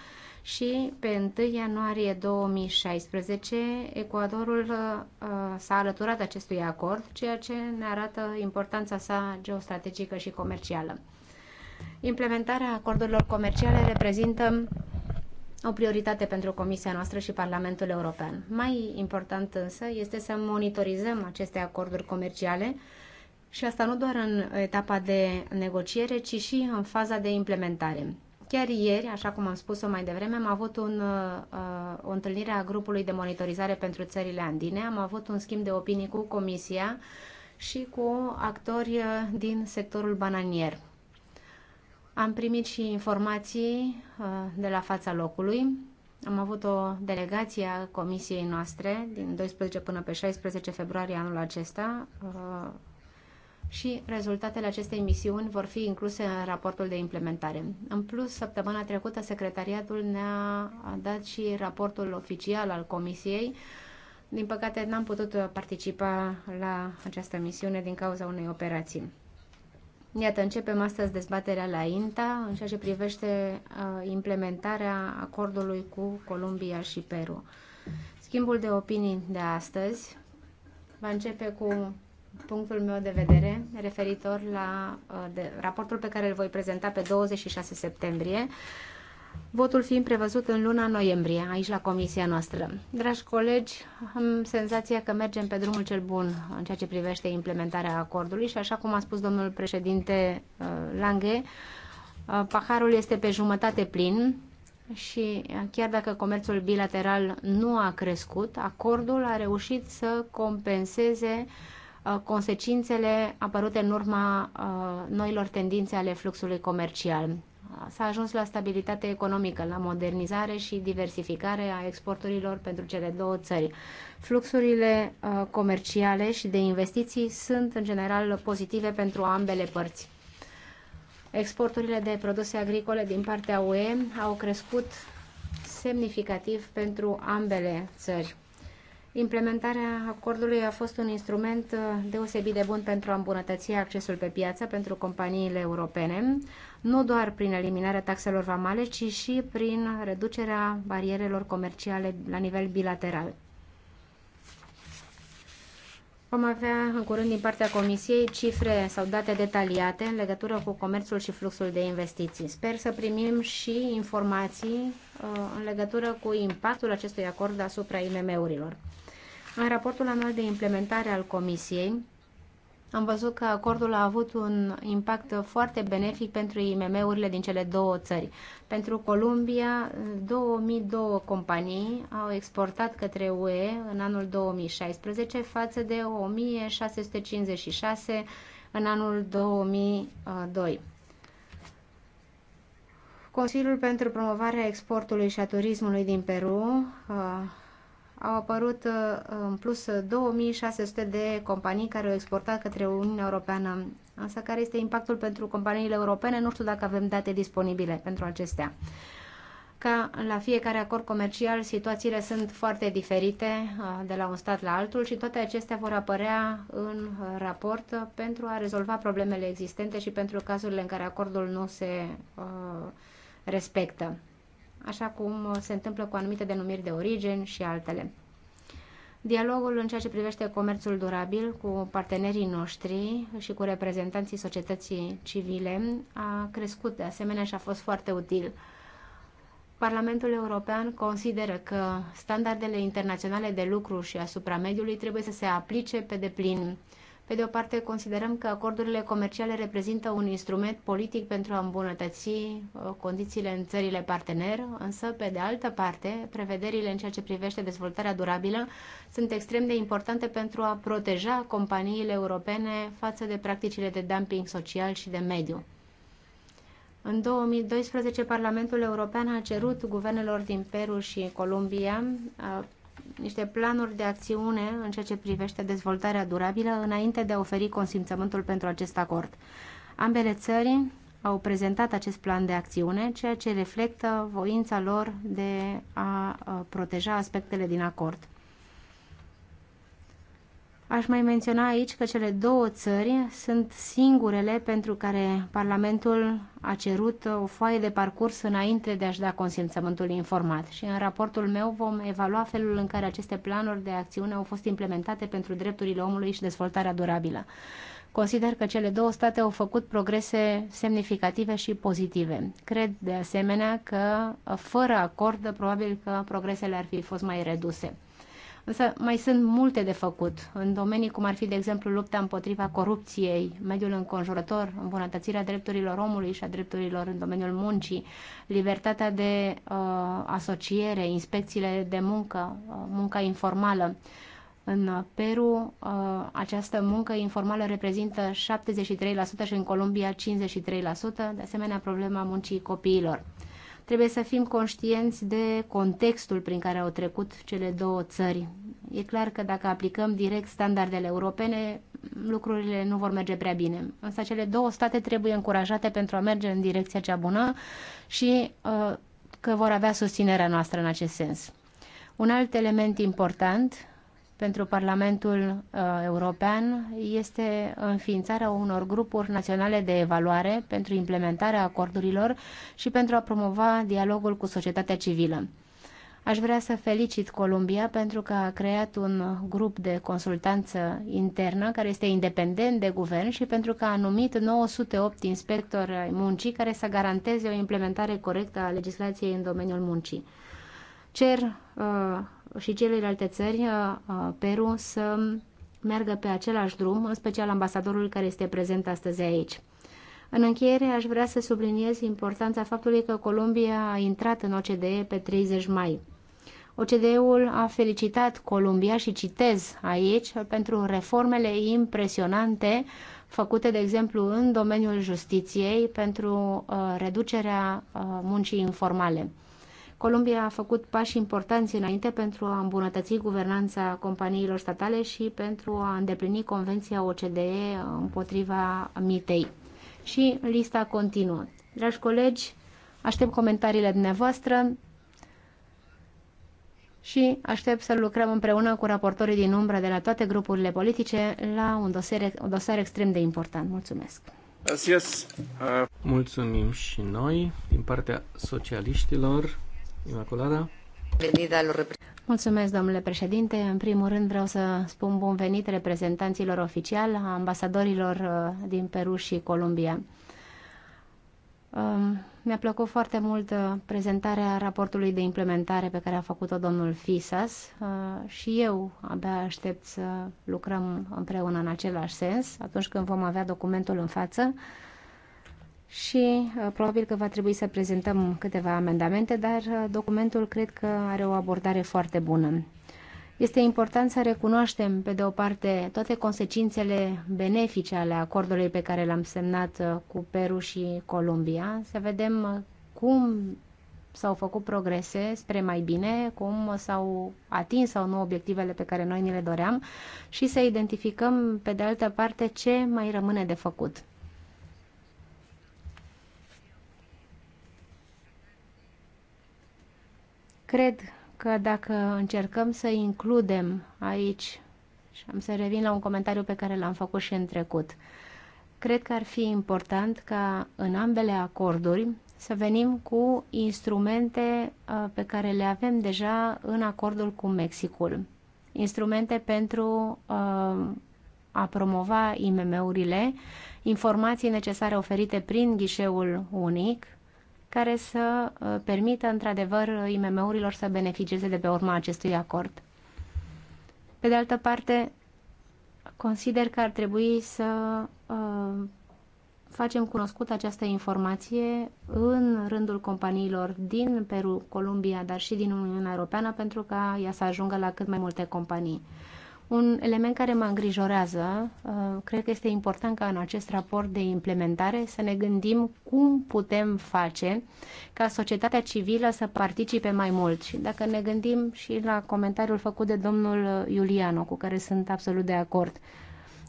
și pe 1 ianuarie 2016 Ecuadorul uh, s-a alăturat acestui acord, ceea ce ne arată importanța sa geostrategică și comercială. Implementarea acordurilor comerciale reprezintă o prioritate pentru Comisia noastră și Parlamentul European. Mai important însă este să monitorizăm aceste acorduri comerciale și asta nu doar în etapa de negociere, ci și în faza de implementare. Chiar ieri, așa cum am spus-o mai devreme, am avut un, uh, o întâlnire a grupului de monitorizare pentru țările andine, am avut un schimb de opinii cu Comisia și cu actori uh, din sectorul bananier. Am primit și informații uh, de la fața locului. Am avut o delegație a comisiei noastre din 12 până pe 16 februarie anul acesta uh, și rezultatele acestei misiuni vor fi incluse în raportul de implementare. În plus, săptămâna trecută, secretariatul ne-a dat și raportul oficial al comisiei. Din păcate, n-am putut participa la această misiune din cauza unei operații. Iată, începem astăzi dezbaterea la INTA în ceea ce privește uh, implementarea acordului cu Columbia și Peru. Schimbul de opinii de astăzi va începe cu punctul meu de vedere referitor la uh, de, raportul pe care îl voi prezenta pe 26 septembrie votul fiind prevăzut în luna noiembrie, aici la comisia noastră. Dragi colegi, am senzația că mergem pe drumul cel bun în ceea ce privește implementarea acordului și așa cum a spus domnul președinte uh, Lange, uh, paharul este pe jumătate plin și chiar dacă comerțul bilateral nu a crescut, acordul a reușit să compenseze uh, consecințele apărute în urma noilor tendințe ale fluxului comercial s-a ajuns la stabilitate economică, la modernizare și diversificare a exporturilor pentru cele două țări. Fluxurile uh, comerciale și de investiții sunt în general pozitive pentru ambele părți. Exporturile de produse agricole din partea UE au crescut semnificativ pentru ambele țări. Implementarea acordului a fost un instrument uh, deosebit de bun pentru a îmbunătăți accesul pe piață pentru companiile europene, nu doar prin eliminarea taxelor vamale, ci și prin reducerea barierelor comerciale la nivel bilateral. Vom avea în curând din partea Comisiei cifre sau date detaliate în legătură cu comerțul și fluxul de investiții. Sper să primim și informații uh, în legătură cu impactul acestui acord asupra IMM-urilor. În raportul anual de implementare al Comisiei, am văzut că acordul a avut un impact foarte benefic pentru IMM-urile din cele două țări. Pentru Columbia, 2002 companii au exportat către UE în anul 2016 față de 1656 în anul 2002. Consiliul pentru promovarea exportului și a turismului din Peru uh, au apărut uh, în plus 2600 de companii care au exportat către Uniunea Europeană. asta care este impactul pentru companiile europene? Nu știu dacă avem date disponibile pentru acestea. Ca la fiecare acord comercial, situațiile sunt foarte diferite uh, de la un stat la altul și toate acestea vor apărea în raport pentru a rezolva problemele existente și pentru cazurile în care acordul nu se uh, respectă așa cum se întâmplă cu anumite denumiri de origini și altele. Dialogul în ceea ce privește comerțul durabil cu partenerii noștri și cu reprezentanții societății civile a crescut de asemenea și a fost foarte util. Parlamentul European consideră că standardele internaționale de lucru și asupra mediului trebuie să se aplice pe deplin pe de o parte, considerăm că acordurile comerciale reprezintă un instrument politic pentru a îmbunătăți uh, condițiile în țările partener, însă, pe de altă parte, prevederile în ceea ce privește dezvoltarea durabilă sunt extrem de importante pentru a proteja companiile europene față de practicile de dumping social și de mediu. În 2012, Parlamentul European a cerut guvernelor din Peru și Columbia uh, niște planuri de acțiune în ceea ce privește dezvoltarea durabilă înainte de a oferi consimțământul pentru acest acord. Ambele țări au prezentat acest plan de acțiune, ceea ce reflectă voința lor de a proteja aspectele din acord. Aș mai menționa aici că cele două țări sunt singurele pentru care Parlamentul a cerut o foaie de parcurs înainte de a-și da consimțământul informat și în raportul meu vom evalua felul în care aceste planuri de acțiune au fost implementate pentru drepturile omului și dezvoltarea durabilă. Consider că cele două state au făcut progrese semnificative și pozitive. Cred de asemenea că fără acord probabil că progresele ar fi fost mai reduse. Însă mai sunt multe de făcut în domenii cum ar fi, de exemplu, lupta împotriva corupției, mediul înconjurător, îmbunătățirea drepturilor omului și a drepturilor în domeniul muncii, libertatea de uh, asociere, inspecțiile de muncă, uh, munca informală. În Peru, uh, această muncă informală reprezintă 73% și în Columbia 53%, de asemenea problema muncii copiilor. Trebuie să fim conștienți de contextul prin care au trecut cele două țări. E clar că dacă aplicăm direct standardele europene, lucrurile nu vor merge prea bine. Însă cele două state trebuie încurajate pentru a merge în direcția cea bună și uh, că vor avea susținerea noastră în acest sens. Un alt element important pentru Parlamentul uh, European este înființarea unor grupuri naționale de evaluare pentru implementarea acordurilor și pentru a promova dialogul cu societatea civilă. Aș vrea să felicit Columbia pentru că a creat un grup de consultanță internă care este independent de guvern și pentru că a numit 908 inspectori ai muncii care să garanteze o implementare corectă a legislației în domeniul muncii. Cer uh, și celelalte țări, uh, uh, Peru, să meargă pe același drum, în special ambasadorul care este prezent astăzi aici. În încheiere, aș vrea să subliniez importanța faptului că Columbia a intrat în OCDE pe 30 mai. OCDE-ul a felicitat Columbia și citez aici pentru reformele impresionante făcute, de exemplu, în domeniul justiției pentru uh, reducerea uh, muncii informale. Columbia a făcut pași importanți înainte pentru a îmbunătăți guvernanța companiilor statale și pentru a îndeplini Convenția OCDE împotriva mitei. Și lista continuă. Dragi colegi, aștept comentariile dumneavoastră și aștept să lucrăm împreună cu raportorii din umbră de la toate grupurile politice la un dosar, un dosar extrem de important. Mulțumesc! Mulțumim și noi din partea socialiștilor. Imaculada. Mulțumesc, domnule președinte. În primul rând vreau să spun bun venit reprezentanților oficiali, ambasadorilor uh, din Peru și Columbia. Um, mi-a plăcut foarte mult uh, prezentarea raportului de implementare pe care a făcut-o domnul Fisas uh, și eu abia aștept să lucrăm împreună în același sens atunci când vom avea documentul în față și uh, probabil că va trebui să prezentăm câteva amendamente, dar uh, documentul cred că are o abordare foarte bună. Este important să recunoaștem, pe de o parte, toate consecințele benefice ale acordului pe care l-am semnat uh, cu Peru și Columbia, să vedem cum s-au făcut progrese spre mai bine, cum s-au atins sau nu obiectivele pe care noi ni le doream și să identificăm, pe de altă parte, ce mai rămâne de făcut. Cred că dacă încercăm să includem aici, și am să revin la un comentariu pe care l-am făcut și în trecut, cred că ar fi important ca în ambele acorduri să venim cu instrumente uh, pe care le avem deja în acordul cu Mexicul. Instrumente pentru uh, a promova IMM-urile, informații necesare oferite prin ghișeul unic care să uh, permită într-adevăr IMM-urilor să beneficieze de pe urma acestui acord. Pe de altă parte, consider că ar trebui să uh, facem cunoscut această informație în rândul companiilor din Peru, Columbia, dar și din Uniunea Europeană pentru ca ea să ajungă la cât mai multe companii. Un element care mă îngrijorează, uh, cred că este important ca în acest raport de implementare să ne gândim cum putem face ca societatea civilă să participe mai mult. Și dacă ne gândim și la comentariul făcut de domnul Iuliano, cu care sunt absolut de acord,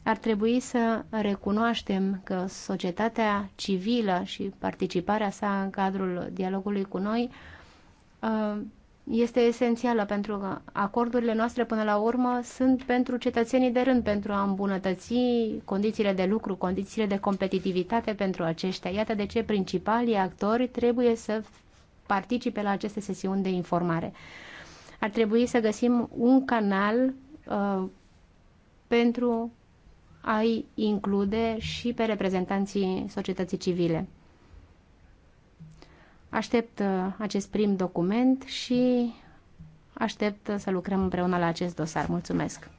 ar trebui să recunoaștem că societatea civilă și participarea sa în cadrul dialogului cu noi uh, este esențială pentru că acordurile noastre până la urmă sunt pentru cetățenii de rând, pentru a îmbunătăți condițiile de lucru, condițiile de competitivitate pentru aceștia. Iată de ce principalii actori trebuie să participe la aceste sesiuni de informare. Ar trebui să găsim un canal uh, pentru a-i include și pe reprezentanții societății civile. Aștept uh, acest prim document și aștept să lucrăm împreună la acest dosar. Mulțumesc!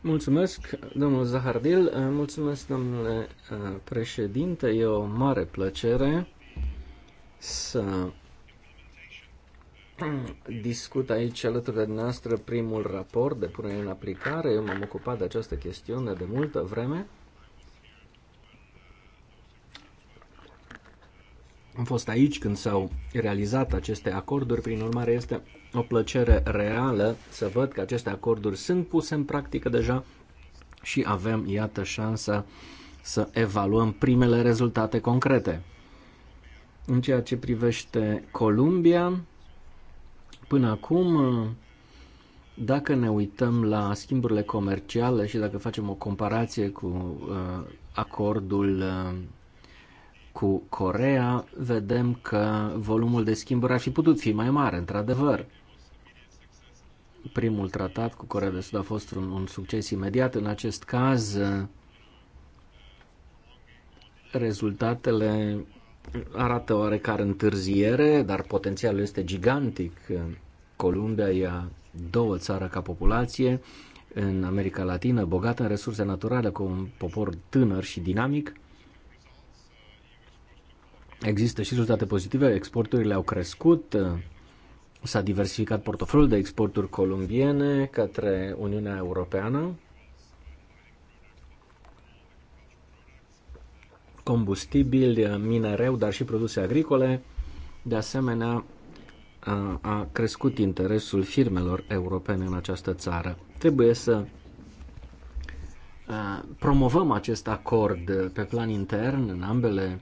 Mulțumesc, domnul Zahardil, uh, mulțumesc, domnule uh, președinte, e o mare plăcere să discut aici alături de noastră primul raport de punere în aplicare. Eu m-am ocupat de această chestiune de multă vreme Am fost aici când s-au realizat aceste acorduri, prin urmare este o plăcere reală să văd că aceste acorduri sunt puse în practică deja și avem, iată, șansa să evaluăm primele rezultate concrete. În ceea ce privește Columbia, până acum, dacă ne uităm la schimburile comerciale și dacă facem o comparație cu uh, acordul uh, cu Corea, vedem că volumul de schimburi ar fi putut fi mai mare, într-adevăr. Primul tratat cu Corea de Sud a fost un, un succes imediat. În acest caz, rezultatele arată oarecare întârziere, dar potențialul este gigantic. Columbia e a două țară ca populație, în America Latină, bogată în resurse naturale, cu un popor tânăr și dinamic. Există și rezultate pozitive, exporturile au crescut, s-a diversificat portofoliul de exporturi colombiene către Uniunea Europeană. combustibili, minereu, dar și produse agricole. De asemenea, a crescut interesul firmelor europene în această țară. Trebuie să promovăm acest acord pe plan intern în ambele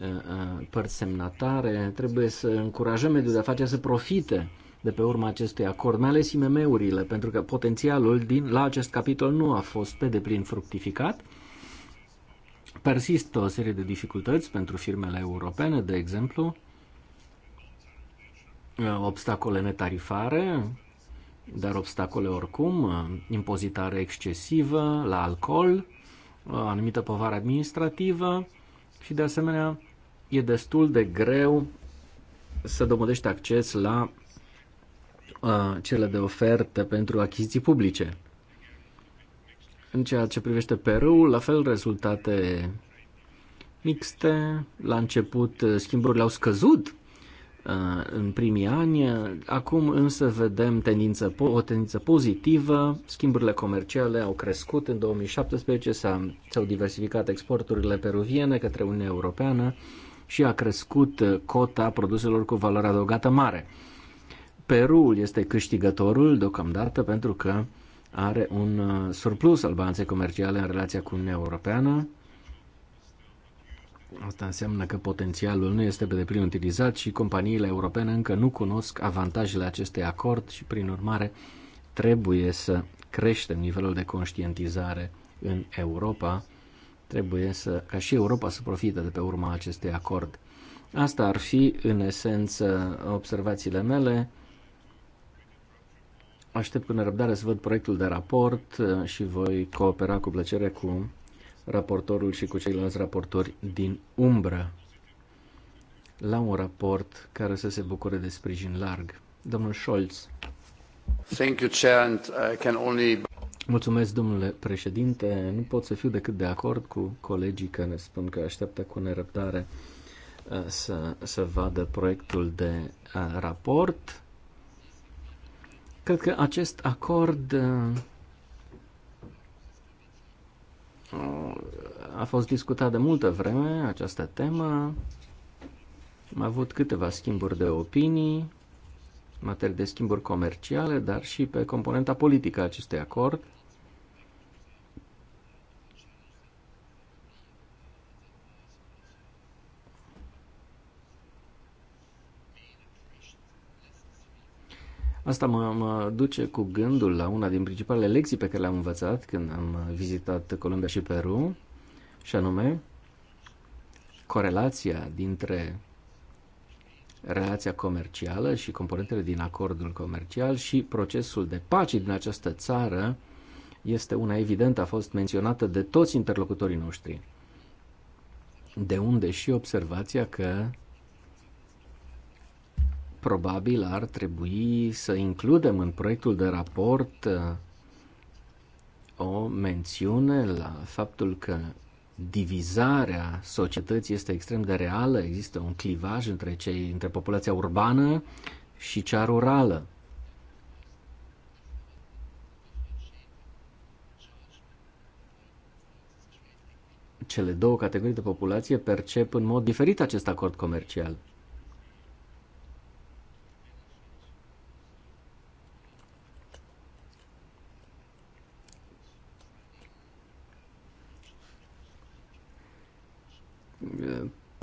Uh, uh, părți semnatare, trebuie să încurajăm mediul de afaceri să profite de pe urma acestui acord, mai ales IMM-urile, pentru că potențialul din, la acest capitol nu a fost pe deplin fructificat. Persistă o serie de dificultăți pentru firmele europene, de exemplu, uh, obstacole netarifare, dar obstacole oricum, impozitare excesivă la alcool, anumită povară administrativă, și de asemenea e destul de greu să dovedești acces la uh, cele de ofertă pentru achiziții publice. În ceea ce privește Peru, la fel rezultate mixte. La început uh, schimburile au scăzut în primii ani. Acum însă vedem tendință, o tendință pozitivă. Schimburile comerciale au crescut în 2017, s-au diversificat exporturile peruviene către Uniunea Europeană și a crescut cota produselor cu valoare adăugată mare. Perul este câștigătorul deocamdată pentru că are un uh, surplus al balanței comerciale în relația cu Uniunea Europeană Asta înseamnă că potențialul nu este pe deplin utilizat și companiile europene încă nu cunosc avantajele acestui acord și, prin urmare, trebuie să creștem nivelul de conștientizare în Europa. Trebuie să, ca și Europa să profite de pe urma acestui acord. Asta ar fi, în esență, observațiile mele. Aștept cu nerăbdare să văd proiectul de raport uh, și voi coopera cu plăcere cu raportorul și cu ceilalți raportori din umbră la un raport care să se bucure de sprijin larg. Domnul Scholz. Thank you, Chair, and I can only... Mulțumesc, domnule președinte. Nu pot să fiu decât de acord cu colegii care ne spun că așteaptă cu nerăbdare uh, să, să vadă proiectul de uh, raport. Cred că acest acord uh, a fost discutat de multă vreme această temă. Am avut câteva schimburi de opinii în materie de schimburi comerciale, dar și pe componenta politică a acestui acord. Asta mă, mă duce cu gândul la una din principalele lecții pe care le-am învățat când am vizitat Columbia și Peru, și anume corelația dintre relația comercială și componentele din acordul comercial și procesul de pace din această țară este una evidentă, a fost menționată de toți interlocutorii noștri. De unde și observația că probabil ar trebui să includem în proiectul de raport uh, o mențiune la faptul că divizarea societății este extrem de reală, există un clivaj între, cei, între populația urbană și cea rurală. Cele două categorii de populație percep în mod diferit acest acord comercial.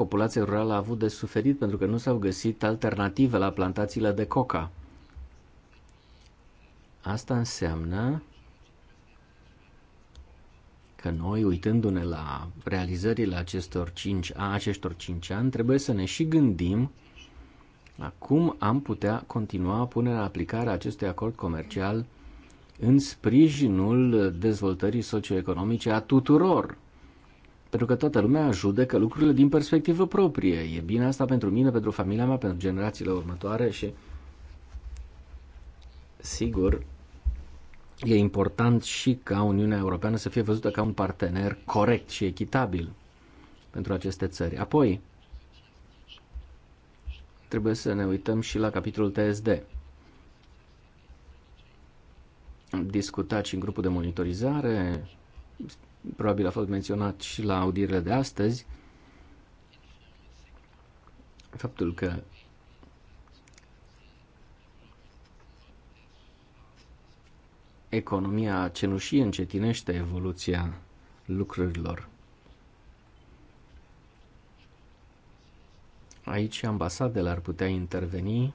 populația rurală a avut de suferit pentru că nu s-au găsit alternative la plantațiile de coca. Asta înseamnă că noi, uitându-ne la realizările acestor 5, a acestor 5 ani, trebuie să ne și gândim la cum am putea continua punerea aplicarea aplicare a acestui acord comercial în sprijinul dezvoltării socioeconomice a tuturor pentru că toată lumea judecă lucrurile din perspectivă proprie. E bine asta pentru mine, pentru familia mea, pentru generațiile următoare și sigur e important și ca Uniunea Europeană să fie văzută ca un partener corect și echitabil pentru aceste țări. Apoi, trebuie să ne uităm și la capitolul TSD. Discutați discutat în grupul de monitorizare, probabil a fost menționat și la audierile de astăzi, faptul că economia cenușie încetinește evoluția lucrurilor. Aici ambasadele ar putea interveni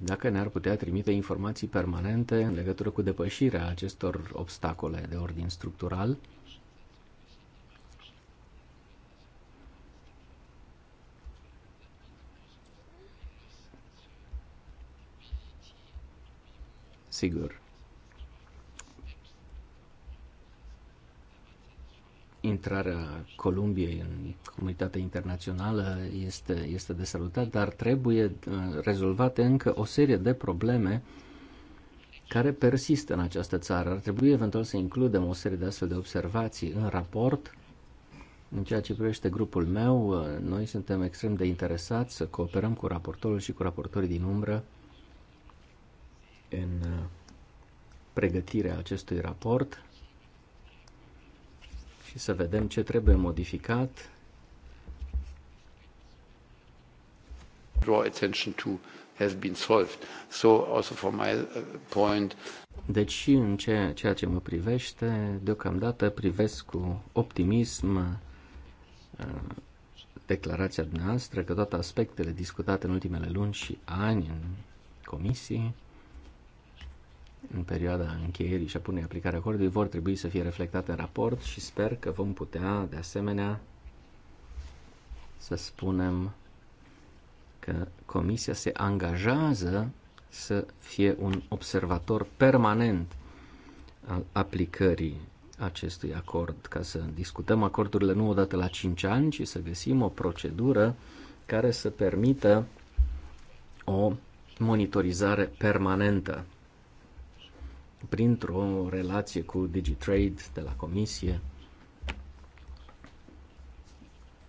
dacă ne-ar putea trimite informații permanente în legătură cu depășirea acestor obstacole de ordin structural. Sigur, intrarea Columbiei în comunitatea internațională este, este de salutat, dar trebuie uh, rezolvate încă o serie de probleme care persistă în această țară. Ar trebui eventual să includem o serie de astfel de observații în raport. În ceea ce privește grupul meu, uh, noi suntem extrem de interesați să cooperăm cu raportorul și cu raportorii din umbră în uh, pregătirea acestui raport și să vedem ce trebuie modificat. Draw attention to has been solved. So also from my uh, point deci și în ceea, ceea ce mă privește, deocamdată privesc cu optimism uh, declarația dumneavoastră că toate aspectele discutate în ultimele luni și ani în comisii în perioada încheierii și a punei aplicare acordului vor trebui să fie reflectate în raport și sper că vom putea, de asemenea, să spunem că Comisia se angajează să fie un observator permanent al aplicării acestui acord, ca să discutăm acordurile nu odată la 5 ani, ci să găsim o procedură care să permită o monitorizare permanentă printr-o relație cu DigiTrade de la Comisie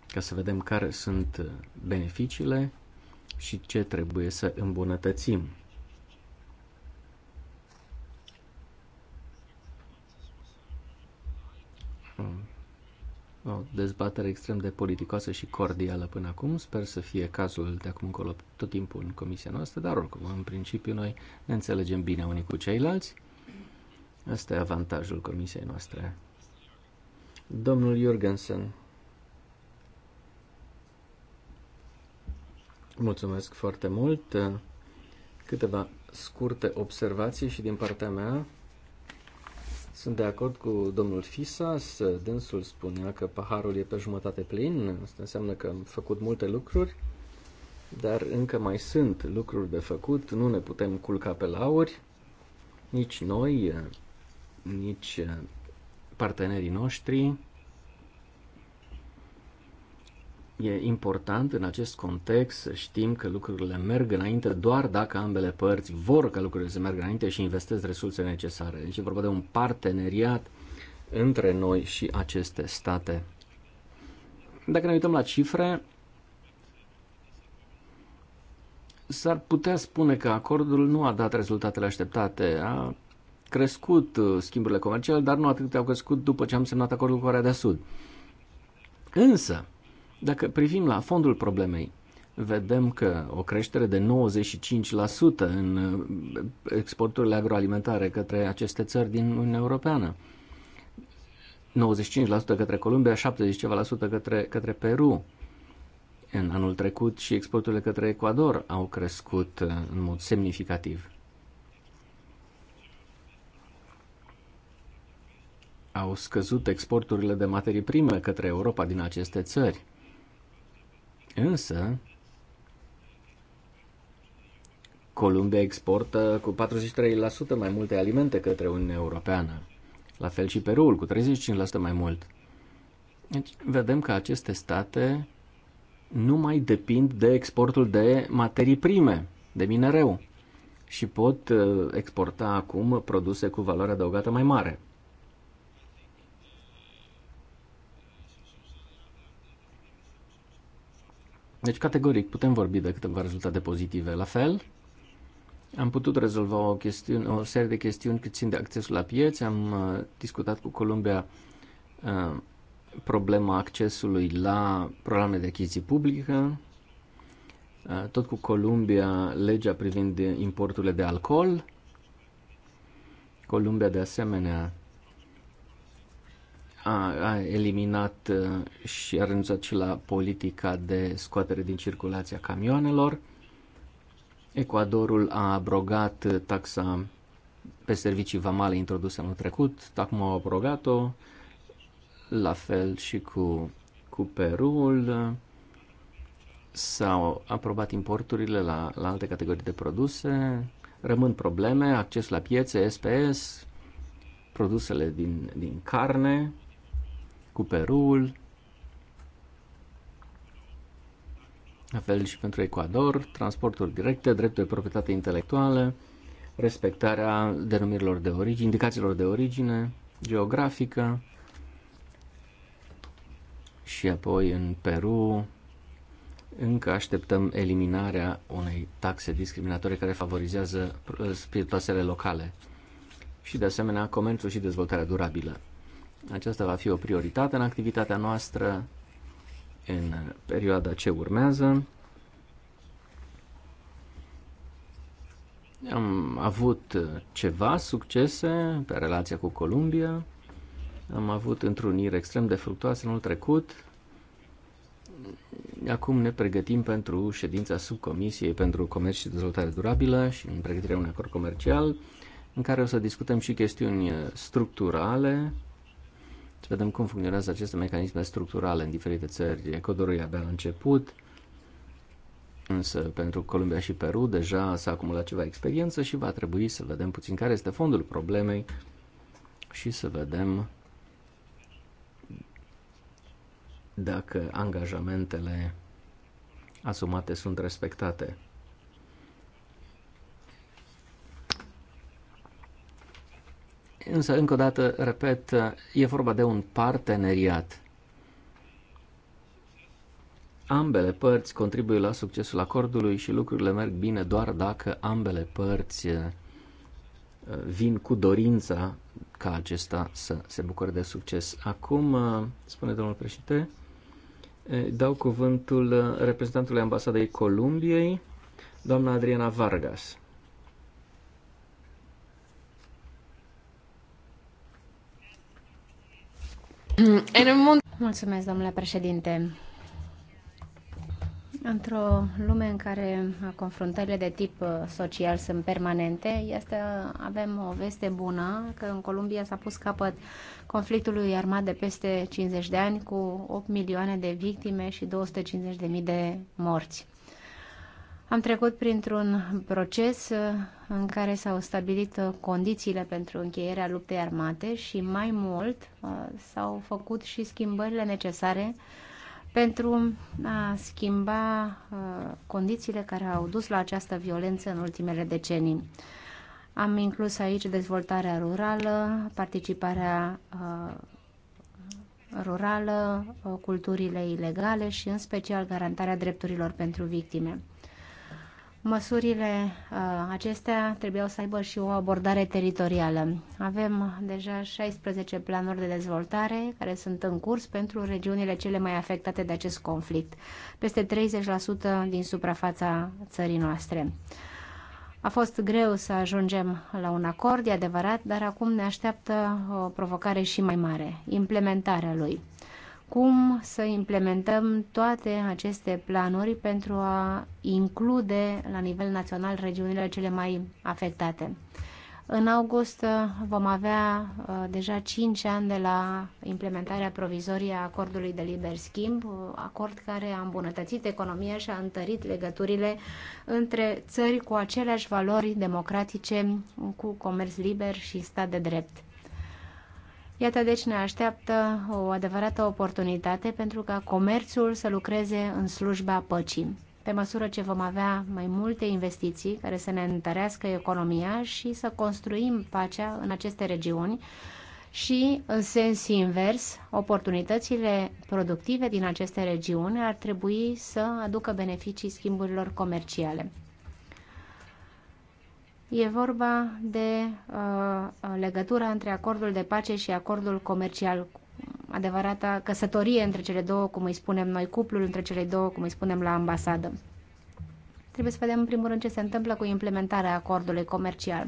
ca să vedem care sunt uh, beneficiile și ce trebuie să îmbunătățim. O dezbatere extrem de politicoasă și cordială până acum. Sper să fie cazul de acum încolo tot timpul în comisia noastră, dar oricum, în principiu, noi ne înțelegem bine unii cu ceilalți. Asta e avantajul comisiei noastre. Domnul Jurgensen. Mulțumesc foarte mult. Câteva scurte observații și din partea mea. Sunt de acord cu domnul Fisas. Dânsul spunea că paharul e pe jumătate plin. Asta înseamnă că am făcut multe lucruri, dar încă mai sunt lucruri de făcut. Nu ne putem culca pe lauri, nici noi, nici eh, partenerii noștri. E important în acest context să știm că lucrurile merg înainte doar dacă ambele părți vor ca lucrurile să meargă înainte și investesc resursele necesare. Deci e vorba de un parteneriat între noi și aceste state. Dacă ne uităm la cifre, s-ar putea spune că acordul nu a dat rezultatele așteptate. A crescut uh, schimburile comerciale, dar nu atât au crescut după ce am semnat acordul cu Corea de Sud. Însă, dacă privim la fondul problemei, vedem că o creștere de 95% în uh, exporturile agroalimentare către aceste țări din Uniunea Europeană, 95% către Columbia, 70% către, către Peru. În anul trecut și exporturile către Ecuador au crescut uh, în mod semnificativ. au scăzut exporturile de materii prime către Europa din aceste țări. Însă, Columbia exportă cu 43% mai multe alimente către Uniunea Europeană, la fel și Perul cu 35% mai mult. Deci, vedem că aceste state nu mai depind de exportul de materii prime, de minereu, și pot uh, exporta acum produse cu valoare adăugată mai mare. Deci, categoric, putem vorbi de câteva rezultate pozitive. La fel, am putut rezolva o, chestiune, o serie de chestiuni cât țin de accesul la piețe. Am uh, discutat cu Columbia uh, problema accesului la programe de achiziție publică, uh, tot cu Columbia legea privind importurile de alcool. Columbia, de asemenea, a, a eliminat uh, și a renunțat și la politica de scoatere din circulația camioanelor. Ecuadorul a abrogat uh, taxa pe servicii vamale introdusă anul trecut, acum au abrogat-o, la fel și cu, cu Perul. S-au aprobat importurile la, la alte categorii de produse, rămân probleme, acces la piețe, SPS, produsele din, din carne, cu Perul, la fel și pentru Ecuador, transporturi directe, dreptul de proprietate intelectuală, respectarea denumirilor de origine, indicațiilor de origine geografică și apoi în Peru încă așteptăm eliminarea unei taxe discriminatorii care favorizează uh, spiritoasele locale și de asemenea comerțul și dezvoltarea durabilă. Aceasta va fi o prioritate în activitatea noastră în perioada ce urmează. Am avut ceva succese pe relația cu Columbia. Am avut întruniri extrem de fructoase anul trecut. Acum ne pregătim pentru ședința subcomisiei pentru comerț și dezvoltare durabilă și în pregătirea unui acord comercial în care o să discutăm și chestiuni structurale să vedem cum funcționează aceste mecanisme structurale în diferite țări. Ecuadorul e abia la început, însă pentru Columbia și Peru deja s-a acumulat ceva experiență și va trebui să vedem puțin care este fondul problemei și să vedem dacă angajamentele asumate sunt respectate. Însă, încă o dată, repet, e vorba de un parteneriat. Ambele părți contribuie la succesul acordului și lucrurile merg bine doar dacă ambele părți eh, vin cu dorința ca acesta să se bucure de succes. Acum, eh, spune domnul președinte, eh, dau cuvântul reprezentantului ambasadei Columbiei, doamna Adriana Vargas. Mulțumesc, domnule președinte. Într-o lume în care confruntările de tip uh, social sunt permanente, este, avem o veste bună că în Columbia s-a pus capăt conflictului armat de peste 50 de ani cu 8 milioane de victime și 250.000 de morți. Am trecut printr-un proces uh, în care s-au stabilit uh, condițiile pentru încheierea luptei armate și mai mult uh, s-au făcut și schimbările necesare pentru a schimba condițiile care au dus la această violență în ultimele decenii. Am inclus aici dezvoltarea rurală, participarea rurală, culturile ilegale și în special garantarea drepturilor pentru victime. Măsurile uh, acestea trebuiau să aibă și o abordare teritorială. Avem deja 16 planuri de dezvoltare care sunt în curs pentru regiunile cele mai afectate de acest conflict, peste 30% din suprafața țării noastre. A fost greu să ajungem la un acord, e adevărat, dar acum ne așteaptă o provocare și mai mare, implementarea lui cum să implementăm toate aceste planuri pentru a include la nivel național regiunile cele mai afectate. În august uh, vom avea uh, deja 5 ani de la implementarea provizorie a acordului de liber schimb, uh, acord care a îmbunătățit economia și a întărit legăturile între țări cu aceleași valori democratice, cu comerț liber și stat de drept. Iată deci ne așteaptă o adevărată oportunitate pentru ca comerțul să lucreze în slujba păcii. Pe măsură ce vom avea mai multe investiții care să ne întărească economia și să construim pacea în aceste regiuni, și, în sens invers, oportunitățile productive din aceste regiuni ar trebui să aducă beneficii schimburilor comerciale. E vorba de uh, legătura între acordul de pace și acordul comercial, adevărata căsătorie între cele două, cum îi spunem noi, cuplul între cele două, cum îi spunem la ambasadă. Trebuie să vedem în primul rând ce se întâmplă cu implementarea acordului comercial.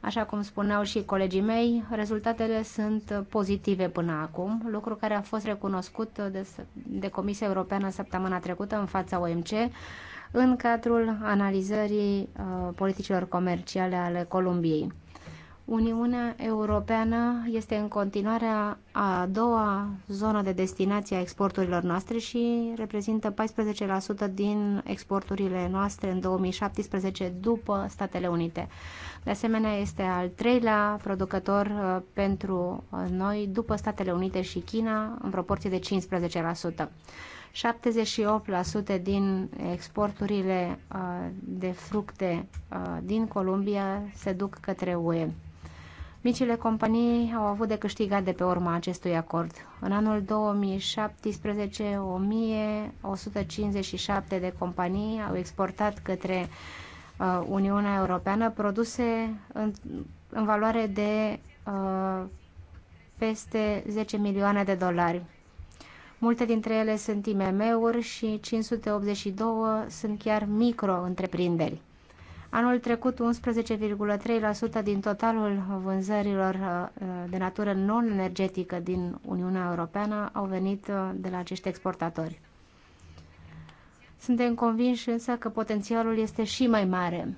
Așa cum spuneau și colegii mei, rezultatele sunt pozitive până acum, lucru care a fost recunoscut de, de Comisia Europeană săptămâna trecută în fața OMC, în cadrul analizării uh, politicilor comerciale ale Columbiei. Uniunea Europeană este în continuare a doua zonă de destinație a exporturilor noastre și reprezintă 14% din exporturile noastre în 2017 după Statele Unite. De asemenea, este al treilea producător uh, pentru noi după Statele Unite și China în proporție de 15%. 78% din exporturile uh, de fructe uh, din Columbia se duc către UE. Micile companii au avut de câștigat de pe urma acestui acord. În anul 2017, 1157 de companii au exportat către uh, Uniunea Europeană produse în, în valoare de uh, peste 10 milioane de dolari. Multe dintre ele sunt IMM-uri și 582 sunt chiar micro-întreprinderi. Anul trecut, 11,3% din totalul vânzărilor uh, de natură non-energetică din Uniunea Europeană au venit uh, de la acești exportatori. Suntem convinși însă că potențialul este și mai mare.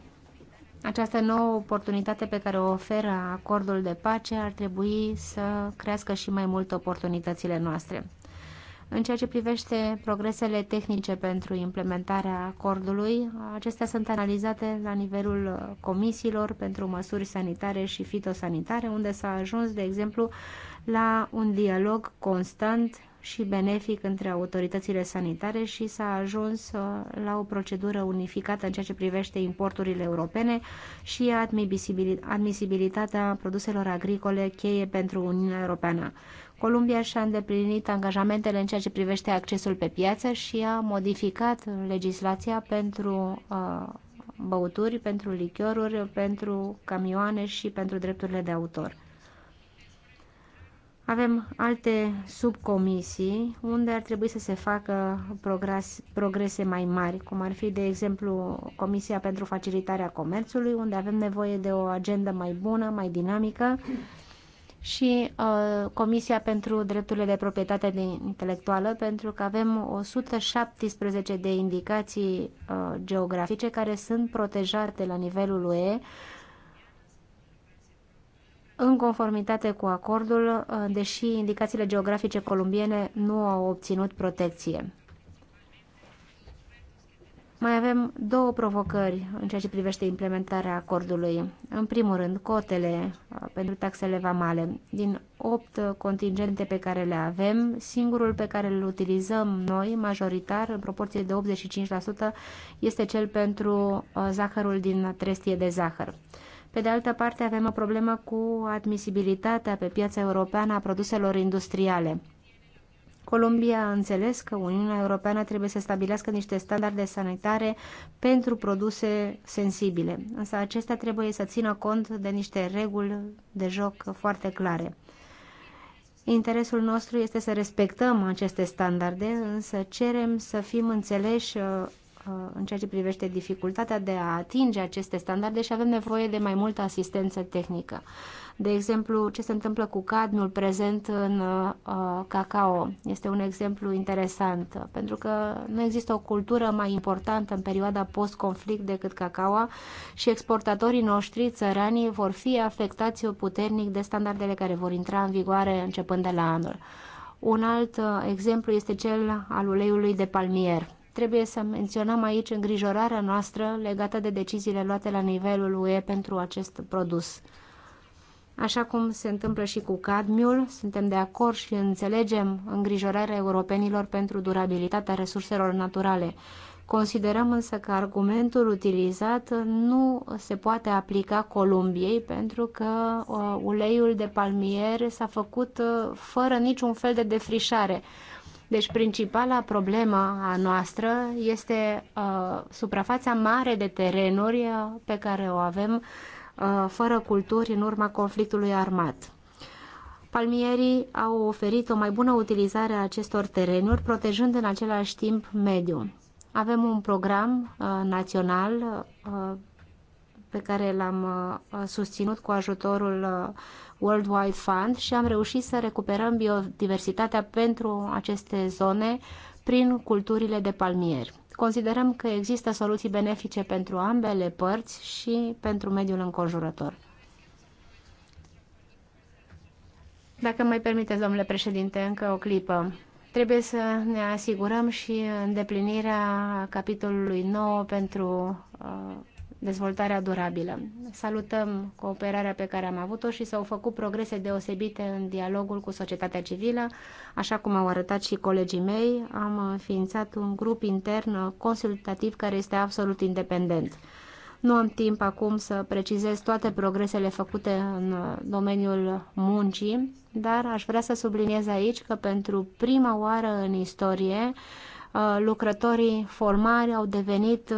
Această nouă oportunitate pe care o oferă acordul de pace ar trebui să crească și mai mult oportunitățile noastre. În ceea ce privește progresele tehnice pentru implementarea acordului, acestea sunt analizate la nivelul comisiilor pentru măsuri sanitare și fitosanitare, unde s-a ajuns, de exemplu, la un dialog constant și benefic între autoritățile sanitare și s-a ajuns uh, la o procedură unificată în ceea ce privește importurile europene și admisibilitatea produselor agricole cheie pentru Uniunea Europeană. Columbia și-a îndeplinit angajamentele în ceea ce privește accesul pe piață și a modificat legislația pentru uh, băuturi, pentru lichioruri, pentru camioane și pentru drepturile de autor. Avem alte subcomisii unde ar trebui să se facă progres, progrese mai mari, cum ar fi, de exemplu, Comisia pentru Facilitarea Comerțului, unde avem nevoie de o agendă mai bună, mai dinamică și uh, Comisia pentru Drepturile de Proprietate Intelectuală, pentru că avem 117 de indicații uh, geografice care sunt protejate la nivelul UE în conformitate cu acordul, uh, deși indicațiile geografice columbiene nu au obținut protecție. Mai avem două provocări în ceea ce privește implementarea acordului. În primul rând, cotele uh, pentru taxele vamale. Din opt contingente pe care le avem, singurul pe care îl utilizăm noi, majoritar, în proporție de 85%, este cel pentru uh, zahărul din trestie de zahăr. Pe de altă parte, avem o problemă cu admisibilitatea pe piața europeană a produselor industriale. Columbia a înțeles că Uniunea Europeană trebuie să stabilească niște standarde sanitare pentru produse sensibile, însă acestea trebuie să țină cont de niște reguli de joc foarte clare. Interesul nostru este să respectăm aceste standarde, însă cerem să fim înțeleși uh, uh, în ceea ce privește dificultatea de a atinge aceste standarde și avem nevoie de mai multă asistență tehnică. De exemplu, ce se întâmplă cu cadmiul prezent în uh, cacao este un exemplu interesant, pentru că nu există o cultură mai importantă în perioada post-conflict decât cacao și exportatorii noștri țăranii vor fi afectați puternic de standardele care vor intra în vigoare începând de la anul. Un alt uh, exemplu este cel al uleiului de palmier. Trebuie să menționăm aici îngrijorarea noastră legată de deciziile luate la nivelul UE pentru acest produs așa cum se întâmplă și cu cadmiul. Suntem de acord și înțelegem îngrijorarea europenilor pentru durabilitatea resurselor naturale. Considerăm însă că argumentul utilizat nu se poate aplica Columbiei pentru că uh, uleiul de palmier s-a făcut uh, fără niciun fel de defrișare. Deci principala problemă a noastră este uh, suprafața mare de terenuri uh, pe care o avem Uh, fără culturi în urma conflictului armat. Palmierii au oferit o mai bună utilizare a acestor terenuri, protejând în același timp mediul. Avem un program uh, național uh, pe care l-am uh, susținut cu ajutorul uh, World Wide Fund și am reușit să recuperăm biodiversitatea pentru aceste zone prin culturile de palmieri. Considerăm că există soluții benefice pentru ambele părți și pentru mediul înconjurător. Dacă mai permiteți, domnule președinte, încă o clipă. Trebuie să ne asigurăm și îndeplinirea capitolului 9 pentru uh, dezvoltarea durabilă. Salutăm cooperarea pe care am avut-o și s-au făcut progrese deosebite în dialogul cu societatea civilă. Așa cum au arătat și colegii mei, am ființat un grup intern consultativ care este absolut independent. Nu am timp acum să precizez toate progresele făcute în domeniul muncii, dar aș vrea să subliniez aici că pentru prima oară în istorie lucrătorii formari au devenit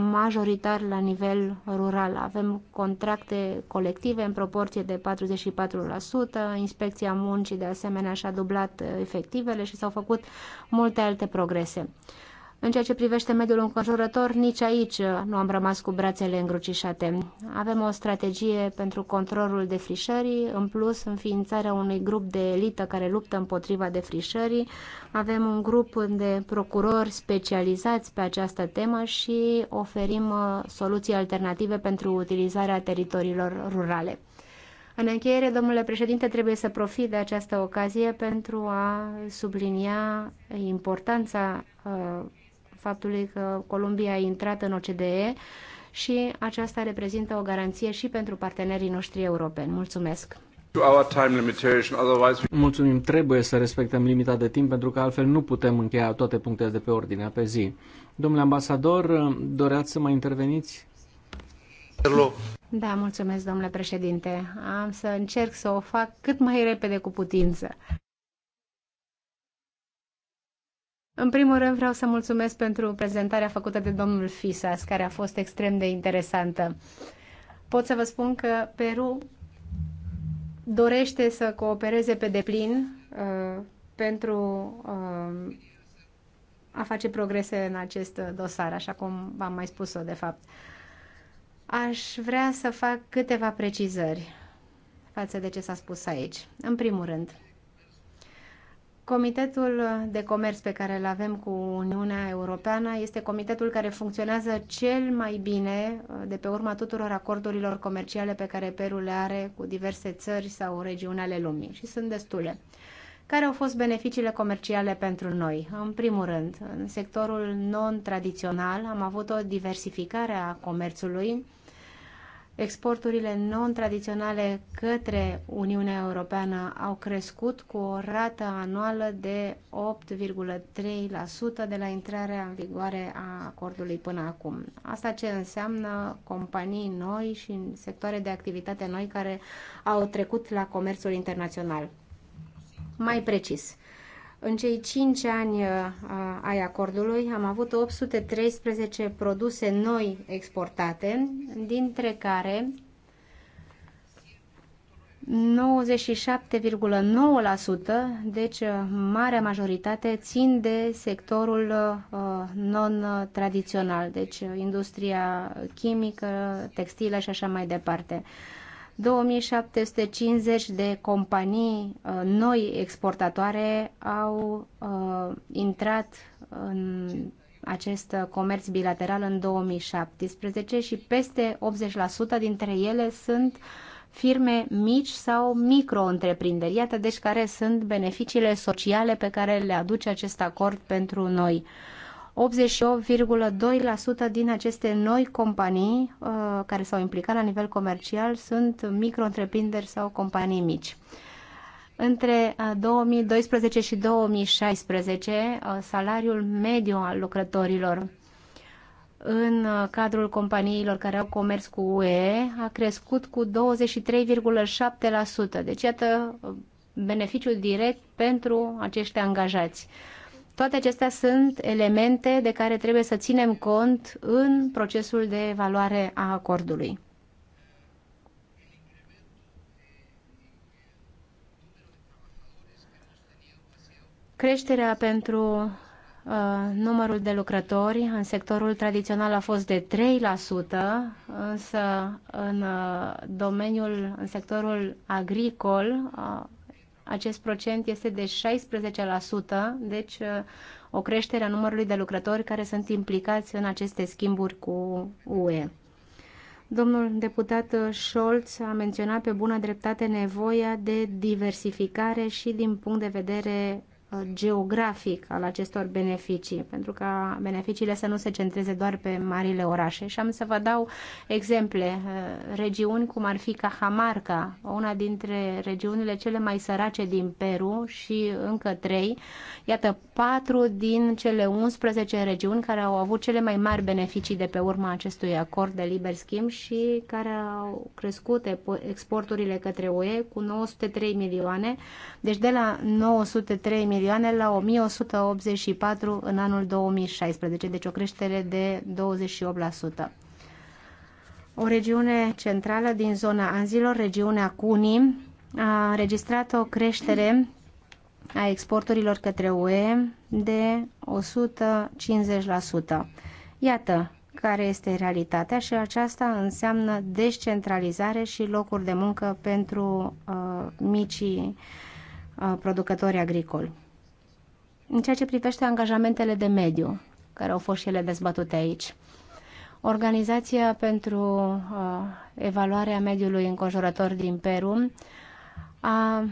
majoritar la nivel rural. Avem contracte colective în proporție de 44%, inspecția muncii de asemenea și-a dublat uh, efectivele și s-au făcut multe alte progrese. În ceea ce privește mediul înconjurător, nici aici nu am rămas cu brațele îngrucișate. Avem o strategie pentru controlul defrișării, în plus înființarea unui grup de elită care luptă împotriva defrișării. Avem un grup de procurori specializați pe această temă și oferim uh, soluții alternative pentru utilizarea teritoriilor rurale. În încheiere, domnule președinte, trebuie să profit de această ocazie pentru a sublinia importanța uh, faptului că Columbia a intrat în OCDE și aceasta reprezintă o garanție și pentru partenerii noștri europeni. Mulțumesc! Mulțumim, trebuie să respectăm limita de timp pentru că altfel nu putem încheia toate punctele de pe ordinea pe zi. Domnule ambasador, doreați să mai interveniți? Da, mulțumesc, domnule președinte. Am să încerc să o fac cât mai repede cu putință. În primul rând vreau să mulțumesc pentru prezentarea făcută de domnul Fisas, care a fost extrem de interesantă. Pot să vă spun că Peru dorește să coopereze pe deplin uh, pentru uh, a face progrese în acest dosar, așa cum v-am mai spus-o, de fapt. Aș vrea să fac câteva precizări față de ce s-a spus aici. În primul rând, Comitetul de comerț pe care îl avem cu Uniunea Europeană este comitetul care funcționează cel mai bine uh, de pe urma tuturor acordurilor comerciale pe care Peru le are cu diverse țări sau regiuni ale lumii și sunt destule. Care au fost beneficiile comerciale pentru noi? În primul rând, în sectorul non-tradițional am avut o diversificare a comerțului Exporturile non-tradiționale către Uniunea Europeană au crescut cu o rată anuală de 8,3% de la intrarea în vigoare a acordului până acum. Asta ce înseamnă companii noi și sectoare de activitate noi care au trecut la comerțul internațional. Mai precis, în cei 5 ani uh, ai acordului am avut 813 produse noi exportate, dintre care 97,9%, deci uh, marea majoritate, țin de sectorul uh, non-tradițional, deci industria chimică, textilă și așa mai departe. 2750 de companii uh, noi exportatoare au uh, intrat în acest comerț bilateral în 2017 și peste 80% dintre ele sunt firme mici sau micro-întreprinderi. Iată deci care sunt beneficiile sociale pe care le aduce acest acord pentru noi. 88,2% din aceste noi companii uh, care s-au implicat la nivel comercial sunt micro sau companii mici. Între 2012 uh, și 2016, uh, salariul mediu al lucrătorilor în uh, cadrul companiilor care au comerț cu UE a crescut cu 23,7%. Deci, iată beneficiul direct pentru acești angajați. Toate acestea sunt elemente de care trebuie să ținem cont în procesul de evaluare a acordului. Creșterea pentru uh, numărul de lucrători în sectorul tradițional a fost de 3%, însă în uh, domeniul, în sectorul agricol, uh, acest procent este de 16%, deci uh, o creștere a numărului de lucrători care sunt implicați în aceste schimburi cu UE. Domnul deputat uh, Scholz a menționat pe bună dreptate nevoia de diversificare și din punct de vedere Uh, geografic al acestor beneficii, pentru ca beneficiile să nu se centreze doar pe marile orașe. Și am să vă dau exemple. Uh, regiuni cum ar fi Cajamarca, una dintre regiunile cele mai sărace din Peru și încă trei. Iată, patru din cele 11 regiuni care au avut cele mai mari beneficii de pe urma acestui acord de liber schimb și care au crescut exporturile către UE cu 903 milioane, deci de la 903 milioane milioane la 1184 în anul 2016, deci o creștere de 28%. O regiune centrală din zona Anzilor, regiunea Cuni, a înregistrat o creștere a exporturilor către UE de 150%. Iată care este realitatea și aceasta înseamnă descentralizare și locuri de muncă pentru uh, micii uh, producători agricoli. În ceea ce privește angajamentele de mediu, care au fost și ele dezbătute aici, Organizația pentru uh, Evaluarea Mediului Înconjurător din Peru a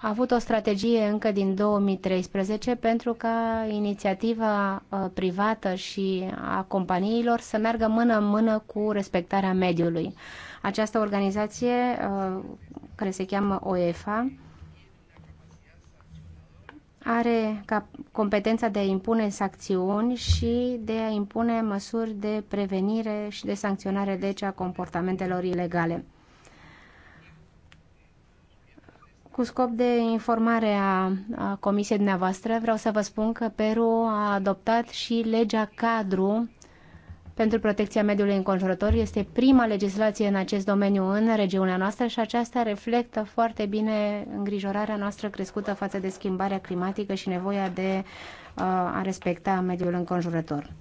a avut o strategie încă din 2013 pentru ca inițiativa uh, privată și a companiilor să meargă mână în mână cu respectarea mediului. Această organizație, uh, care se cheamă OEFA, are ca competența de a impune sancțiuni și de a impune măsuri de prevenire și de sancționare, deci, a comportamentelor ilegale. Cu scop de informare a, a comisiei dumneavoastră, vreau să vă spun că Peru a adoptat și legea cadru pentru protecția mediului înconjurător este prima legislație în acest domeniu în regiunea noastră și aceasta reflectă foarte bine îngrijorarea noastră crescută față de schimbarea climatică și nevoia de uh, a respecta mediul înconjurător.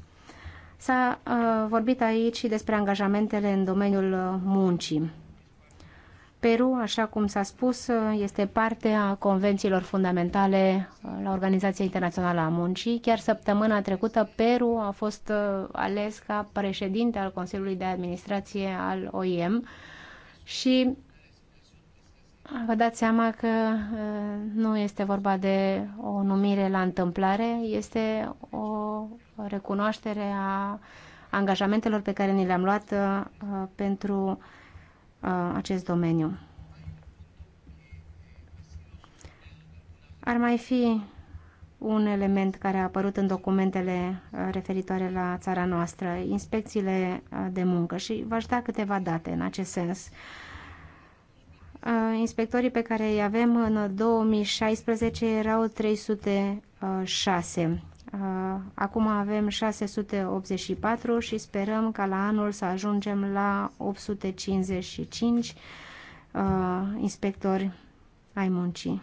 S-a uh, vorbit aici și despre angajamentele în domeniul uh, muncii. Peru, așa cum s-a spus, este parte a convențiilor fundamentale uh, la Organizația Internațională a Muncii. Chiar săptămâna trecută, Peru a fost uh, ales ca președinte al Consiliului de Administrație al OIM și uh, vă dați seama că nu este vorba de o numire la întâmplare, este o recunoaștere a angajamentelor pe care ni le-am luat pentru Uh, acest domeniu. Ar mai fi un element care a apărut în documentele uh, referitoare la țara noastră, inspecțiile uh, de muncă și v-aș da câteva date în acest sens. Inspectorii pe care îi avem în 2016 erau 306 Uh, acum avem 684 și sperăm ca la anul să ajungem la 855 uh, inspectori ai muncii.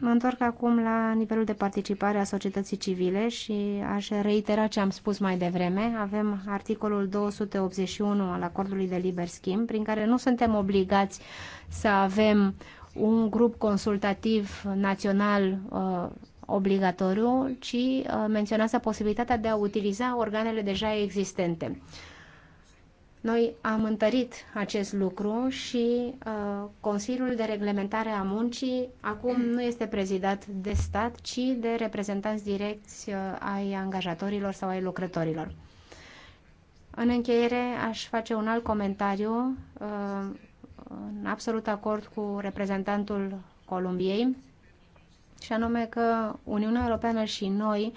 Mă întorc acum la nivelul de participare a societății civile și aș reitera ce am spus mai devreme. Avem articolul 281 al acordului de liber schimb, prin care nu suntem obligați să avem un grup consultativ național uh, obligatoriu, ci uh, menționează posibilitatea de a utiliza organele deja existente. Noi am întărit acest lucru și uh, Consiliul de Reglementare a Muncii acum nu este prezidat de stat, ci de reprezentanți direcți uh, ai angajatorilor sau ai lucrătorilor. În încheiere, aș face un alt comentariu. Uh, în absolut acord cu reprezentantul Columbiei, și anume că Uniunea Europeană și noi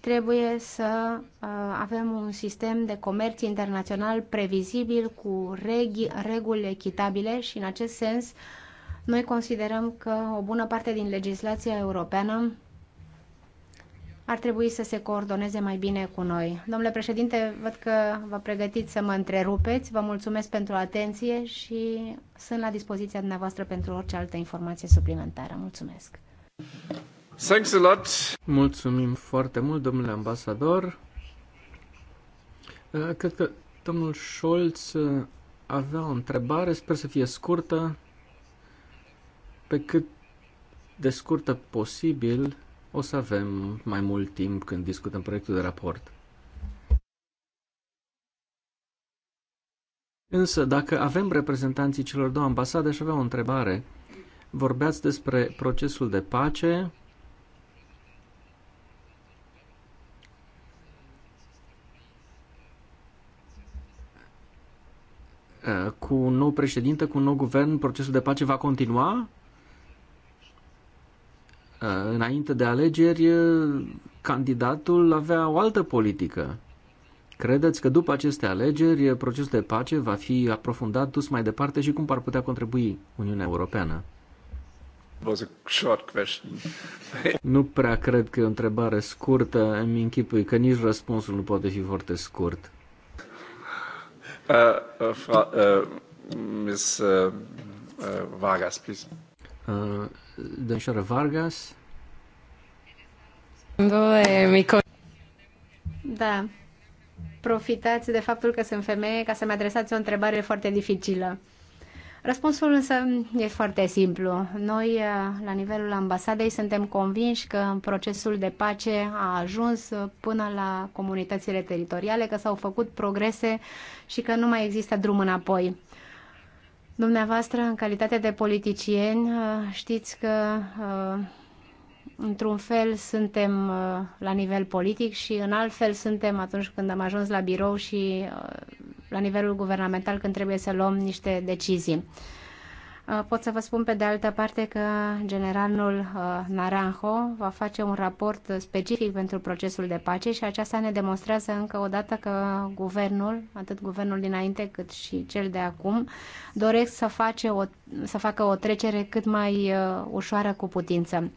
trebuie să uh, avem un sistem de comerț internațional previzibil cu reguli echitabile și în acest sens noi considerăm că o bună parte din legislația europeană ar trebui să se coordoneze mai bine cu noi. Domnule președinte, văd că vă pregătiți să mă întrerupeți. Vă mulțumesc pentru atenție și sunt la dispoziția dumneavoastră pentru orice altă informație suplimentară. Mulțumesc! Thanks a lot. Mulțumim foarte mult, domnule ambasador. Eh, cred că domnul Scholz eh, avea o întrebare, sper să fie scurtă, pe cât de scurtă posibil o să avem mai mult timp când discutăm proiectul de raport. Însă, dacă avem reprezentanții celor două ambasade, aș avea o întrebare. Vorbeați despre procesul de pace. Cu un nou președinte, cu un nou guvern, procesul de pace va continua? Eh, înainte de alegeri, eh, candidatul avea o altă politică. Credeți că după aceste alegeri, eh, procesul de pace va fi aprofundat, dus mai departe și cum ar putea contribui Uniunea Europeană? Was a short question. nu prea cred că e o întrebare scurtă, îmi închipui că nici răspunsul nu poate fi foarte scurt. Uh, uh, uh, Miss Uh, uh, Vargas, please domnișoară Vargas. Da. Profitați de faptul că sunt femeie ca să-mi adresați o întrebare foarte dificilă. Răspunsul însă e foarte simplu. Noi, eh, la nivelul ambasadei, suntem convinși că procesul de pace a ajuns până la comunitățile teritoriale, că s-au făcut progrese și că nu mai există drum înapoi. Dumneavoastră, în calitate de politicieni, uh, știți că uh, într-un fel suntem uh, la nivel politic și în alt fel suntem atunci când am ajuns la birou și la nivelul guvernamental când trebuie să luăm niște decizii. Uh, pot să vă spun pe de altă parte că generalul uh, Naranjo va face un raport specific pentru procesul de pace și aceasta ne demonstrează încă o dată că guvernul, atât guvernul dinainte cât și cel de acum, doresc să, face o, să facă o trecere cât mai uh, ușoară cu putință.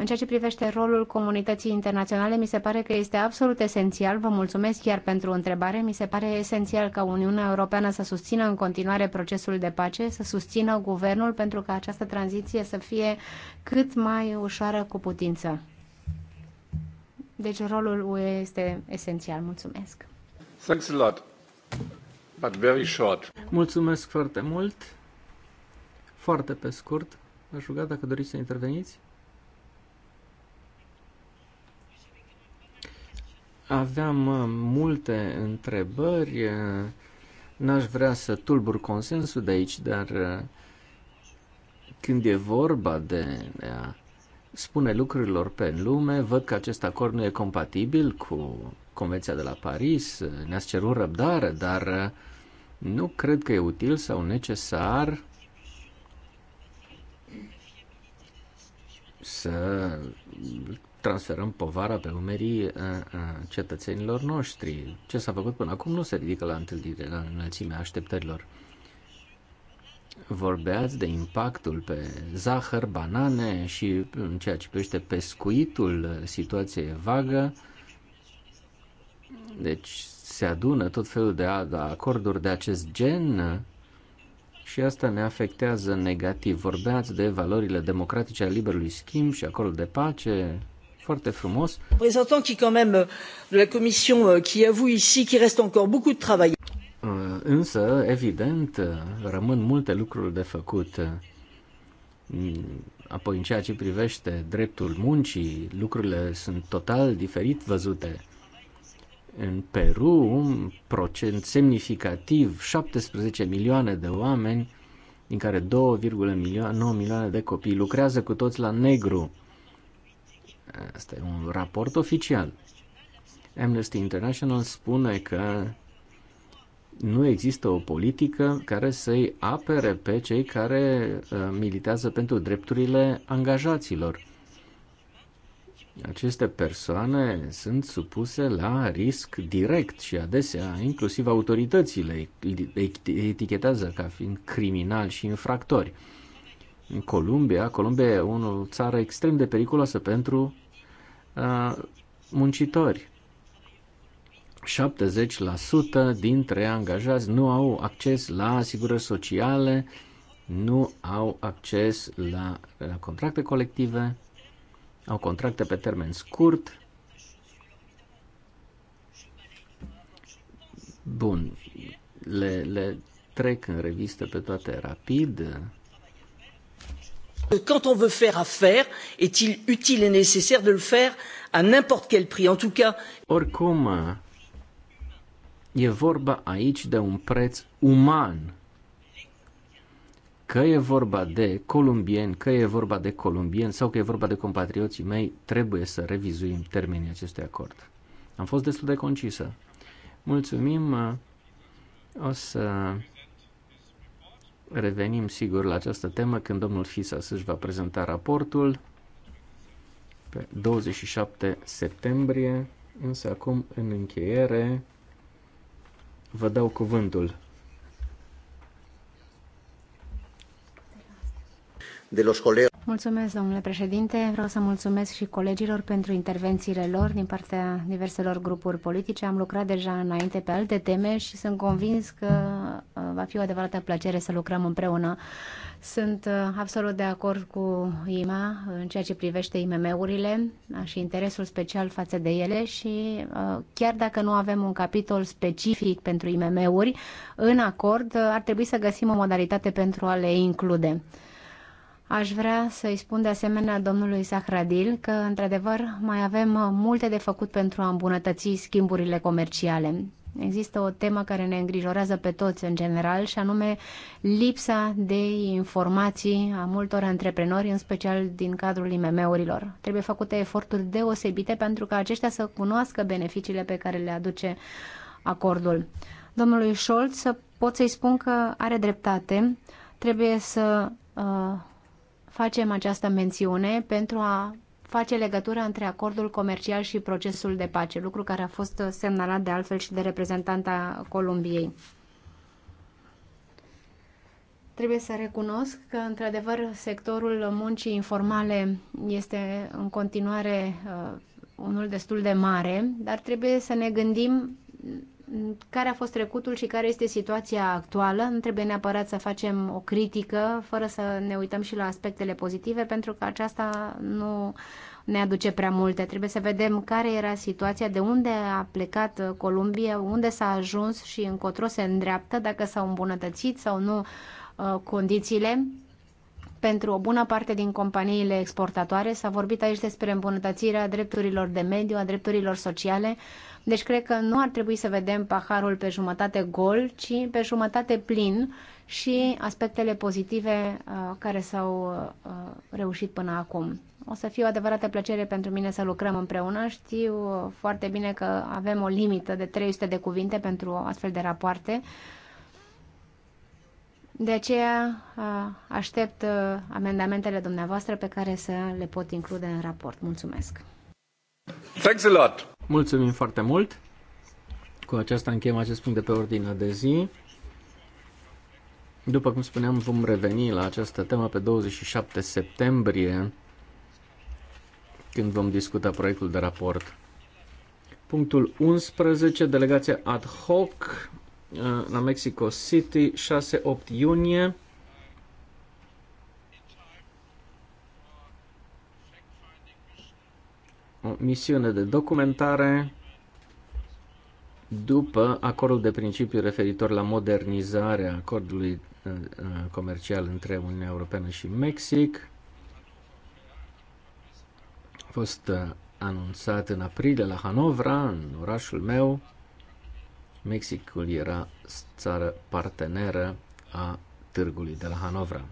În ceea ce privește rolul comunității internaționale, mi se pare că este absolut esențial, vă mulțumesc chiar pentru întrebare, mi se pare esențial ca Uniunea Europeană să susțină în continuare procesul de pace, să susțină guvernul pentru ca această tranziție să fie cât mai ușoară cu putință. Deci rolul UE este esențial. Mulțumesc. Thanks a lot, but very short. Mulțumesc foarte mult. Foarte pe scurt. Aș ruga dacă doriți să interveniți. Aveam uh, multe întrebări, uh, n-aș vrea să tulbur consensul de aici, dar uh, când e vorba de, a spune lucrurilor pe lume, văd că acest acord nu e compatibil cu Convenția de la Paris, ne-ați cerut răbdare, dar nu cred că e util sau necesar să transferăm povara pe umerii uh, uh, cetățenilor noștri. Ce s-a făcut până acum nu se ridică la, întâlnire, la înălțimea așteptărilor. Vorbeați de impactul pe zahăr, banane și în ceea ce privește pescuitul, situație vagă. Deci se adună tot felul de acorduri de acest gen și asta ne afectează negativ. Vorbeați de valorile democratice a liberului schimb și acolo de pace, foarte frumos. Présentant qui quand même euh, de la commission euh, qui avoue ici qu'il reste encore beaucoup de travail. Euh, însă, evident, rămân multe lucruri de făcut. Mm, apoi, în ceea ce privește dreptul muncii, lucrurile sunt total diferit văzute. În Peru, un procent semnificativ, 17 milioane de oameni, din care 2,9 milioane de copii lucrează cu toți la negru. Asta e un raport oficial. Amnesty International spune că nu există o politică care să-i apere pe cei care uh, militează pentru drepturile angajaților. Aceste persoane sunt supuse la risc direct și adesea inclusiv autoritățile etichetează ca fiind criminali și infractori în Columbia. Columbia e o țară extrem de periculoasă pentru uh, muncitori. 70% dintre angajați nu au acces la asigurări sociale, nu au acces la contracte colective, au contracte pe termen scurt. Bun, le, le trec în revistă pe toate rapid. Quand on veut faire affaire, est-il utile et nécessaire de le faire à n'importe quel prix? En tout cas. Oricum, e vorba aici de un preț uman. Că e vorba de columbieni, că e vorba de columbieni sau că e vorba de compatrioții mei, trebuie să revizuim termenii acestui acord. Am fost destul de concisă. Mulțumim. O să Revenim sigur la această temă când domnul Fisas își va prezenta raportul pe 27 septembrie, însă acum în încheiere vă dau cuvântul. de los colegas. Mulțumesc, domnule președinte. Vreau să mulțumesc și colegilor pentru intervențiile lor din partea diverselor grupuri politice. Am lucrat deja înainte pe alte teme și sunt convins că uh, va fi o adevărată plăcere să lucrăm împreună. Sunt uh, absolut de acord cu IMA în ceea ce privește IMM-urile și interesul special față de ele și uh, chiar dacă nu avem un capitol specific pentru IMM-uri, în acord ar trebui să găsim o modalitate pentru a le include. Aș vrea să-i spun de asemenea domnului Sahradil că, într-adevăr, mai avem multe de făcut pentru a îmbunătăți schimburile comerciale. Există o temă care ne îngrijorează pe toți în general și anume lipsa de informații a multor antreprenori, în special din cadrul IMM-urilor. Trebuie făcute eforturi deosebite pentru ca aceștia să cunoască beneficiile pe care le aduce acordul. Domnului Scholz pot să-i spun că are dreptate, trebuie să uh, facem această mențiune pentru a face legătura între acordul comercial și procesul de pace, lucru care a fost semnalat de altfel și de reprezentanta Columbiei. Trebuie să recunosc că, într-adevăr, sectorul muncii informale este în continuare uh, unul destul de mare, dar trebuie să ne gândim care a fost trecutul și care este situația actuală. Nu trebuie neapărat să facem o critică fără să ne uităm și la aspectele pozitive, pentru că aceasta nu ne aduce prea multe. Trebuie să vedem care era situația, de unde a plecat Columbia, unde s-a ajuns și încotro se îndreaptă, dacă s-au îmbunătățit sau nu uh, condițiile pentru o bună parte din companiile exportatoare. S-a vorbit aici despre îmbunătățirea drepturilor de mediu, a drepturilor sociale. Deci cred că nu ar trebui să vedem paharul pe jumătate gol, ci pe jumătate plin și aspectele pozitive uh, care s-au uh, uh, reușit până acum. O să fie o adevărată plăcere pentru mine să lucrăm împreună. Știu foarte bine că avem o limită de 300 de cuvinte pentru astfel de rapoarte. De aceea aștept amendamentele dumneavoastră pe care să le pot include în raport. Mulțumesc! Thanks a lot. Mulțumim foarte mult! Cu aceasta încheiem acest punct de pe ordinea de zi. După cum spuneam, vom reveni la această temă pe 27 septembrie, când vom discuta proiectul de raport. Punctul 11, delegația ad hoc uh, la Mexico City, 6-8 iunie. o misiune de documentare după acordul de principiu referitor la modernizarea acordului uh, uh, comercial între Uniunea Europeană și Mexic. A fost uh, anunțat în aprilie la Hanovra, în orașul meu. Mexicul era țară parteneră a târgului de la Hanovra.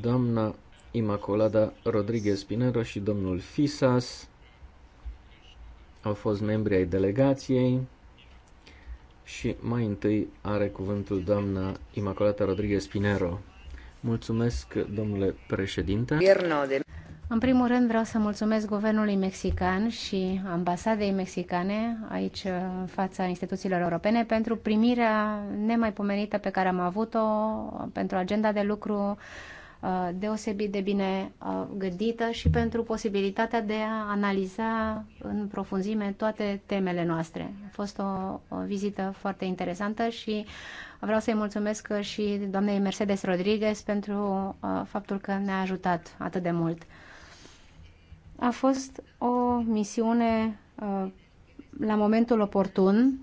Doamna Imacolada Rodriguez Pinero și domnul Fisas au fost membri ai delegației și mai întâi are cuvântul doamna Imacolada Rodriguez Pinero. Mulțumesc, domnule președinte. În primul rând vreau să mulțumesc guvernului mexican și ambasadei mexicane aici în fața instituțiilor europene pentru primirea nemaipomenită pe care am avut-o, pentru agenda de lucru uh, Uh, deosebit de bine uh, gândită și pentru posibilitatea de a analiza în profunzime toate temele noastre. A fost o, o vizită foarte interesantă și vreau să-i mulțumesc și doamnei Mercedes Rodriguez pentru uh, faptul că ne-a ajutat atât de mult. A fost o misiune la momentul oportun.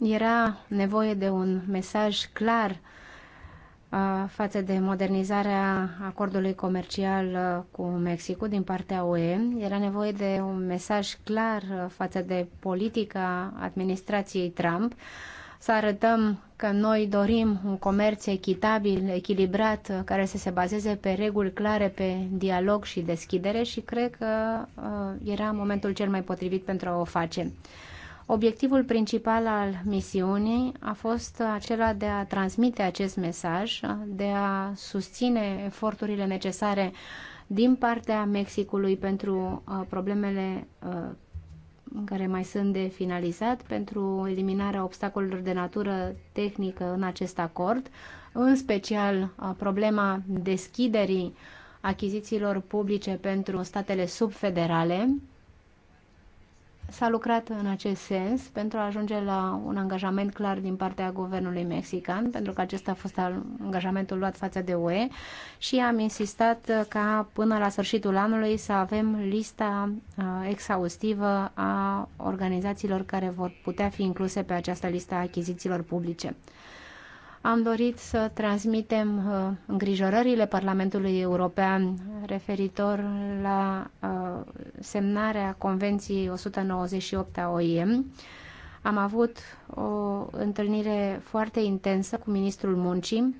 Era nevoie de un mesaj clar uh, față de modernizarea acordului comercial cu Mexicul din partea UE. Era nevoie de un mesaj clar față de politica administrației Trump, să arătăm că noi dorim un comerț echitabil, echilibrat, care să se bazeze pe reguli clare, pe dialog și deschidere și cred că era momentul cel mai potrivit pentru a o face. Obiectivul principal al misiunii a fost acela de a transmite acest mesaj, de a susține eforturile necesare din partea Mexicului pentru uh, problemele uh, care mai sunt de finalizat, pentru eliminarea obstacolelor de natură tehnică în acest acord, în special uh, problema deschiderii achizițiilor publice pentru statele subfederale, S-a lucrat în acest sens pentru a ajunge la un angajament clar din partea guvernului mexican, pentru că acesta a fost angajamentul luat față de UE și am insistat ca până la sfârșitul anului să avem lista uh, exhaustivă a organizațiilor care vor putea fi incluse pe această listă a achizițiilor publice am dorit să transmitem uh, îngrijorările Parlamentului European referitor la uh, semnarea Convenției 198 a OIM. Am avut o întâlnire foarte intensă cu Ministrul Muncii.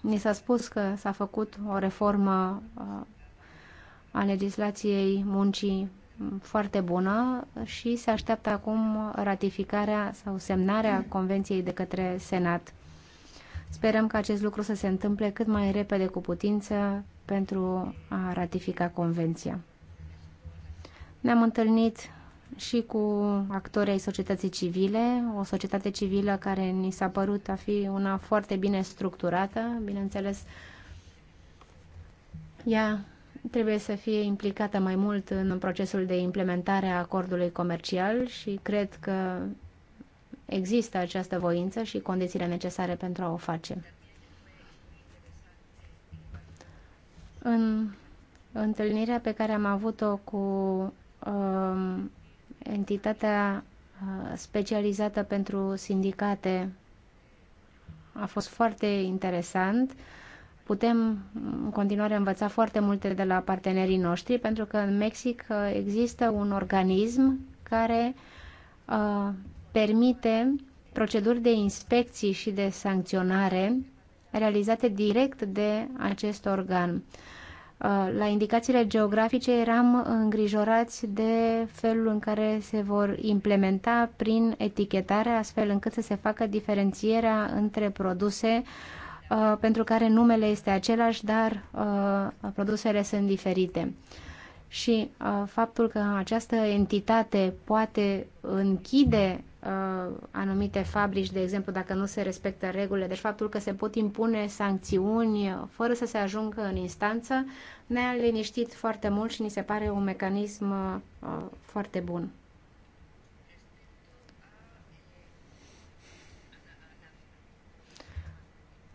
Ni s-a spus că s-a făcut o reformă uh, a legislației muncii foarte bună și se așteaptă acum ratificarea sau semnarea convenției de către Senat. Sperăm că acest lucru să se întâmple cât mai repede cu putință pentru a ratifica convenția. Ne-am întâlnit și cu actorii societății civile, o societate civilă care ni s-a părut a fi una foarte bine structurată, bineînțeles, ea trebuie să fie implicată mai mult în procesul de implementare a acordului comercial și cred că există această voință și condițiile necesare pentru a o face. În întâlnirea pe care am avut-o cu um, uh, entitatea specializată pentru sindicate a fost foarte interesant. Uh, Putem în continuare învăța foarte multe de la partenerii noștri, pentru că în Mexic uh, există un organism care uh, permite proceduri de inspecții și de sancționare realizate direct de acest organ. Uh, la indicațiile geografice eram îngrijorați de felul în care se vor implementa prin etichetare, astfel încât să se facă diferențierea între produse uh, Uh, pentru care numele este același, dar uh, produsele sunt diferite. Și uh, faptul că această entitate poate închide anumite fabrici, de exemplu, dacă nu se respectă regulile, deci faptul că se pot impune sancțiuni fără să se ajungă în instanță, ne-a liniștit foarte mult și ni se pare un mecanism foarte bun.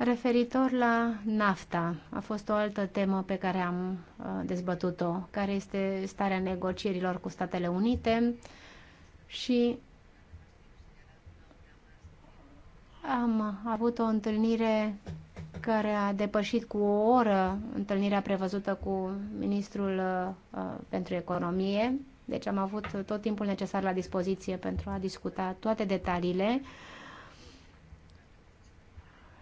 Referitor la nafta, a fost o altă temă pe care am uh, dezbătut-o, care este starea negocierilor cu Statele Unite și am avut o întâlnire care a depășit cu o oră întâlnirea prevăzută cu ministrul uh, uh pentru economie. Deci am avut tot timpul necesar la dispoziție pentru a discuta toate detaliile. Uh,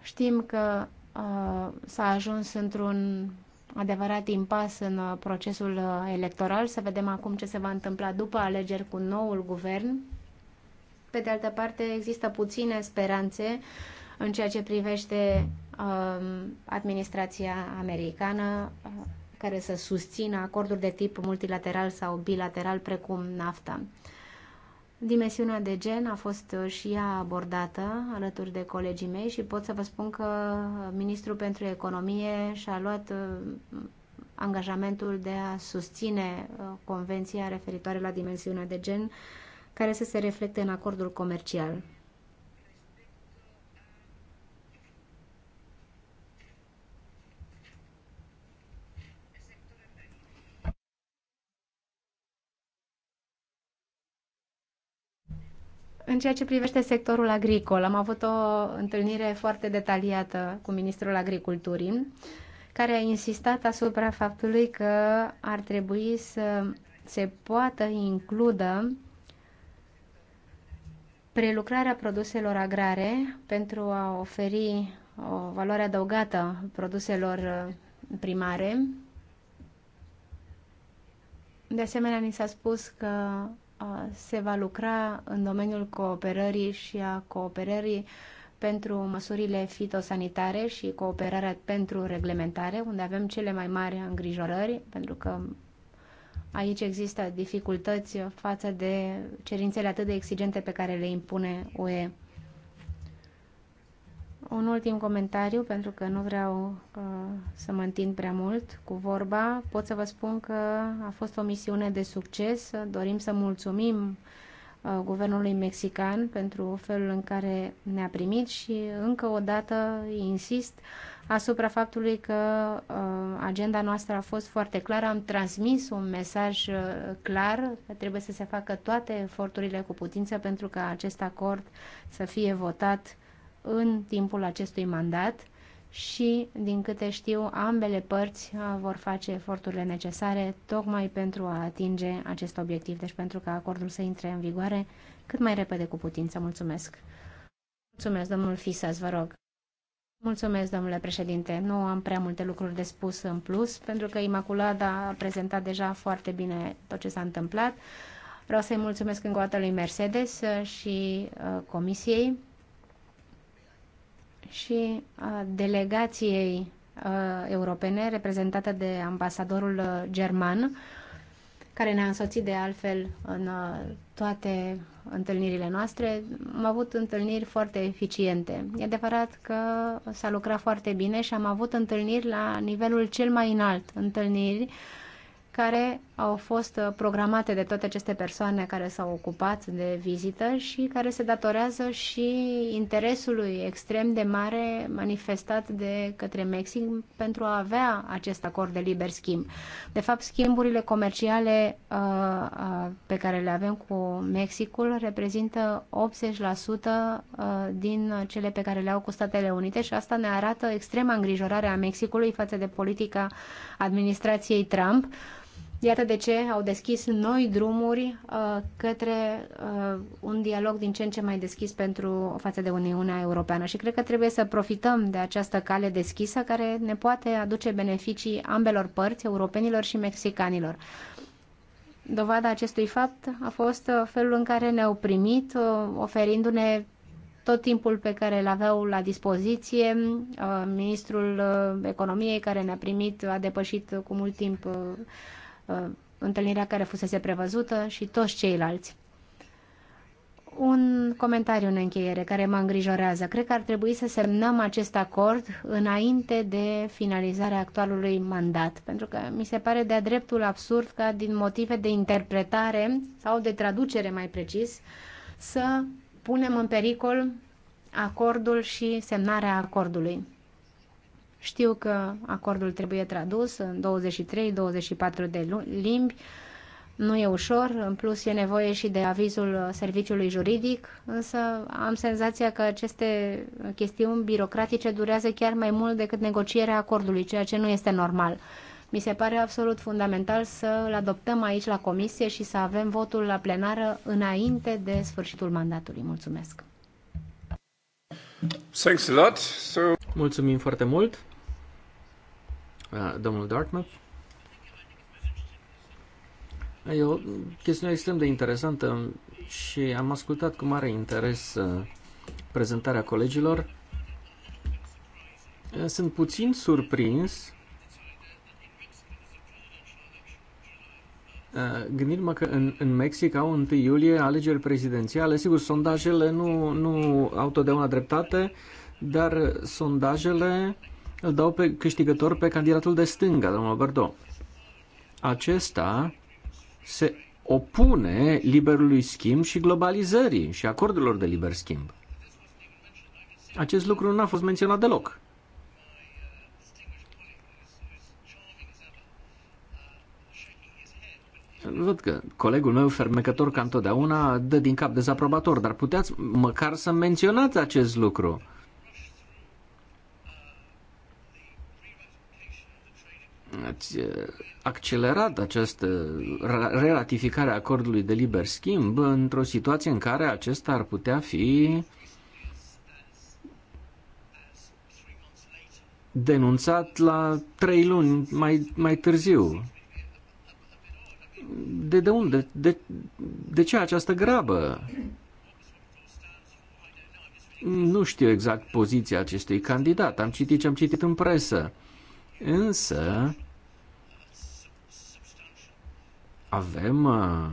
Știm că uh, s-a ajuns într-un adevărat impas în uh, procesul uh, electoral. Să vedem acum ce se va întâmpla după alegeri cu noul guvern. Pe de altă parte, există puține speranțe în ceea ce privește uh, administrația americană uh, care să susțină acorduri de tip multilateral sau bilateral precum NAFTA. Dimensiunea de gen a fost uh, și ea abordată alături de colegii mei și pot să vă spun că uh, Ministrul pentru Economie și-a luat uh, angajamentul de a susține convenția referitoare la dimensiunea de gen care să se reflecte în acordul comercial. În ceea ce privește sectorul agricol, am avut o întâlnire foarte detaliată cu Ministrul Agriculturii, care a insistat asupra faptului că ar trebui să se poată includă prelucrarea produselor agrare pentru a oferi o valoare adăugată produselor uh, primare. De asemenea, ni s-a spus că se va lucra în domeniul cooperării și a cooperării pentru măsurile fitosanitare și cooperarea pentru reglementare, unde avem cele mai mari îngrijorări, pentru că aici există dificultăți față de cerințele atât de exigente pe care le impune UE. Un ultim comentariu, pentru că nu vreau uh, să mă întind prea mult cu vorba. Pot să vă spun că a fost o misiune de succes. Dorim să mulțumim uh, guvernului mexican pentru felul în care ne-a primit și încă o dată insist asupra faptului că uh, agenda noastră a fost foarte clară. Am transmis un mesaj uh, clar că trebuie să se facă toate eforturile cu putință pentru ca acest acord să fie votat uh, în timpul acestui mandat și, din câte știu, ambele părți uh, vor face eforturile necesare tocmai pentru a atinge acest obiectiv, deci pentru ca acordul să intre în vigoare cât mai repede cu putință. Mulțumesc! Mulțumesc, domnul Fisas, vă rog! Mulțumesc, domnule președinte. Nu am prea multe lucruri de spus în plus, pentru că Imaculada a prezentat deja foarte bine tot ce s-a întâmplat. Vreau să-i mulțumesc încă o dată lui Mercedes uh, și uh, Comisiei și uh, delegației uh, europene reprezentată de ambasadorul uh, german, care ne-a însoțit de altfel în toate întâlnirile noastre. Am avut întâlniri foarte eficiente. E adevărat că s-a lucrat foarte bine și am avut întâlniri la nivelul cel mai înalt, întâlniri care au fost uh, programate de toate aceste persoane care s-au ocupat de vizită și care se datorează și interesului extrem de mare manifestat de către Mexic pentru a avea acest acord de liber schimb. De fapt, schimburile comerciale uh, uh, pe care le avem cu Mexicul reprezintă 80% din cele pe care le au cu Statele Unite și asta ne arată extrema îngrijorare a Mexicului față de politica administrației Trump Iată de ce au deschis noi drumuri uh, către uh, un dialog din ce în ce mai deschis pentru față de Uniunea Europeană și cred că trebuie să profităm de această cale deschisă care ne poate aduce beneficii ambelor părți, europenilor și mexicanilor. Dovada acestui fapt a fost uh, felul în care ne-au primit, uh, oferindu-ne tot timpul pe care îl aveau la dispoziție. Uh, ministrul Economiei care ne-a primit a depășit cu mult timp Uh, întâlnirea care fusese prevăzută și toți ceilalți. Un comentariu în încheiere care mă îngrijorează. Cred că ar trebui să semnăm acest acord înainte de finalizarea actualului mandat, pentru că mi se pare de-a dreptul absurd ca din motive de interpretare sau de traducere mai precis să punem în pericol acordul și semnarea acordului. Știu că acordul trebuie tradus în 23-24 de limbi. Nu e ușor, în plus e nevoie și de avizul serviciului juridic, însă am senzația că aceste chestiuni birocratice durează chiar mai mult decât negocierea acordului, ceea ce nu este normal. Mi se pare absolut fundamental să îl adoptăm aici la comisie și să avem votul la plenară înainte de sfârșitul mandatului. Mulțumesc! Thanks a lot. So... Mulțumim foarte mult, domnul Dartmouth. E o chestiune extrem de interesantă și am ascultat cu mare interes prezentarea colegilor. Sunt puțin surprins Gândim mă că în, în Mexic au 1 iulie alegeri prezidențiale, sigur, sondajele nu, nu au totdeauna dreptate, dar sondajele îl dau pe câștigător pe candidatul de stânga, domnul Bardo. Acesta se opune liberului schimb și globalizării și acordurilor de liber schimb. Acest lucru nu a fost menționat deloc. Văd că colegul meu, fermecător ca întotdeauna, dă din cap dezaprobator, dar puteați, măcar să menționați acest lucru. ați eh, accelerat această reratificare a acordului de liber schimb într-o situație în care acesta ar putea fi denunțat la trei luni mai, mai târziu. De, de unde? De, de ce această grabă? Nu știu exact poziția acestui candidat. Am citit ce am citit în presă. Însă avem uh,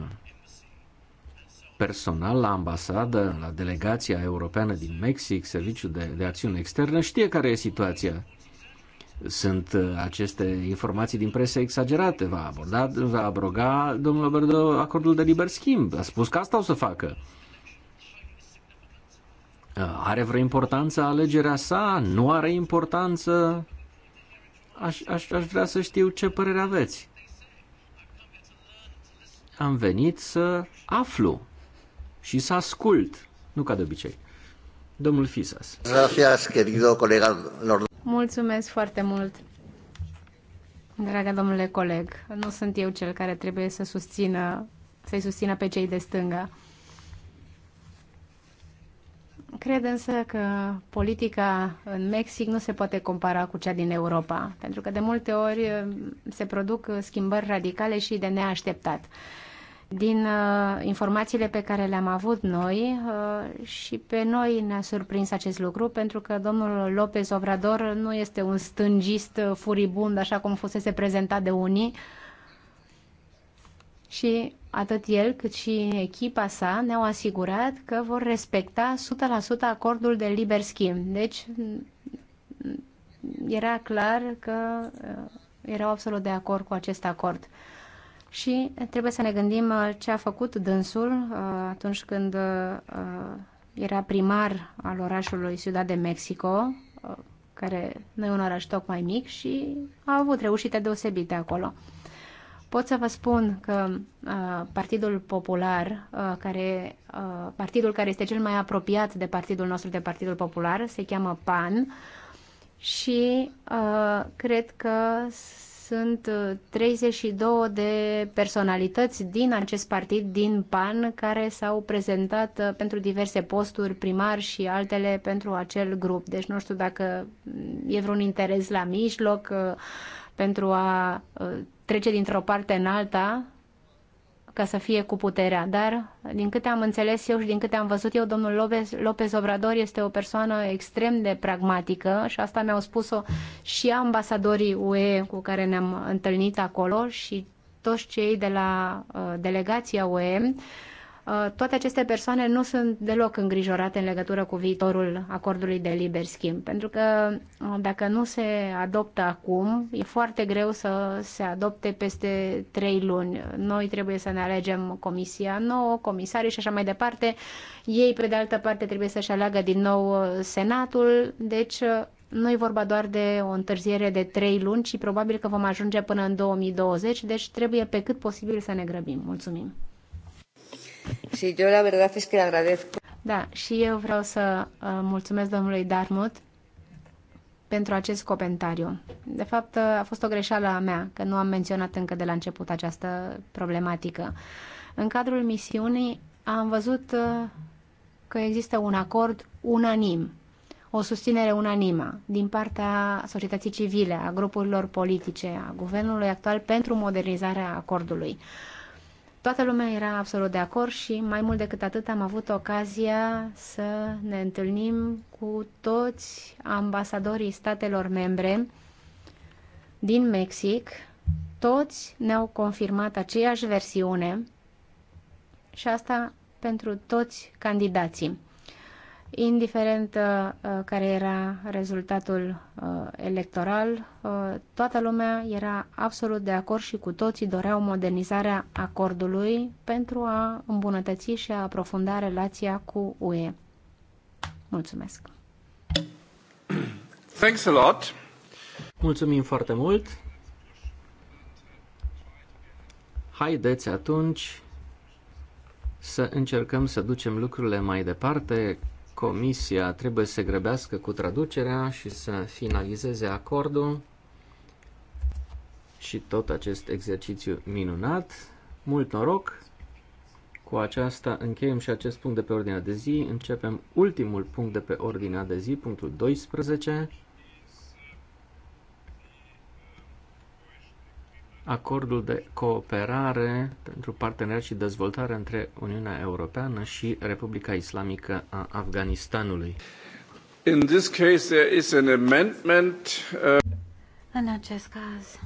personal la ambasadă, la delegația europeană din Mexic, Serviciul de, de Acțiune Externă, știe care e situația. Sunt uh, aceste informații din presă exagerate. Va, aborda, va abroga domnul Berdo acordul de liber schimb. A spus că asta o să facă. Uh, are vreo importanță alegerea sa? Nu are importanță? Aș, aș, aș vrea să știu ce părere aveți. Am venit să aflu și să ascult, nu ca de obicei. Domnul Fisas. Gracias, querido colega Mulțumesc foarte mult. Dragă domnule coleg, nu sunt eu cel care trebuie să susțină, să-i susțină pe cei de stânga. Cred însă că politica în Mexic nu se poate compara cu cea din Europa, pentru că de multe ori uh, se produc uh, schimbări radicale și de neașteptat din uh, informațiile pe care le-am avut noi uh, și pe noi ne-a surprins acest lucru pentru că domnul López Obrador nu este un stângist uh, furibund așa cum fusese prezentat de unii și atât el cât și echipa sa ne-au asigurat că vor respecta 100% acordul de liber schimb. Deci mm, era clar că uh, erau absolut de acord cu acest acord. Și trebuie să ne gândim uh, ce a făcut dânsul uh, atunci când era primar al orașului Ciudad de Mexico, care nu e un oraș tocmai mic și a avut reușite deosebite acolo. Pot să vă spun că uh, Partidul Popular, uh, care, uh, partidul care este cel mai apropiat de partidul nostru, de Partidul Popular, se cheamă PAN și uh, cred că sunt 32 uh, de personalități din acest partid, din PAN, care s-au prezentat uh, pentru diverse posturi primar și altele pentru acel grup. Deci nu știu dacă mm, e vreun interes la mijloc uh, pentru a trece dintr-o parte în alta ca să fie cu puterea. Dar, din câte am înțeles eu și din câte am văzut eu, domnul Lopez, Lopez Obrador este o persoană extrem de pragmatică și asta mi-au spus-o și ambasadorii UE cu care ne-am întâlnit acolo și toți cei de la uh, delegația UE. Uh, Uh, toate aceste persoane nu sunt deloc îngrijorate în legătură cu viitorul acordului de liber schimb, pentru că uh, dacă nu se adoptă acum, e foarte greu să se adopte peste trei luni. Noi trebuie să ne alegem comisia nouă, comisarii și așa mai departe. Ei, pe de altă parte, trebuie să-și aleagă din nou uh, Senatul, deci nu e vorba doar de o întârziere de trei luni, ci probabil că vom ajunge până în 2020, deci trebuie pe cât posibil să ne grăbim. Mulțumim! Și eu la verdad es que agradezco. Da, și eu vreau să uh, mulțumesc domnului Darmut pentru acest comentariu. De fapt, uh, a fost o greșeală a mea că nu am menționat încă de la început această problematică. În cadrul misiunii am văzut uh, că există un acord unanim, o susținere unanimă din partea societății civile, a grupurilor politice, a guvernului actual pentru modernizarea acordului. Uh, Toată lumea era absolut de acord și mai mult decât atât am avut ocazia să ne întâlnim cu toți ambasadorii statelor membre din Mexic. Toți ne-au confirmat aceeași versiune și asta pentru toți candidații indiferent uh, uh, care era rezultatul uh, electoral, uh, toată lumea era absolut de acord și cu toții doreau modernizarea acordului pentru a îmbunătăți și a aprofunda relația cu UE. Mulțumesc! Thanks a lot! Mulțumim foarte mult! Haideți atunci să încercăm să ducem lucrurile mai departe Comisia trebuie să se grăbească cu traducerea și să finalizeze acordul și tot acest exercițiu minunat. Mult noroc! Cu aceasta încheiem și acest punct de pe ordinea de zi. Începem ultimul punct de pe ordinea de zi, punctul 12. acordul de cooperare pentru parteneriat și dezvoltare între Uniunea Europeană și Republica Islamică a Afganistanului. In this case, there is an amendment, uh... În acest caz,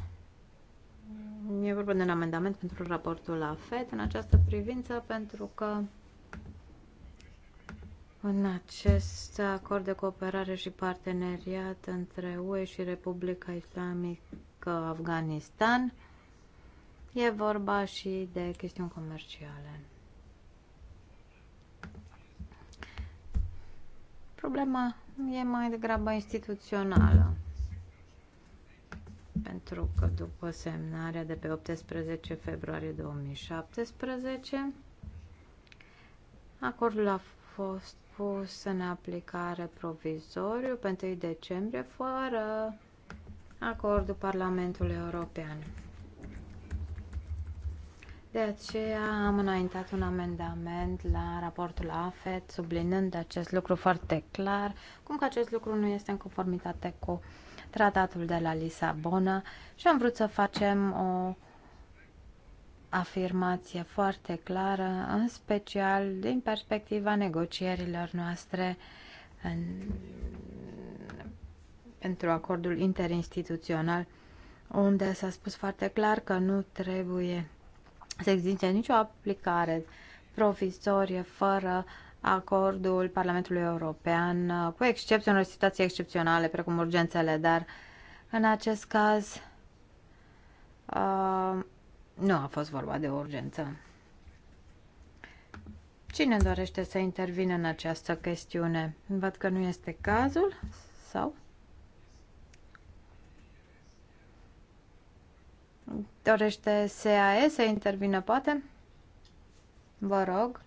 e vorba de un amendament pentru raportul la FED în această privință, pentru că în acest acord de cooperare și parteneriat între UE și Republica Islamică Afganistan, E vorba și de chestiuni comerciale. Problema e mai degrabă instituțională. Pentru că după semnarea de pe 18 februarie 2017, acordul a fost pus în aplicare provizoriu pe 1 decembrie fără acordul Parlamentului European. De aceea am înaintat un amendament la raportul AFET, sublinând acest lucru foarte clar, cum că acest lucru nu este în conformitate cu tratatul de la Lisabona și am vrut să facem o afirmație foarte clară, în special din perspectiva negocierilor noastre în, pentru acordul interinstituțional, unde s-a spus foarte clar că nu trebuie să existe nicio aplicare provizorie fără acordul Parlamentului European, uh, cu excepția unor situații excepționale, precum urgențele, dar în acest caz uh, nu a fost vorba de urgență. Cine dorește să intervină în această chestiune? Văd că nu este cazul sau Dorește SAE să intervină, poate? Vă rog.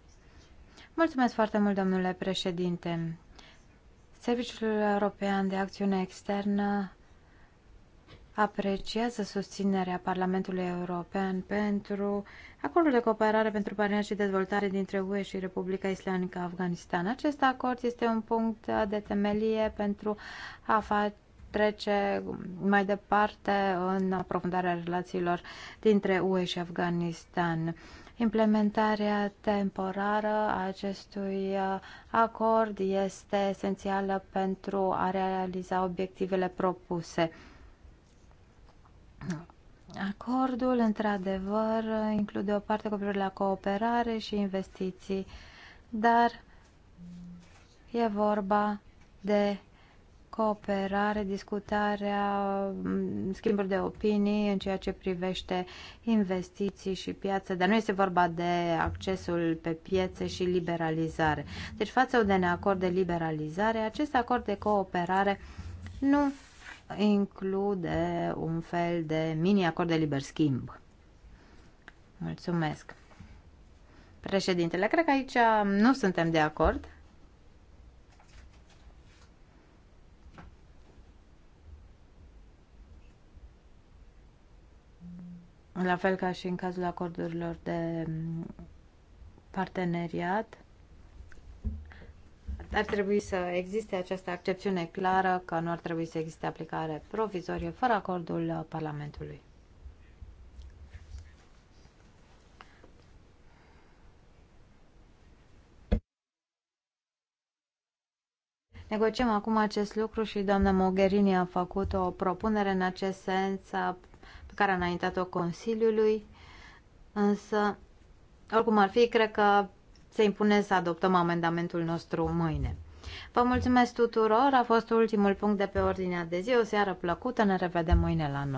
Mulțumesc foarte mult, domnule președinte. Serviciul European de Acțiune Externă apreciază susținerea Parlamentului European pentru acordul de cooperare pentru parteneriat și dezvoltare dintre UE și Republica Islamică Afganistan. Acest acord este un punct de temelie pentru a face trece mai departe în aprofundarea relațiilor dintre UE și Afganistan. Implementarea temporară a acestui acord este esențială pentru a realiza obiectivele propuse. Acordul, într-adevăr, include o parte cu privire la cooperare și investiții, dar e vorba de cooperare, discutarea, mm, schimburi de opinii în ceea ce privește investiții și piață, dar nu este vorba de accesul pe piețe și liberalizare. Deci față de un acord de liberalizare, acest acord de cooperare nu include un fel de mini-acord de liber schimb. Mulțumesc. Președintele, cred că aici nu suntem de acord. la fel ca și în cazul acordurilor de mm, parteneriat, ar trebui să existe această accepțiune clară că nu ar trebui să existe aplicare provizorie fără acordul uh, Parlamentului. Negociem acum acest lucru și doamna Mogherini a făcut o propunere în acest sens, a care a înaintat-o Consiliului, însă, oricum ar fi, cred că se impune să adoptăm amendamentul nostru mâine. Vă mulțumesc tuturor, a fost ultimul punct de pe ordinea de zi, o seară plăcută, ne revedem mâine la noi.